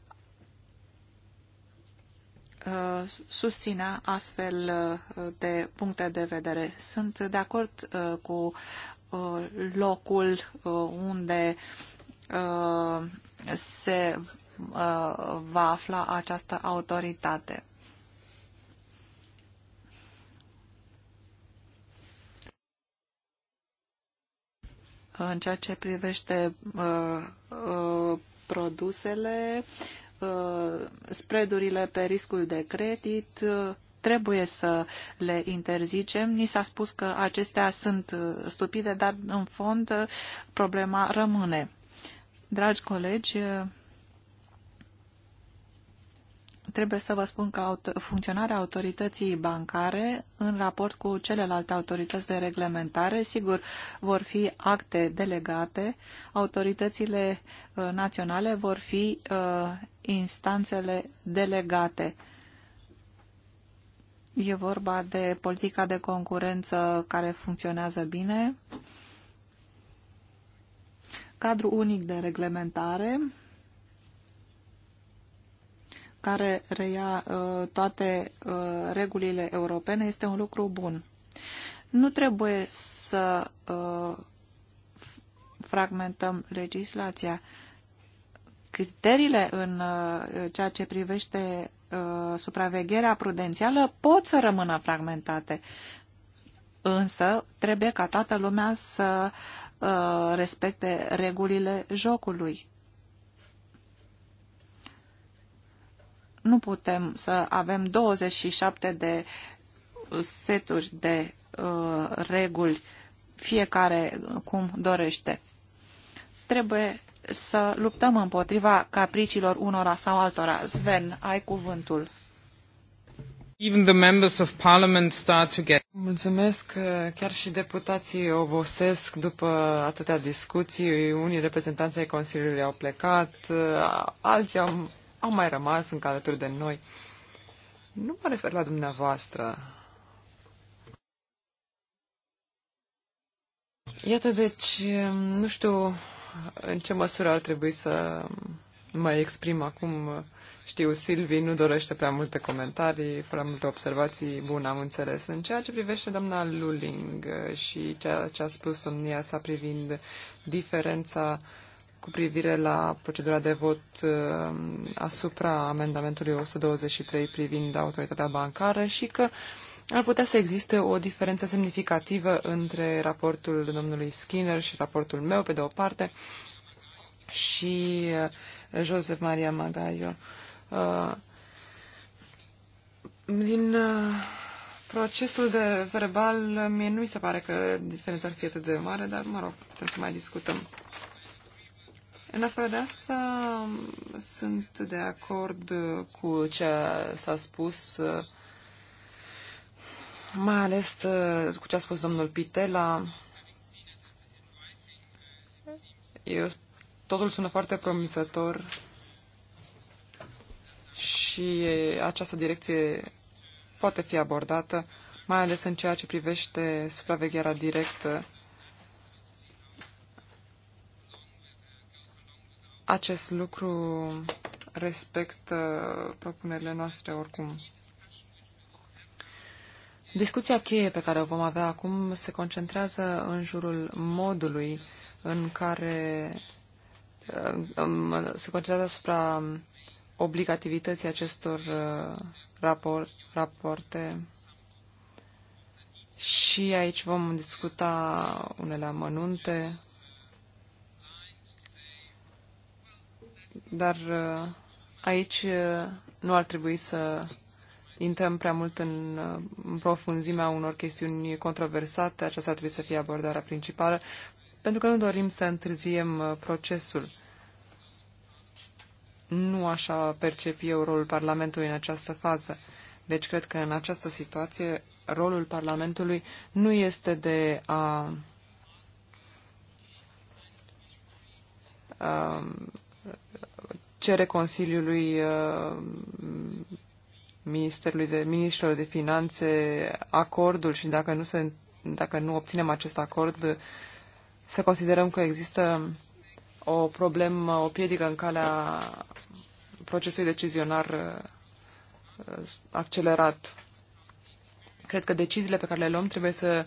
Speaker 1: uh, susținea astfel de puncte de vedere. Sunt de acord cu locul unde se va afla această autoritate. În ceea ce privește uh, uh, produsele, uh, spreadurile pe riscul de credit, uh, trebuie să le interzicem. Ni s-a spus că acestea sunt uh, stupide, dar în fond uh, problema rămâne. Dragi colegi, uh, trebuie să vă spun că funcționarea autorității bancare în raport cu celelalte autorități de reglementare, sigur, vor fi acte delegate, autoritățile uh, naționale vor fi uh, instanțele delegate. E vorba de politica de concurență care funcționează bine, cadru unic de reglementare, care reia uh, toate uh, regulile europene este un lucru bun. Nu trebuie să uh, fragmentăm legislația. Criteriile în ceea ce privește supravegherea prudențială pot să rămână fragmentate, însă trebuie ca toată lumea să respecte regulile jocului nu putem să avem 27 de seturi de uh, reguli, fiecare cum dorește. Trebuie să luptăm împotriva capriciilor unora sau altora. Sven, ai cuvântul.
Speaker 2: Even the members of parliament start to get... Mulțumesc, uh, chiar și deputații obosesc după atâtea discuții. Unii reprezentanți ai Consiliului au plecat, uh, alții au au mai rămas încă alături de noi. Nu mă refer la dumneavoastră. Iată, deci, nu știu în ce măsură ar trebui să mă exprim acum. Știu, Silvi nu dorește prea multe comentarii, prea multe observații. Bun, am înțeles. În ceea ce privește doamna Luling și ceea ce a spus somnia sa privind diferența uh, cu privire la procedura de vot uh, asupra amendamentului 123 privind autoritatea bancară și că ar putea să existe o diferență semnificativă între raportul domnului Skinner și raportul meu, pe de o parte, și uh, Joseph Maria Magaio. Uh, din procesul de verbal, mie nu mi se pare că diferența ar fi atât de mare, dar, mă rog, putem să mai discutăm. În afară de asta, sunt de acord cu ce s-a spus, mai ales uh, cu ce a spus domnul Pitela. Eu, totul sună foarte promițător și această direcție poate fi abordată, mai ales în ceea ce privește supravegherea directă acest lucru respectă propunerile noastre oricum. Discuția cheie pe care o vom avea acum se concentrează în jurul modului în care uh, um, se concentrează asupra obligativității acestor uh, rapor, rapoarte și aici vom discuta unele amănunte Dar uh, aici uh, nu ar trebui să intrăm prea mult în, uh, în profunzimea unor chestiuni controversate. Aceasta ar trebui să fie abordarea principală, pentru că nu dorim să întârziem procesul. Nu așa percep eu rolul Parlamentului în această fază. Deci cred că în această situație rolul Parlamentului nu este de a, a um, cere Consiliului uh, Ministerului de Ministrilor de Finanțe acordul și dacă nu, se, dacă nu obținem acest acord, să considerăm că există o problemă, o piedică în calea procesului decizionar uh, accelerat. Cred că deciziile pe care le luăm trebuie să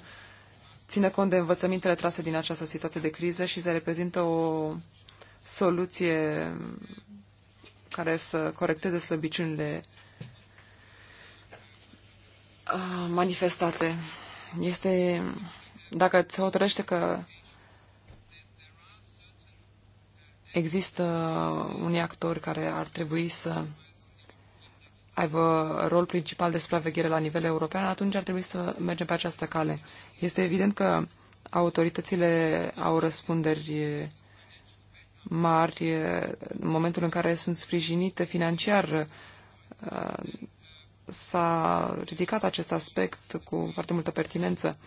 Speaker 2: țină cont de învățămintele trase din această situație de criză și să reprezintă o soluție care să corecteze slăbiciunile uh, manifestate. Este, dacă se hotărăște că există unii actori care ar trebui să aibă rol principal de supraveghere la nivel european, atunci ar trebui să mergem pe această cale. Este evident că autoritățile au răspunderi mari în momentul în care sunt sprijinite financiar. S-a ridicat acest aspect cu foarte multă pertinență.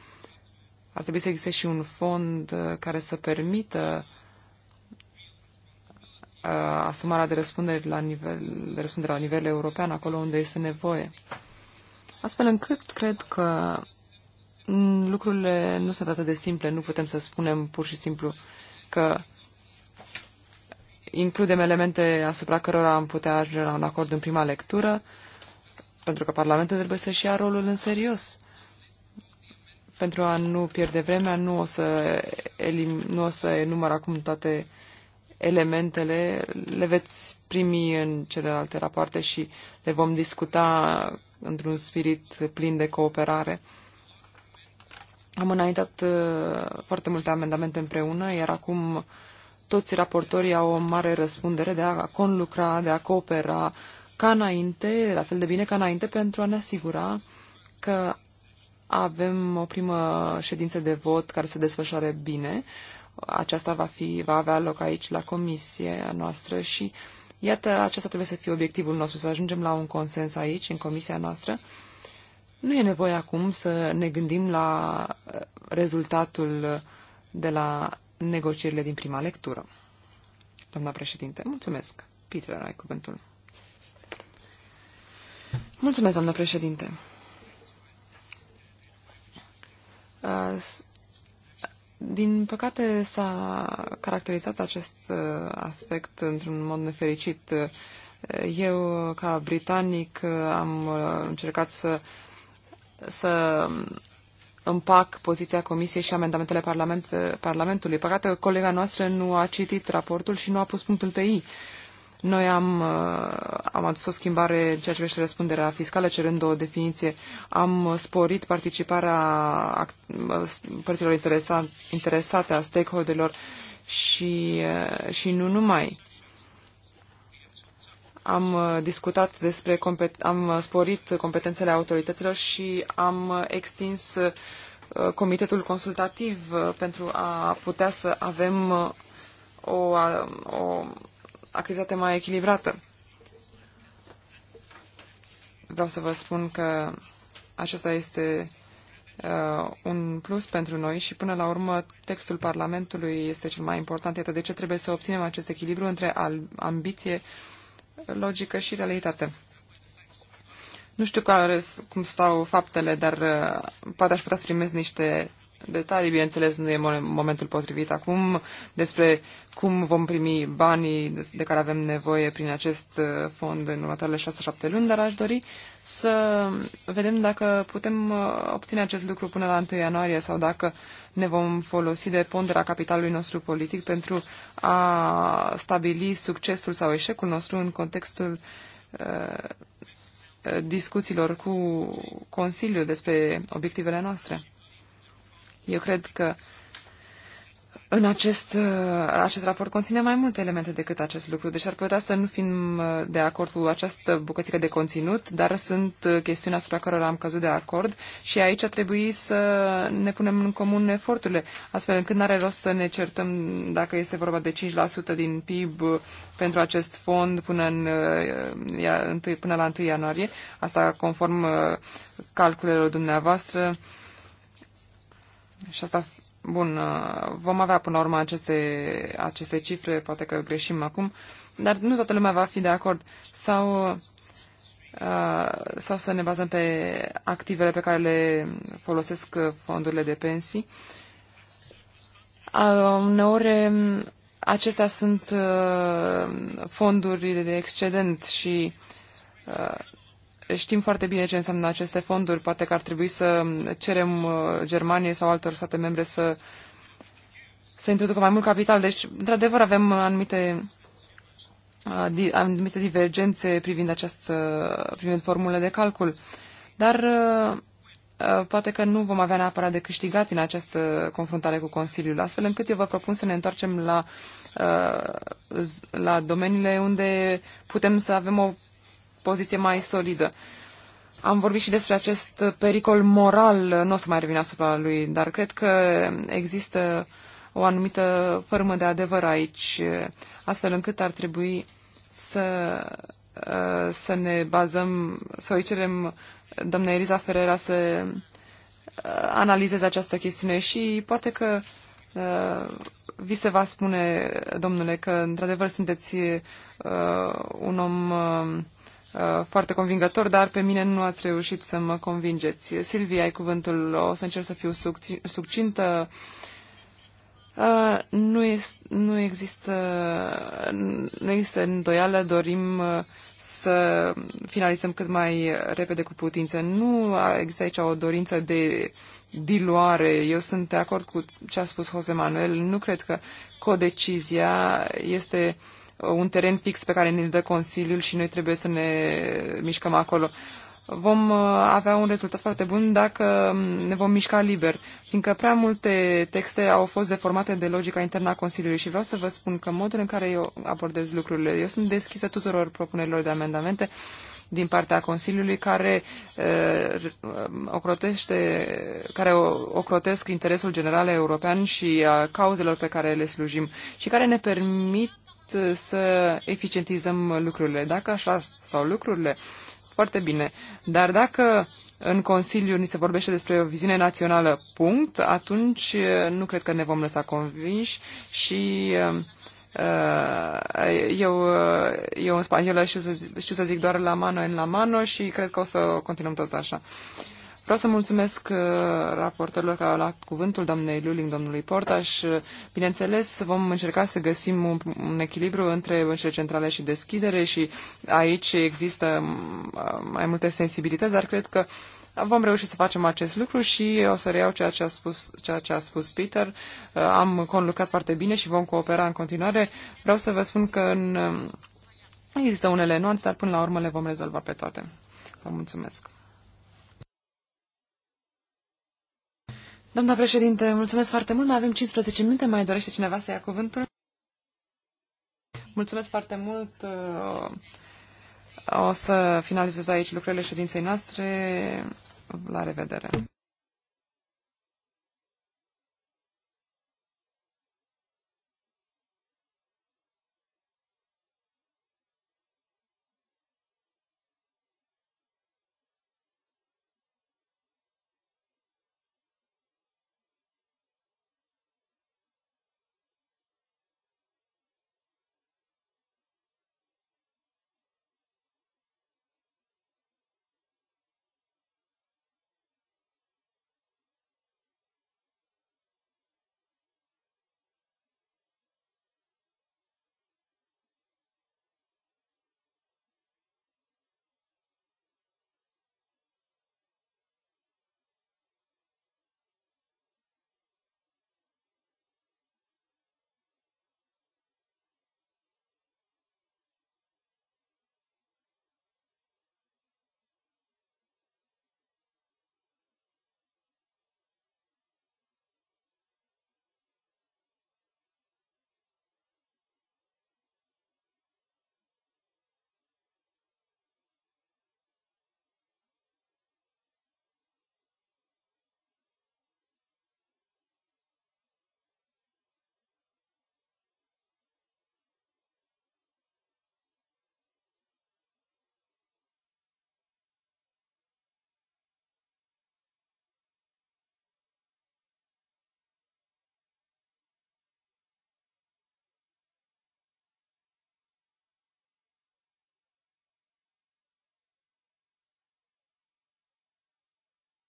Speaker 2: Ar trebui să existe și un fond care să permită asumarea de răspundere la nivel, de răspundere la nivel european, acolo unde este nevoie. Astfel încât cred că lucrurile nu sunt atât de simple, nu putem să spunem pur și simplu că includem elemente asupra cărora am putea ajunge la un acord în prima lectură, pentru că Parlamentul trebuie să-și ia rolul în serios. Pentru a nu pierde vremea, nu o să, elim, nu o să enumăr acum toate elementele, le veți primi în celelalte rapoarte și le vom discuta într-un spirit plin de cooperare. Am înaintat uh, foarte multe amendamente împreună, iar acum uh, toți raportorii au o mare răspundere de a conlucra, de a coopera ca înainte, la fel de bine ca înainte, pentru a ne asigura că avem o primă ședință de vot care se desfășoare bine. Aceasta va, fi, va avea loc aici la comisie noastră și iată, acesta trebuie să fie obiectivul nostru, să ajungem la un consens aici, în comisia noastră. Nu e nevoie acum să ne gândim la uh, rezultatul de la negocierile din prima lectură. Doamna președinte, mulțumesc. Peter, ai cuvântul. Mulțumesc, doamna președinte. Din păcate s-a caracterizat acest uh, aspect într-un mod nefericit. Eu, ca britanic, am uh, încercat să, să împac poziția Comisiei și amendamentele parlament, Parlamentului. Păcate, colega noastră nu a citit raportul și nu a pus punctul pe i. Noi am, uh, am adus o schimbare în ceea ce vește răspunderea fiscală, cerând o definiție. Am sporit participarea uh, părților interesate, a stakeholderilor și, uh, și nu numai am uh, discutat despre, am uh, sporit competențele autorităților și am uh, extins comitetul consultativ pentru a putea să avem o, o activitate mai echilibrată. Vreau să vă spun că acesta este uh, un plus pentru noi și până la urmă textul Parlamentului este cel mai important. Iată de ce trebuie să obținem acest echilibru între ambiție logică și realitate. Nu știu care, cum stau faptele, dar uh, poate aș putea să primez niște detalii, bineînțeles, nu e momentul potrivit acum, despre cum vom primi banii de care avem nevoie prin acest uh, fond în următoarele 6-7 luni, dar aș dori să vedem dacă putem uh, obține acest lucru până la 1 ianuarie sau dacă ne vom folosi de ponderea capitalului nostru politic pentru a stabili succesul sau eșecul nostru în contextul uh, discuțiilor cu Consiliul despre obiectivele noastre. Eu cred că în acest, uh, acest raport conține mai multe elemente decât acest lucru, deci ar putea să nu fim uh, de acord cu această bucățică de conținut, dar sunt uh, chestiuni asupra cărora am căzut de acord și aici ar trebui să ne punem în comun eforturile, astfel încât n-are rost să ne certăm dacă este vorba de 5% din PIB pentru acest fond până, în, până la 1 ianuarie, asta conform calculelor dumneavoastră. Și asta, bun, vom avea până la urmă aceste, aceste cifre, poate că greșim acum, dar nu toată lumea va fi de acord. Sau uh, sau să ne bazăm pe activele pe care le folosesc fondurile de pensii. Uh, uneori acestea sunt uh, fonduri de excedent și Știm foarte bine ce înseamnă aceste fonduri. Poate că ar trebui să cerem uh, Germaniei sau altor state membre să, să introducă mai mult capital. Deci, într-adevăr, avem anumite, uh, anumite divergențe privind, această, privind formulele de calcul. Dar uh, poate că nu vom avea neapărat de câștigat în această confruntare cu Consiliul, astfel încât eu vă propun să ne întoarcem la, la domeniile unde putem să avem o poziție mai solidă. Am vorbit și despre acest pericol moral, nu o să mai revin asupra lui, dar cred că există o anumită formă de adevăr aici, astfel încât ar trebui să, uh, să ne bazăm, să îi cerem doamna Eliza Ferreira să uh, analizeze această chestiune și poate că uh, vi se va spune, domnule, că într-adevăr sunteți un om Uh, foarte convingător, dar pe mine nu ați reușit să mă convingeți. Silvia, ai cuvântul, o să încerc să fiu succintă. Uh, nu, este, nu, există, nu există îndoială, dorim uh, să finalizăm cât mai repede cu putință. Nu există aici o dorință de diluare. Eu sunt de acord cu ce a spus Jose Manuel. Nu cred că codecizia este uh, Uh, un teren fix pe care ne dă Consiliul și noi trebuie să ne mișcăm acolo. Vom uh, avea un rezultat foarte bun dacă um, ne vom mișca liber, fiindcă prea multe texte au fost deformate de logica internă a Consiliului și vreau să vă spun că modul în care eu abordez lucrurile, eu sunt deschisă tuturor propunerilor de amendamente, din partea Consiliului care uh, ocrotește, care ocrotesc interesul general european și a cauzelor pe care le slujim și care ne permit Uh, să eficientizăm lucrurile. Dacă așa sau lucrurile, foarte bine. Dar dacă în Consiliu ni se vorbește despre o viziune națională, punct, atunci uh, nu cred că ne vom lăsa convinși și uh, eu, eu în spaniolă știu să, știu să zic doar la mano în la mano și cred că o să continuăm tot așa. Uh, Vreau să mulțumesc uh, raportorilor care au luat cuvântul, doamnei Luling, domnului Portaș. Uh, bineînțeles, vom încerca să găsim un, un echilibru între băncile centrale și deschidere și aici există mm, mai multe sensibilități, dar cred că vom reuși să facem acest lucru și o să reiau ceea ce a spus, ceea ce a spus Peter. Uh, am conlucrat foarte bine și vom coopera în continuare. Vreau să vă spun că în, um, există unele nuanțe, dar până la urmă le vom rezolva pe toate. Vă mulțumesc. Doamna președinte, mulțumesc foarte mult. Mai avem 15 minute. Mai dorește cineva să ia cuvântul? Mulțumesc foarte mult. O să finalizez aici lucrurile ședinței noastre. La revedere!